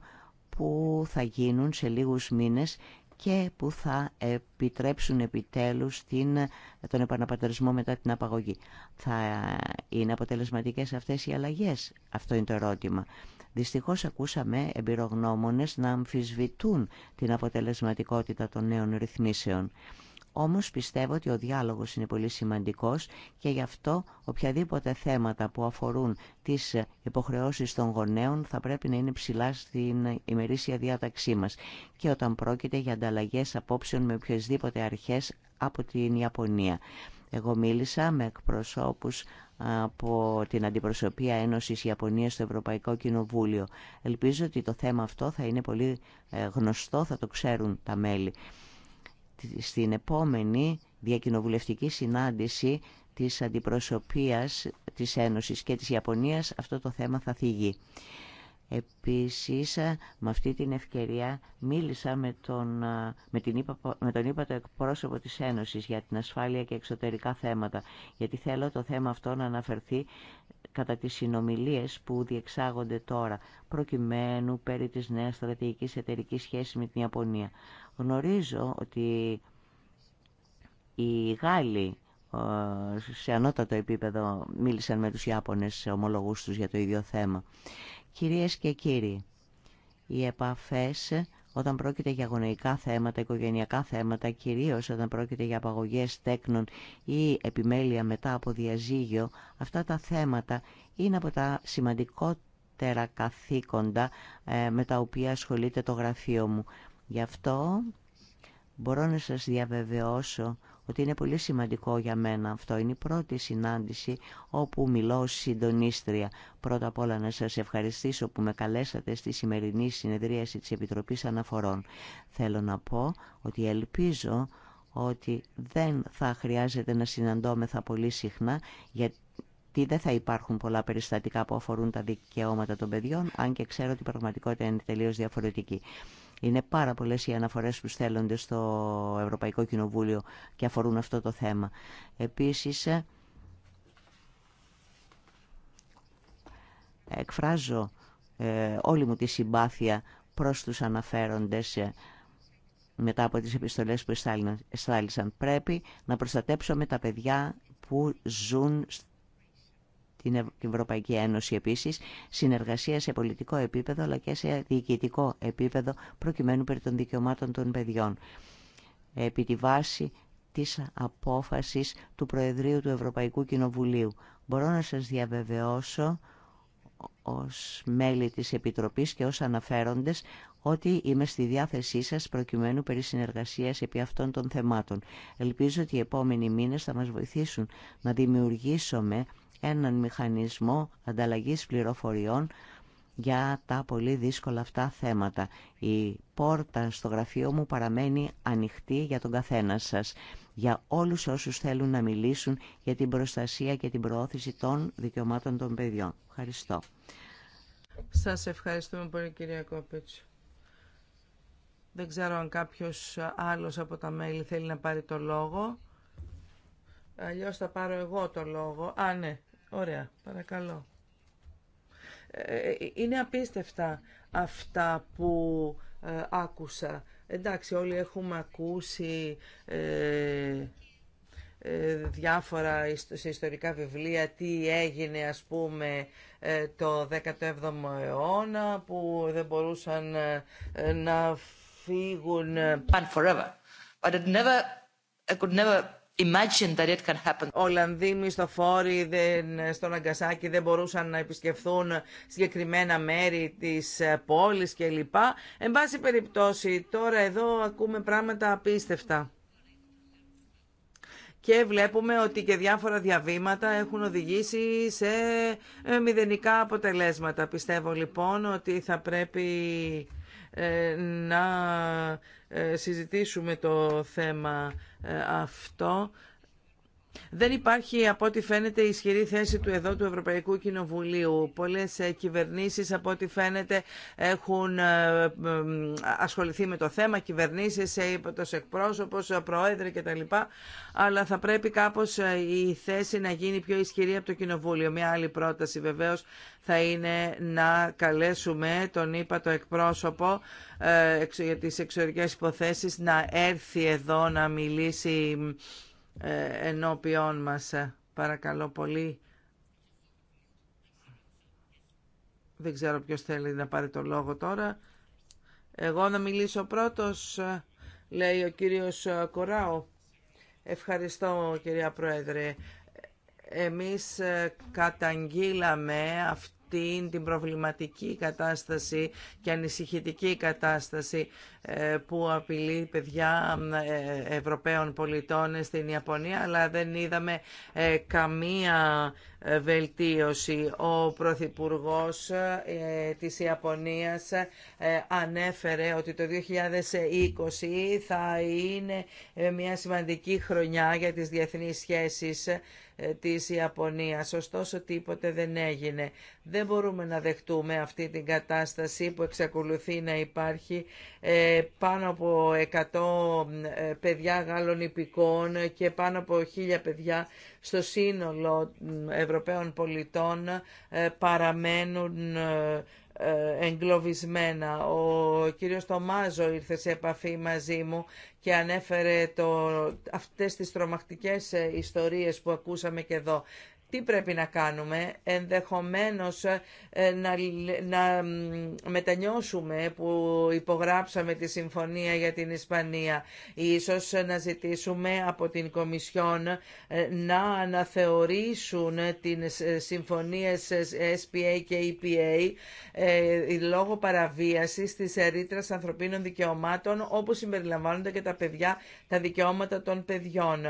που θα γίνουν σε λίγους μήνες και που θα επιτρέψουν επιτέλους την, τον επαναπατρισμό μετά την απαγωγή. Θα είναι αποτελεσματικές αυτές οι αλλαγές. Αυτό είναι το ερώτημα. Δυστυχώς ακούσαμε εμπειρογνώμονες να αμφισβητούν την αποτελεσματικότητα των νέων ρυθμίσεων. Όμως πιστεύω ότι ο διάλογος είναι πολύ σημαντικός και γι' αυτό οποιαδήποτε θέματα που αφορούν τις υποχρεώσεις των γονέων θα πρέπει να είναι ψηλά στην ημερήσια διάταξή μας και όταν πρόκειται για ανταλλαγές απόψεων με οποιασδήποτε αρχές από την Ιαπωνία. Εγώ μίλησα με εκπροσώπους από την Αντιπροσωπεία Ένωσης Ιαπωνίας στο Ευρωπαϊκό Κοινοβούλιο. Ελπίζω ότι το θέμα αυτό θα είναι πολύ ε, γνωστό, θα το ξέρουν τα μέλη στην επόμενη διακοινοβουλευτική συνάντηση της αντιπροσωπείας της Ένωσης και της Ιαπωνίας αυτό το θέμα θα θίγει. Επίσης, με αυτή την ευκαιρία μίλησα με τον, με, εκπρόσωπο της Ένωσης για την ασφάλεια και εξωτερικά θέματα, γιατί θέλω το θέμα αυτό να αναφερθεί κατά τις συνομιλίες που διεξάγονται τώρα, προκειμένου περί της νέας στρατηγικής εταιρικής σχέσης με την Ιαπωνία. Γνωρίζω ότι οι Γάλλοι ε, σε ανώτατο επίπεδο μίλησαν με τους Ιάπωνες ομολογούς τους για το ίδιο θέμα. Κυρίες και κύριοι, οι επαφές όταν πρόκειται για γονεϊκά θέματα, οικογενειακά θέματα, κυρίως όταν πρόκειται για απαγωγές τέκνων ή επιμέλεια μετά από διαζύγιο, αυτά τα θέματα είναι από τα σημαντικότερα καθήκοντα ε, με τα οποία ασχολείται το γραφείο μου. Γι' αυτό μπορώ να σας διαβεβαιώσω ότι είναι πολύ σημαντικό για μένα αυτό. Είναι η πρώτη συνάντηση όπου μιλώ συντονίστρια. Πρώτα απ' όλα να σας ευχαριστήσω που με καλέσατε στη σημερινή συνεδρίαση της Επιτροπής Αναφορών. Θέλω να πω ότι ελπίζω ότι δεν θα χρειάζεται να συναντώμεθα πολύ συχνά γιατί δεν θα υπάρχουν πολλά περιστατικά που αφορούν τα δικαιώματα των παιδιών, αν και ξέρω ότι η πραγματικότητα είναι τελείως διαφορετική. Είναι πάρα πολλές οι αναφορές που στέλνονται στο Ευρωπαϊκό Κοινοβούλιο και αφορούν αυτό το θέμα. Επίσης, ε, εκφράζω ε, όλη μου τη συμπάθεια προς τους αναφέροντες ε, μετά από τις επιστολές που εστάλησαν. Πρέπει να προστατέψουμε τα παιδιά που ζουν την Ευρωπαϊκή Ένωση επίσης, συνεργασία σε πολιτικό επίπεδο αλλά και σε διοικητικό επίπεδο προκειμένου περί των δικαιωμάτων των παιδιών. Επί τη βάση της απόφασης του Προεδρείου του Ευρωπαϊκού Κοινοβουλίου. Μπορώ να σας διαβεβαιώσω ως μέλη της Επιτροπής και ως αναφέροντες ότι είμαι στη διάθεσή σας προκειμένου περί συνεργασίας επί αυτών των θεμάτων. Ελπίζω ότι οι επόμενοι μήνες θα μας βοηθήσουν να δημιουργήσουμε έναν μηχανισμό ανταλλαγής πληροφοριών για τα πολύ δύσκολα αυτά θέματα. Η πόρτα στο γραφείο μου παραμένει ανοιχτή για τον καθένα σας, για όλους όσους θέλουν να μιλήσουν για την προστασία και την προώθηση των δικαιωμάτων των παιδιών. Ευχαριστώ. Σας ευχαριστούμε πολύ κυρία Κόπιτς. Δεν ξέρω αν κάποιος άλλος από τα μέλη θέλει να πάρει το λόγο. Αλλιώς θα πάρω εγώ το λόγο. Α, ναι. Ωραία, παρακαλώ. Ε, ε, ε, είναι απίστευτα αυτά που άκουσα. Εντάξει, όλοι έχουμε ακούσει διάφορα σε ιστορικά βιβλία τι έγινε ας πούμε το 17ο αιώνα που δεν μπορούσαν να φύγουν. forever. But I could never imagine that it can happen. μισθοφόροι δεν, στο Ναγκασάκι δεν μπορούσαν να επισκεφθούν συγκεκριμένα μέρη της ε, πόλης κλπ. Εν πάση περιπτώσει, τώρα εδώ ακούμε πράγματα απίστευτα. Και βλέπουμε ότι και διάφορα διαβήματα έχουν οδηγήσει σε ε, μηδενικά αποτελέσματα. Πιστεύω λοιπόν ότι θα πρέπει ε, να συζητήσουμε το θέμα ε, αυτό δεν υπάρχει από ό,τι φαίνεται ισχυρή θέση του εδώ του Ευρωπαϊκού Κοινοβουλίου. Πολλές ε, κυβερνήσεις από ό,τι φαίνεται έχουν ε, ασχοληθεί με το θέμα, κυβερνήσεις, ε, υπότος εκπρόσωπος, πρόεδρε κτλ. Αλλά θα πρέπει κάπως η θέση να γίνει πιο ισχυρή από το Κοινοβούλιο. Μια άλλη πρόταση βεβαίως θα είναι να καλέσουμε τον ύπατο εκπρόσωπο για τις εξωτερικές υποθέσεις να έρθει εδώ να μιλήσει ε, ενώπιόν μας. Παρακαλώ πολύ. Δεν ξέρω ποιος θέλει να πάρει το λόγο τώρα. Εγώ να μιλήσω πρώτος, λέει ο κύριος Κοράο. Ευχαριστώ κυρία Πρόεδρε. Εμείς καταγγείλαμε αυτό την προβληματική κατάσταση και ανησυχητική κατάσταση ε, που απειλεί παιδιά ε, Ευρωπαίων πολιτών στην Ιαπωνία, αλλά δεν είδαμε ε, καμία βελτίωση. Ο Πρωθυπουργό της Ιαπωνίας ανέφερε ότι το 2020 θα είναι μια σημαντική χρονιά για τις διεθνείς σχέσεις ε, της Ιαπωνία, Ωστόσο τίποτε δεν έγινε. Δεν μπορούμε να δεχτούμε αυτή την κατάσταση που εξακολουθεί να υπάρχει ε, πάνω από 100 ε, παιδιά Γάλλων υπηκών και πάνω από 1000 παιδιά στο σύνολο Ευρωπαίων πολιτών παραμένουν ε, εγκλωβισμένα. Ο κύριος Τομάζο ήρθε σε επαφή μαζί μου και ανέφερε το, αυτές τις τρομακτικές ε, ιστορίες που ακούσαμε και εδώ τι πρέπει να κάνουμε, ενδεχομένως ε, να, να μετανιώσουμε που υπογράψαμε τη συμφωνία για την Ισπανία. Ίσως να ζητήσουμε από την Κομισιόν ε, να αναθεωρήσουν την ε, συμφωνίες SPA και EPA λόγω παραβίασης της ερήτρας ανθρωπίνων δικαιωμάτων όπου συμπεριλαμβάνονται και τα παιδιά, τα δικαιώματα των παιδιών.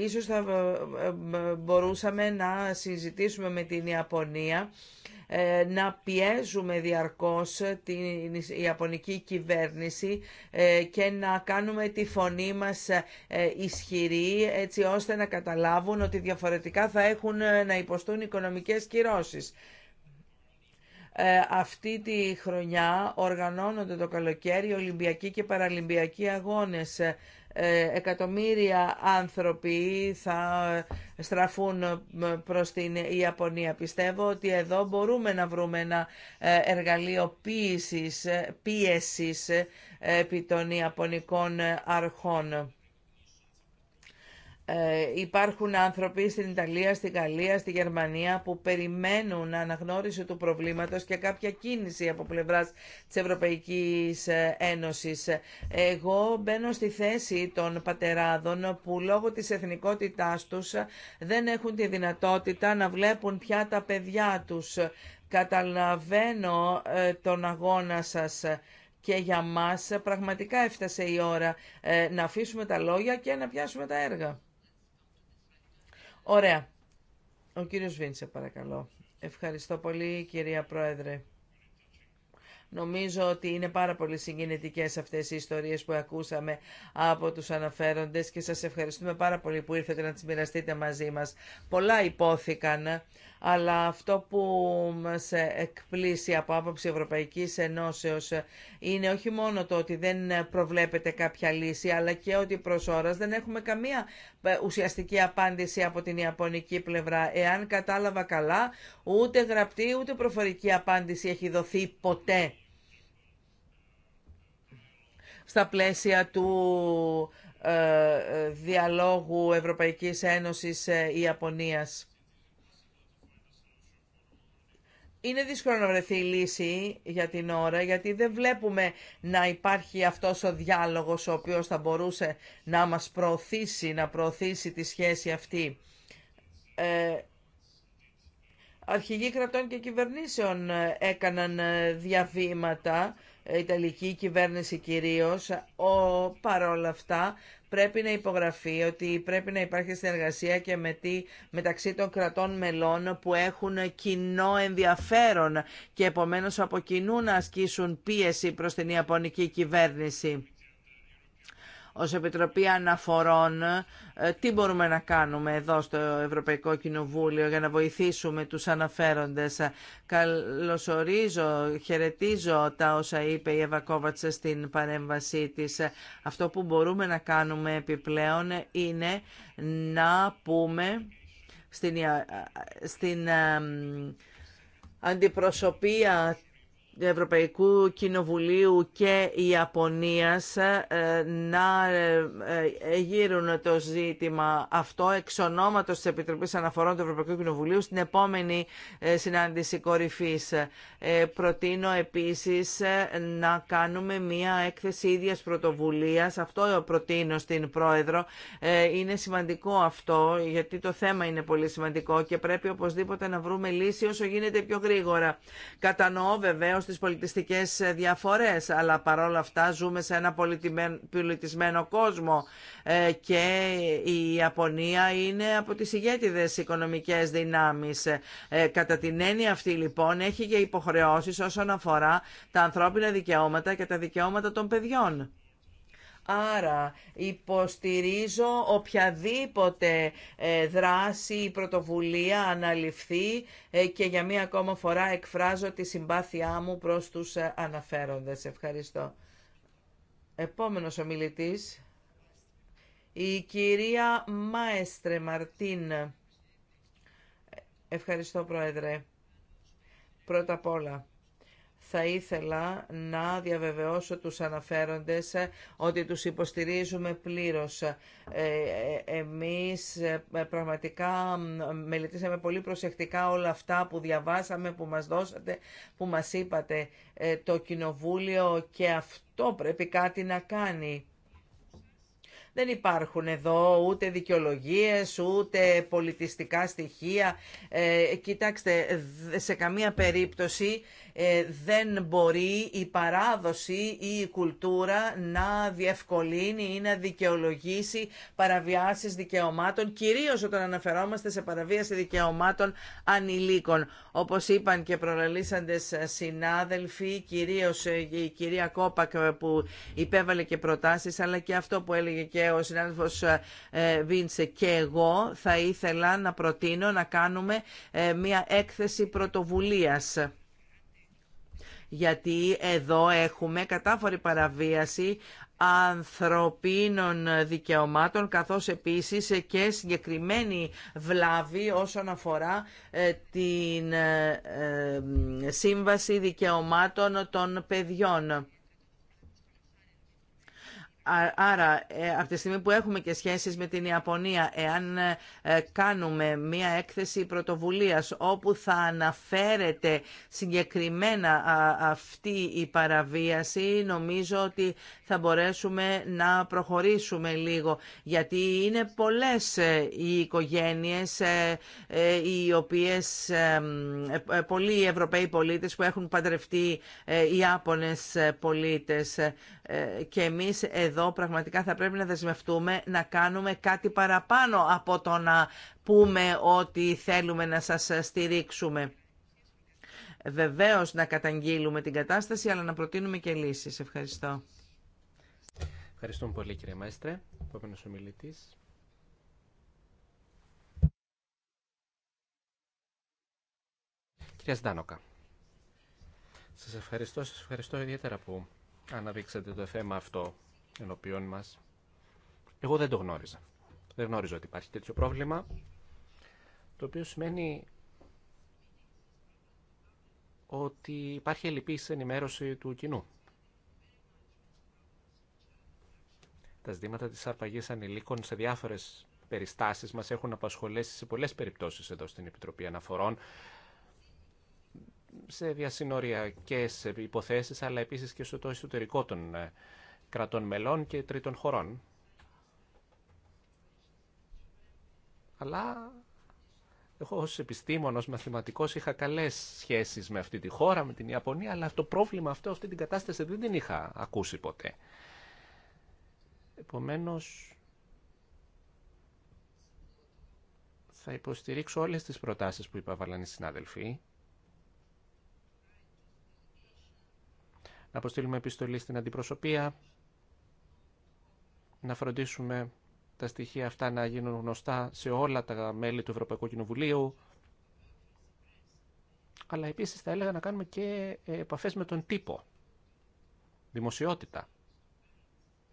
Ίσως θα μπορούσαμε να συζητήσουμε με την Ιαπωνία, ε, να πιέζουμε διαρκώς την Ιαπωνική κυβέρνηση ε, και να κάνουμε τη φωνή μας ε, ισχυρή έτσι ώστε να καταλάβουν ότι διαφορετικά θα έχουν να υποστούν οικονομικές κυρώσεις. Αυτή τη χρονιά οργανώνονται το καλοκαίρι Ολυμπιακοί και Παραλυμπιακοί αγώνες ε, εκατομμύρια άνθρωποι θα στραφούν προς την Ιαπωνία. Πιστεύω ότι εδώ μπορούμε να βρούμε ένα ε, εργαλείο πίεσης, ε, πίεσης επί των Ιαπωνικών αρχών. Ε, υπάρχουν άνθρωποι στην Ιταλία, στην Γαλλία, στη Γερμανία που περιμένουν αναγνώριση του προβλήματος και κάποια κίνηση από πλευράς της Ευρωπαϊκής ε, Ένωσης. Εγώ μπαίνω στη θέση των πατεράδων που λόγω της εθνικότητάς τους δεν έχουν τη δυνατότητα να βλέπουν πια τα παιδιά τους. Καταλαβαίνω ε, τον αγώνα σας και για μας πραγματικά έφτασε η ώρα ε, να αφήσουμε τα λόγια και να πιάσουμε τα έργα. Ωραία. Ο κύριος Βίντσε παρακαλώ. Ευχαριστώ πολύ κυρία Πρόεδρε. Νομίζω ότι είναι πάρα πολύ συγκινητικές αυτές οι ιστορίες που ακούσαμε από τους αναφέροντες και σας ευχαριστούμε πάρα πολύ που ήρθατε να τις μοιραστείτε μαζί μας. Πολλά υπόθηκαν αλλά αυτό που μας εκπλήσει από άποψη Ευρωπαϊκής Ενώσεως είναι όχι μόνο το ότι δεν προβλέπεται κάποια λύση, αλλά και ότι προς ώρας δεν έχουμε καμία ουσιαστική απάντηση από την Ιαπωνική πλευρά. Εάν κατάλαβα καλά, ούτε γραπτή ούτε προφορική απάντηση έχει δοθεί ποτέ στα πλαίσια του ε, ε, διαλόγου Ευρωπαϊκής Ένωσης-Ιαπωνίας. Ε, είναι δύσκολο να βρεθεί η λύση για την ώρα, γιατί δεν βλέπουμε να υπάρχει αυτός ο διάλογος ο οποίος θα μπορούσε να μας προωθήσει, να προωθήσει τη σχέση αυτή. Ε, αρχηγοί κρατών και κυβερνήσεων ε, έκαναν ε, διαβήματα ε, Ιταλική κυβέρνηση κυρίως, ο, παρόλα αυτά πρέπει να υπογραφεί ότι πρέπει να υπάρχει συνεργασία και με μεταξύ των κρατών μελών που έχουν κοινό ενδιαφέρον και επομένως από κοινού να ασκήσουν πίεση προς την Ιαπωνική κυβέρνηση ως Επιτροπή Αναφορών ε, τι μπορούμε να κάνουμε εδώ στο Ευρωπαϊκό Κοινοβούλιο για να βοηθήσουμε τους αναφέροντες. Καλωσορίζω, χαιρετίζω τα όσα είπε η Εύα στην παρέμβασή της. Αυτό που μπορούμε να κάνουμε επιπλέον είναι να πούμε στην, ε, ε, στην αντιπροσωπεία Ευρωπαϊκού Κοινοβουλίου και Ιαπωνίας ε, να ε, ε, γύρουν το ζήτημα αυτό εξ ονόματος της Επιτροπής Αναφορών του Ευρωπαϊκού Κοινοβουλίου στην επόμενη συνάντηση κορυφής. Προτείνω επίσης να κάνουμε μία έκθεση ίδιας πρωτοβουλίας. Αυτό προτείνω στην Πρόεδρο. Είναι σημαντικό αυτό γιατί το θέμα είναι πολύ σημαντικό και πρέπει οπωσδήποτε να βρούμε λύση όσο γίνεται πιο γρήγορα. Κατανοώ βεβαίω στις πολιτιστικές διαφορές, αλλά παρόλα αυτά ζούμε σε ένα πολιτισμένο κόσμο ε, και η Ιαπωνία είναι από τις ηγέτιδες οικονομικές δυνάμεις. Ε, κατά την έννοια αυτή λοιπόν έχει και υποχρεώσεις όσον αφορά τα ανθρώπινα δικαιώματα και τα δικαιώματα των παιδιών. Άρα υποστηρίζω οποιαδήποτε ε, δράση ή πρωτοβουλία αναλυφθεί ε, και για μία ακόμα φορά εκφράζω τη συμπάθειά μου προς τους ε, αναφέροντες. Ευχαριστώ. Επόμενος ομιλητής, η κυρία Μάεστρε Μαρτίν. Ευχαριστώ, Πρόεδρε. Πρώτα απ' όλα, θα ήθελα να διαβεβαιώσω τους αναφέροντες ότι τους υποστηρίζουμε πλήρως. Ε, ε, εμείς ε, πραγματικά μελετήσαμε πολύ προσεκτικά όλα αυτά που διαβάσαμε, που μας δώσατε, που μας είπατε το Κοινοβούλιο και αυτό πρέπει κάτι να κάνει. Δεν υπάρχουν εδώ ούτε δικαιολογίες, ούτε πολιτιστικά στοιχεία. κοιτάξτε, σε καμία περίπτωση ε, δεν μπορεί η παράδοση ή η κουλτούρα να διευκολύνει ή να δικαιολογήσει παραβιάσεις δικαιωμάτων, κυρίως όταν αναφερόμαστε σε παραβίαση δικαιωμάτων ανηλίκων. Όπως είπαν και προλαλήσαντες συνάδελφοι, κυρίως ε, η κυρία Κόπακ ε, που υπέβαλε και προτάσεις, αλλά και αυτό που έλεγε και ο συνάδελφος Βίντσε και εγώ, θα ήθελα να προτείνω να κάνουμε μια έκθεση πρωτοβουλίας γιατί εδώ έχουμε κατάφορη παραβίαση ανθρωπίνων δικαιωμάτων καθώς επίσης και συγκεκριμένη βλάβη όσον αφορά ε, την ε, ε, σύμβαση δικαιωμάτων των παιδιών. Άρα, ε, από τη στιγμή που έχουμε και σχέσεις με την Ιαπωνία, εάν ε, κάνουμε μία έκθεση πρωτοβουλίας όπου θα αναφέρεται συγκεκριμένα αυτή η παραβίαση, νομίζω ότι θα μπορέσουμε να προχωρήσουμε λίγο. Γιατί είναι πολλές ε, οι οικογένειες, οι οποίες πολλοί Ευρωπαίοι πολίτες που έχουν παντρευτεί Ιάπωνες πολίτες και εμείς εδώ εδώ πραγματικά θα πρέπει να δεσμευτούμε να κάνουμε κάτι παραπάνω από το να πούμε ότι θέλουμε να σας στηρίξουμε. Βεβαίως να καταγγείλουμε την κατάσταση, αλλά να προτείνουμε και λύσεις. Ευχαριστώ. Ευχαριστούμε πολύ κύριε Μάιστρε. Επόμενος ομιλητής. Κυρία Σντάνοκα. Σας ευχαριστώ, σας ευχαριστώ ιδιαίτερα που αναδείξατε το θέμα αυτό ενώπιον μας. Εγώ δεν το γνώριζα. Δεν γνώριζα ότι υπάρχει τέτοιο πρόβλημα, το οποίο σημαίνει ότι υπάρχει ελλειπής ενημέρωση του κοινού. Τα ζητήματα της αρπαγής ανηλίκων σε διάφορες περιστάσεις μας έχουν απασχολήσει σε πολλές περιπτώσεις εδώ στην Επιτροπή Αναφορών σε διασυνοριακές υποθέσεις αλλά επίσης και στο εσωτερικό των ε, κρατών μελών και τρίτων χωρών. Αλλά εγώ ως επιστήμονος, μαθηματικός είχα καλές σχέσεις με αυτή τη χώρα, με την Ιαπωνία, αλλά το πρόβλημα αυτό, αυτή την κατάσταση δεν την είχα ακούσει ποτέ. Επομένως, θα υποστηρίξω όλες τις προτάσεις που υπέβαλαν οι συνάδελφοί. Να αποστείλουμε επιστολή στην αντιπροσωπεία να φροντίσουμε τα στοιχεία αυτά να γίνουν γνωστά σε όλα τα μέλη του Ευρωπαϊκού Κοινοβουλίου. Αλλά επίσης θα έλεγα να κάνουμε και ε, επαφές με τον τύπο, δημοσιότητα.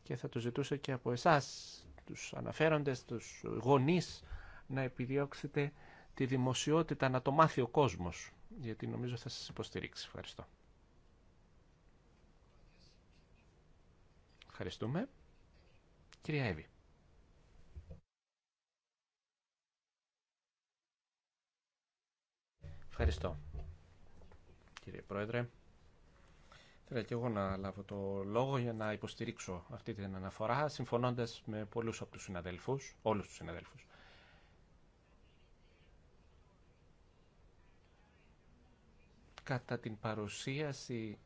Και θα το ζητούσα και από εσάς, τους αναφέροντες, τους γονείς, να επιδιώξετε τη δημοσιότητα, να το μάθει ο κόσμος, γιατί νομίζω θα σας υποστηρίξει. Ευχαριστώ. Ευχαριστούμε. Κυρία Εύη. Ευχαριστώ. Κύριε Πρόεδρε, θέλω και εγώ να λάβω το λόγο για να υποστηρίξω αυτή την αναφορά, συμφωνώντας με πολλούς από τους συναδέλφους, όλους τους συναδέλφους. Κατά την παρουσίαση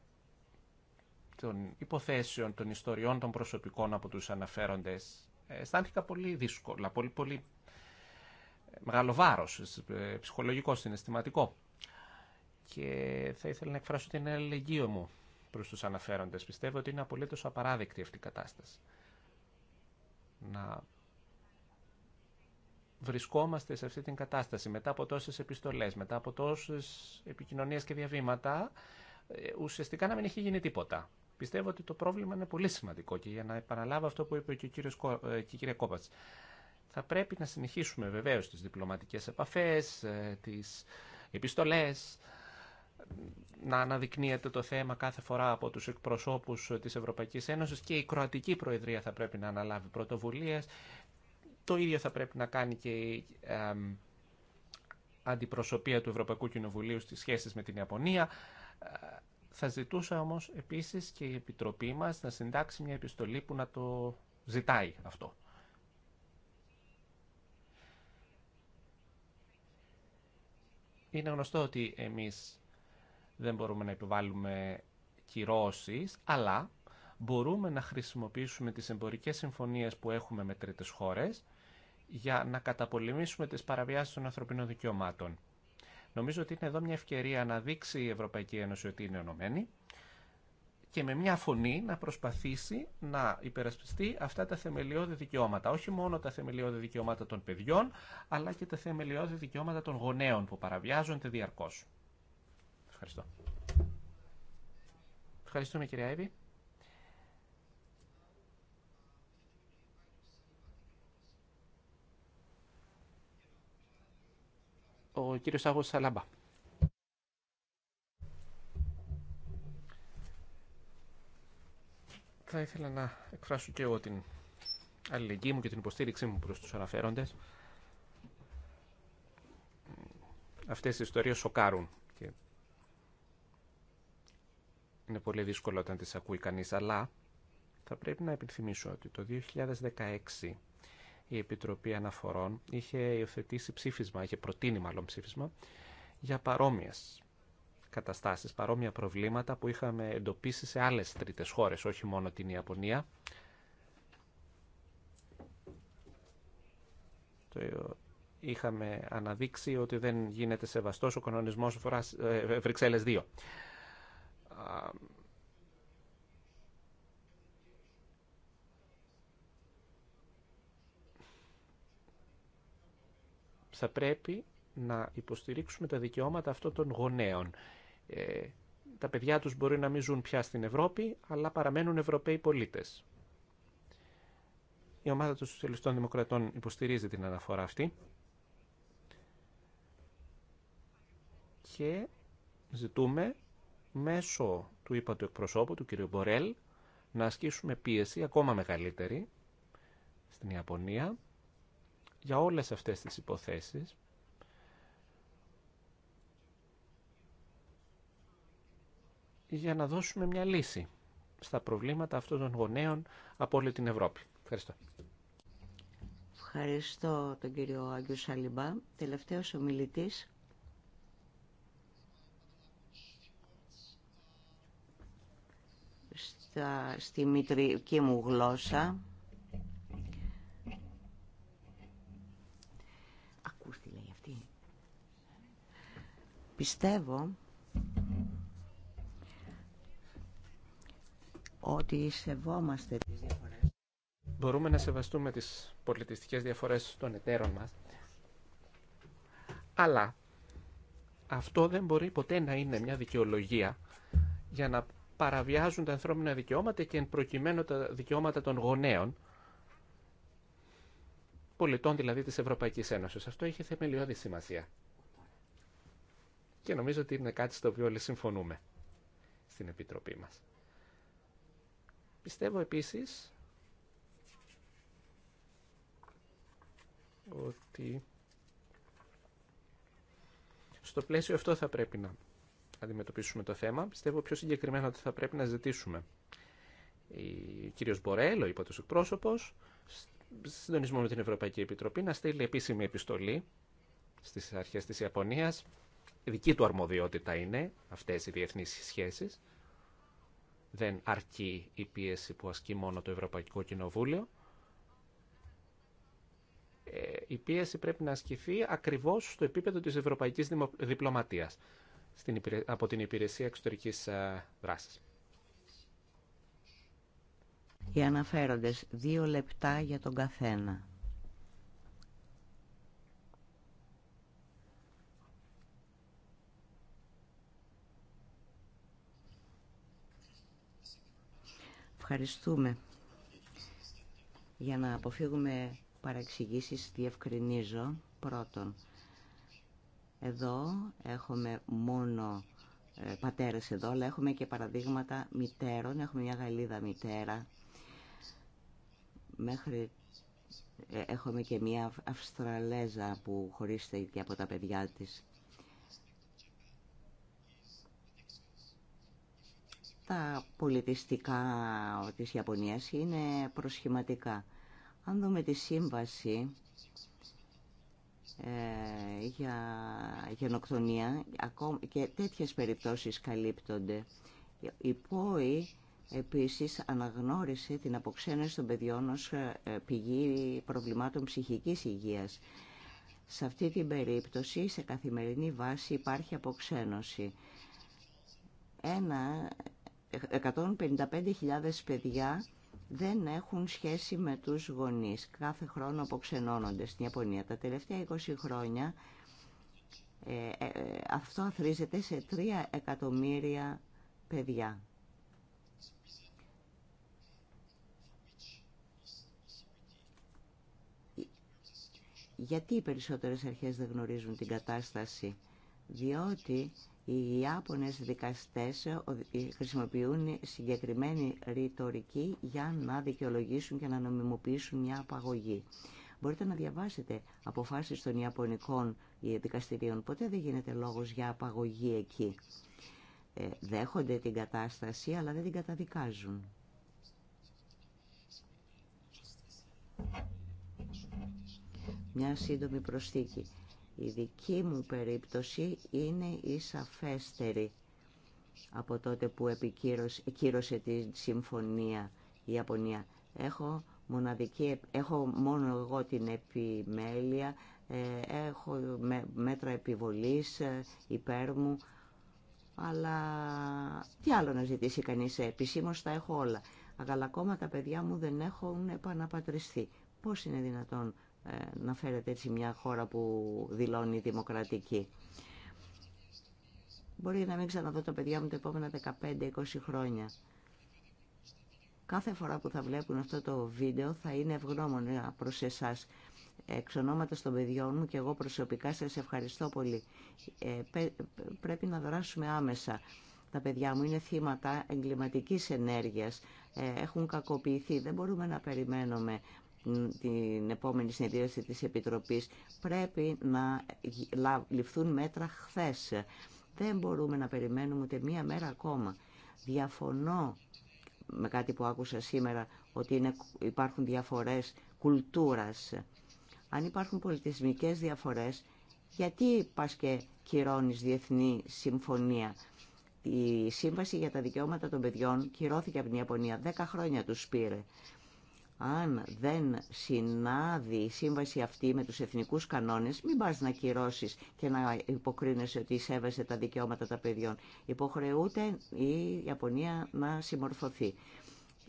των υποθέσεων, των ιστοριών των προσωπικών από τους αναφέροντες, ε, αισθάνθηκα πολύ δύσκολα, πολύ, πολύ ε, μεγάλο βάρος, ε, ψυχολογικό, συναισθηματικό. Και θα ήθελα να εκφράσω την αλληλεγγύη μου προς τους αναφέροντες. Πιστεύω ότι είναι απολύτως απαράδεκτη αυτή η κατάσταση. Να βρισκόμαστε σε αυτή την κατάσταση μετά από τόσες επιστολές, μετά από τόσες επικοινωνίες και διαβήματα, ουσιαστικά να μην έχει γίνει τίποτα. Πιστεύω ότι το πρόβλημα είναι πολύ σημαντικό και για να επαναλάβω αυτό που είπε και, ο κύριος, ε, και η κυρία Κόπατς. Θα πρέπει να συνεχίσουμε βεβαίως τις διπλωματικές επαφές, ε, τις επιστολές, να αναδεικνύεται το θέμα κάθε φορά από τους εκπροσώπους της Ευρωπαϊκής Ένωσης και η Κροατική Προεδρία θα πρέπει να αναλάβει πρωτοβουλίες. Το ίδιο θα πρέπει να κάνει και η αντιπροσωπεία του Ευρωπαϊκού Κοινοβουλίου στις σχέσεις με την Ιαπωνία. Ε, θα ζητούσα όμως επίσης και η Επιτροπή μας να συντάξει μια επιστολή που να το ζητάει αυτό. Είναι γνωστό ότι εμείς δεν μπορούμε να επιβάλλουμε κυρώσεις, αλλά μπορούμε να χρησιμοποιήσουμε τις εμπορικές συμφωνίες που έχουμε με τρίτες χώρες για να καταπολεμήσουμε τις παραβιάσεις των ανθρωπίνων δικαιωμάτων. Νομίζω ότι είναι εδώ μια ευκαιρία να δείξει η Ευρωπαϊκή Ένωση ότι είναι ενωμένη και με μια φωνή να προσπαθήσει να υπερασπιστεί αυτά τα θεμελιώδη δικαιώματα. Όχι μόνο τα θεμελιώδη δικαιώματα των παιδιών, αλλά και τα θεμελιώδη δικαιώματα των γονέων που παραβιάζονται διαρκώς. Ευχαριστώ. Ευχαριστούμε κυρία Εύη. ο κύριος Άγος Σαλαμπά. Θα ήθελα να εκφράσω και εγώ την αλληλεγγύη μου και την υποστήριξή μου προς τους αναφέροντες. Αυτές οι ιστορίες σοκάρουν και είναι πολύ δύσκολο όταν τις ακούει κανείς, αλλά θα πρέπει να επιθυμίσω ότι το 2016 η Επιτροπή Αναφορών είχε υιοθετήσει ψήφισμα, είχε προτείνει μάλλον ψήφισμα, για παρόμοιες καταστάσεις, παρόμοια προβλήματα που είχαμε εντοπίσει σε άλλες τρίτες χώρες, όχι μόνο την Ιαπωνία. Το Είχαμε αναδείξει ότι δεν γίνεται σεβαστός ο κανονισμός ε, Βρυξέλλες 2 θα πρέπει να υποστηρίξουμε τα δικαιώματα αυτών των γονέων. Ε, τα παιδιά τους μπορεί να μην ζουν πια στην Ευρώπη, αλλά παραμένουν Ευρωπαίοι πολίτες. Η ομάδα των Σοσιαλιστών Δημοκρατών υποστηρίζει την αναφορά αυτή και ζητούμε μέσω του είπα του εκπροσώπου, του κ. Μπορέλ, να ασκήσουμε πίεση ακόμα μεγαλύτερη στην Ιαπωνία για όλες αυτές τις υποθέσεις για να δώσουμε μια λύση στα προβλήματα αυτών των γονέων από όλη την Ευρώπη. Ευχαριστώ. Ευχαριστώ τον κύριο Άγγιο Σαλιμπά. Τελευταίος ομιλητής. Στα, στη μητρική μου γλώσσα. Πιστεύω ότι σεβόμαστε τις διαφορές. Μπορούμε να σεβαστούμε τις πολιτιστικές διαφορές των εταίρων μας, αλλά αυτό δεν μπορεί ποτέ να είναι μια δικαιολογία για να παραβιάζουν τα ανθρώπινα δικαιώματα και εν προκειμένου τα δικαιώματα των γονέων, πολιτών δηλαδή της Ευρωπαϊκής Ένωσης. Αυτό έχει θεμελιώδη σημασία και νομίζω ότι είναι κάτι στο οποίο όλοι συμφωνούμε στην Επιτροπή μας. Πιστεύω επίσης ότι στο πλαίσιο αυτό θα πρέπει να αντιμετωπίσουμε το θέμα. Πιστεύω πιο συγκεκριμένα ότι θα πρέπει να ζητήσουμε ο κύριος Μπορέλ, ο υπότιτλος εκπρόσωπος, συντονισμό με την Ευρωπαϊκή Επιτροπή, να στείλει επίσημη επιστολή στις αρχές της Ιαπωνίας δική του αρμοδιότητα είναι αυτές οι διεθνείς σχέσεις. Δεν αρκεί η πίεση που ασκεί μόνο το Ευρωπαϊκό Κοινοβούλιο. Ε, η πίεση πρέπει να ασκηθεί ακριβώς στο επίπεδο της ευρωπαϊκής διπλωματίας από την Υπηρεσία Εξωτερικής ε, Δράσης. Οι αναφέροντες δύο λεπτά για τον καθένα. Ευχαριστούμε. Για να αποφύγουμε παραξηγήσεις διευκρινίζω πρώτον. Εδώ έχουμε μόνο ε, πατέρες εδώ, αλλά έχουμε και παραδείγματα μητέρων. Έχουμε μια Γαλλίδα μητέρα. Μέχρι ε, έχουμε και μια Αυστραλέζα που χωρίστηκε από τα παιδιά της. τα πολιτιστικά της Ιαπωνίας είναι προσχηματικά. Αν δούμε τη σύμβαση ε, για γενοκτονία ακόμα και τέτοιες περιπτώσεις καλύπτονται. Η ΠΟΗ επίσης αναγνώρισε την αποξένωση των παιδιών ως ε, πηγή προβλημάτων ψυχικής υγείας. Σε αυτή την περίπτωση, σε καθημερινή βάση υπάρχει αποξένωση. Ένα 155.000 παιδιά δεν έχουν σχέση με τους γονείς. Κάθε χρόνο αποξενώνονται στην Ιαπωνία. Τα τελευταία 20 χρόνια ε, ε, αυτό αθροίζεται σε 3 εκατομμύρια παιδιά. Γιατί οι περισσότερες αρχές δεν γνωρίζουν την κατάσταση. Διότι οι Ιάπωνες δικαστές ε, ε, χρησιμοποιούν συγκεκριμένη ρητορική για να δικαιολογήσουν και να νομιμοποιήσουν μια απαγωγή. Μπορείτε να διαβάσετε αποφάσεις των Ιαπωνικών ε, δικαστηρίων. Ποτέ δεν γίνεται λόγος για απαγωγή εκεί. Δέχονται την κατάσταση αλλά δεν την καταδικάζουν. Μια σύντομη προσθήκη. Η δική μου περίπτωση είναι η σαφέστερη από τότε που επικύρωσε τη συμφωνία η Ιαπωνία. Έχω, μοναδική, έχω μόνο εγώ την επιμέλεια, ε, έχω μέτρα επιβολής ε, υπέρ μου, αλλά τι άλλο να ζητήσει κανείς ε, επισήμως, τα έχω όλα. Αλλά ακόμα τα παιδιά μου δεν έχουν επαναπατριστεί. Πώς είναι δυνατόν ε, να φέρετε έτσι μια χώρα που δηλώνει δημοκρατική. Μπορεί να μην ξαναδώ τα παιδιά μου τα επόμενα 15-20 χρόνια. Κάθε φορά που θα βλέπουν αυτό το βίντεο θα είναι ευγνώμων ε, προς εσάς. Εξ ονόματος των παιδιών μου και εγώ προσωπικά σας ευχαριστώ πολύ. Ε, πρέπει να δράσουμε άμεσα. Τα παιδιά μου είναι θύματα εγκληματικής ενέργειας. έχουν κακοποιηθεί. Δεν μπορούμε να περιμένουμε την επόμενη συνεδρίαση της Επιτροπής πρέπει να ληφθούν μέτρα χθες. Δεν μπορούμε να περιμένουμε ούτε μία μέρα ακόμα. Διαφωνώ με κάτι που άκουσα σήμερα ότι είναι, υπάρχουν διαφορές κουλτούρας. Αν υπάρχουν πολιτισμικές διαφορές, γιατί πας και κυρώνεις διεθνή συμφωνία. Η Σύμβαση για τα Δικαιώματα των Παιδιών κυρώθηκε από την Ιαπωνία. Δέκα χρόνια τους πήρε αν δεν συνάδει η σύμβαση αυτή με τους εθνικούς κανόνες, μην πας να κυρώσεις και να υποκρίνεσαι ότι σέβεσαι τα δικαιώματα των παιδιών. Υποχρεούται η Ιαπωνία να συμμορφωθεί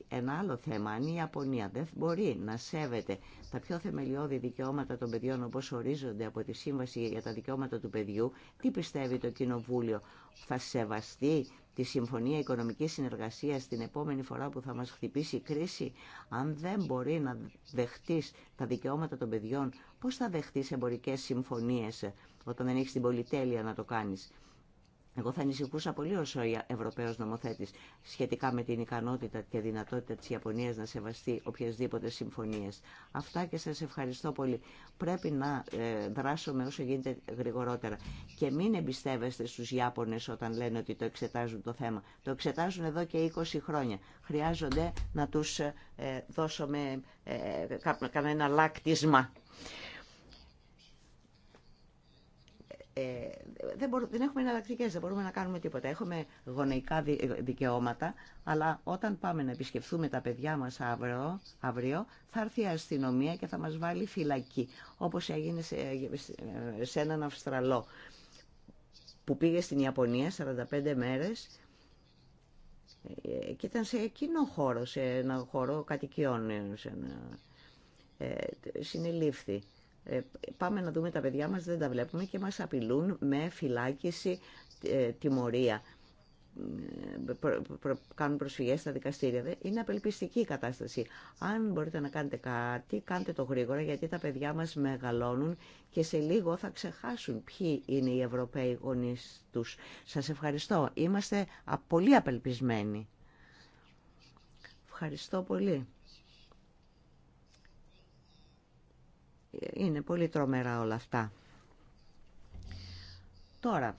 ένα άλλο θέμα. Αν η Ιαπωνία δεν μπορεί να σέβεται τα πιο θεμελιώδη δικαιώματα των παιδιών όπως ορίζονται από τη Σύμβαση για τα Δικαιώματα του Παιδιού, τι πιστεύει το Κοινοβούλιο, θα σεβαστεί τη Συμφωνία Οικονομικής Συνεργασίας την επόμενη φορά που θα μας χτυπήσει η κρίση, αν δεν μπορεί να δεχτείς τα δικαιώματα των παιδιών, πώς θα δεχτείς εμπορικές συμφωνίες όταν δεν έχεις την πολυτέλεια να το κάνεις. Εγώ θα ανησυχούσα πολύ ως ο Ευρωπαίος νομοθέτης σχετικά με την ικανότητα και δυνατότητα της Ιαπωνίας να σεβαστεί οποιασδήποτε συμφωνίες. Αυτά και σας ευχαριστώ πολύ. Πρέπει να ε, δράσουμε όσο γίνεται γρηγορότερα. Και μην εμπιστεύεστε στους Ιάπωνες όταν λένε ότι το εξετάζουν το θέμα. Το εξετάζουν εδώ και 20 χρόνια. Χρειάζονται να τους ε, ε, δώσουμε κανένα λάκτισμα. Ε, δεν, μπορούμε, δεν έχουμε εναλλακτικέ, δεν μπορούμε να κάνουμε τίποτα. Έχουμε γονεϊκά δικαιώματα, αλλά όταν πάμε να επισκεφθούμε τα παιδιά μας αύριο, αύριο θα έρθει η αστυνομία και θα μα βάλει φυλακή, Όπω έγινε σε, έναν Αυστραλό που πήγε στην Ιαπωνία 45 μέρε, ε, και ήταν σε κοινό χώρο, σε ένα χώρο κατοικιών, ε, συνελήφθη. Ε, πάμε να δούμε τα παιδιά μας, δεν τα βλέπουμε και μας απειλούν με φυλάκιση, ε, τιμωρία. Ε, κάνουν προσφυγές στα δικαστήρια. Είναι απελπιστική η κατάσταση. Αν μπορείτε να κάνετε κάτι, κάντε το γρήγορα, γιατί τα παιδιά μας μεγαλώνουν και σε λίγο θα ξεχάσουν ποιοι είναι οι Ευρωπαίοι γονείς τους. Σας ευχαριστώ. Είμαστε πολύ απελπισμένοι. Ευχαριστώ πολύ. Είναι πολύ τρομερά όλα αυτά. Τώρα,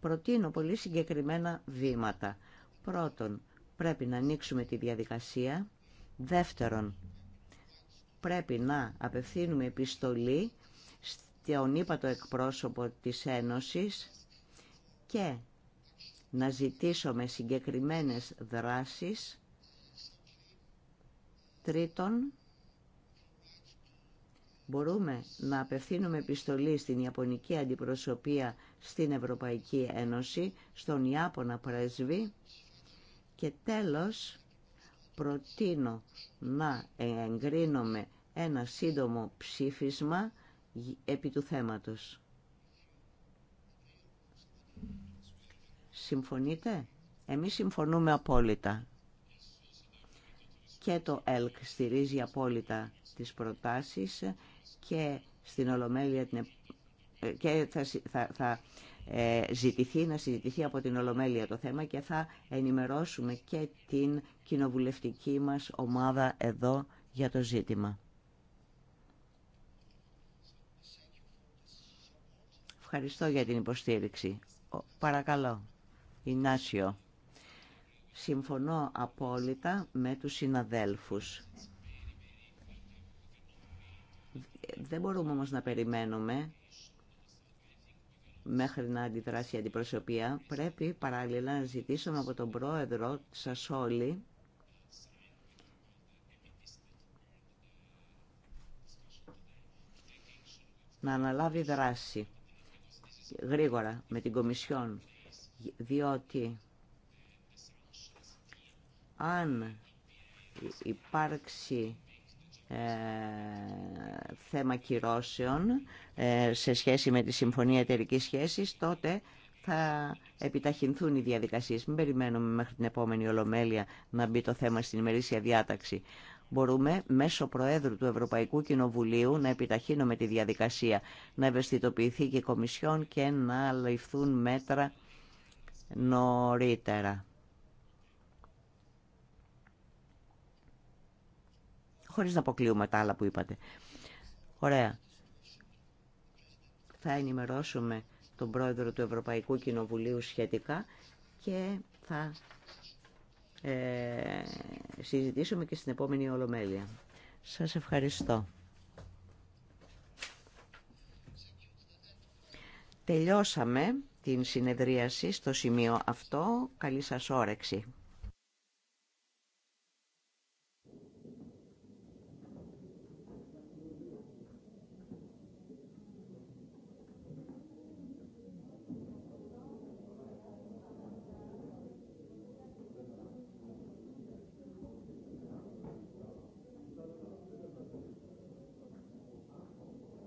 προτείνω πολύ συγκεκριμένα βήματα. Πρώτον, πρέπει να ανοίξουμε τη διαδικασία. Δεύτερον, πρέπει να απευθύνουμε επιστολή στον ύπατο εκπρόσωπο της Ένωσης και να ζητήσουμε συγκεκριμένες δράσεις. Τρίτον, μπορούμε να απευθύνουμε επιστολή στην Ιαπωνική Αντιπροσωπεία στην Ευρωπαϊκή Ένωση, στον Ιάπωνα Πρέσβη και τέλος προτείνω να εγκρίνουμε ένα σύντομο ψήφισμα επί του θέματος. Συμφωνείτε? Εμείς συμφωνούμε απόλυτα. Και το ΕΛΚ στηρίζει απόλυτα τις προτάσεις και στην Ολομέλεια την ε, και θα, θα, ε, ζητηθεί να συζητηθεί από την Ολομέλεια το θέμα και θα ενημερώσουμε και την κοινοβουλευτική μας ομάδα εδώ για το ζήτημα. Ευχαριστώ για την υποστήριξη. Παρακαλώ, Ινάσιο. Συμφωνώ απόλυτα με τους συναδέλφους. Δεν μπορούμε όμως να περιμένουμε μέχρι να αντιδράσει η αντιπροσωπεία. Πρέπει παράλληλα να ζητήσουμε από τον πρόεδρο όλοι να αναλάβει δράση γρήγορα με την Κομισιόν διότι αν υπάρξει ε, θέμα κυρώσεων ε, σε σχέση με τη Συμφωνία Εταιρικής Σχέσης, τότε θα επιταχυνθούν οι διαδικασίες. Μην περιμένουμε μέχρι την επόμενη Ολομέλεια να μπει το θέμα στην ημερήσια διάταξη. Μπορούμε μέσω Προέδρου του Ευρωπαϊκού Κοινοβουλίου να επιταχύνουμε τη διαδικασία, να ευαισθητοποιηθεί και η Κομισιόν και να ληφθούν μέτρα νωρίτερα. χωρίς να αποκλείουμε τα άλλα που είπατε. Ωραία. Θα ενημερώσουμε τον πρόεδρο του Ευρωπαϊκού Κοινοβουλίου σχετικά και θα ε, συζητήσουμε και στην επόμενη Ολομέλεια. Σας ευχαριστώ. Τελειώσαμε την συνεδρίαση στο σημείο αυτό. Καλή σας όρεξη.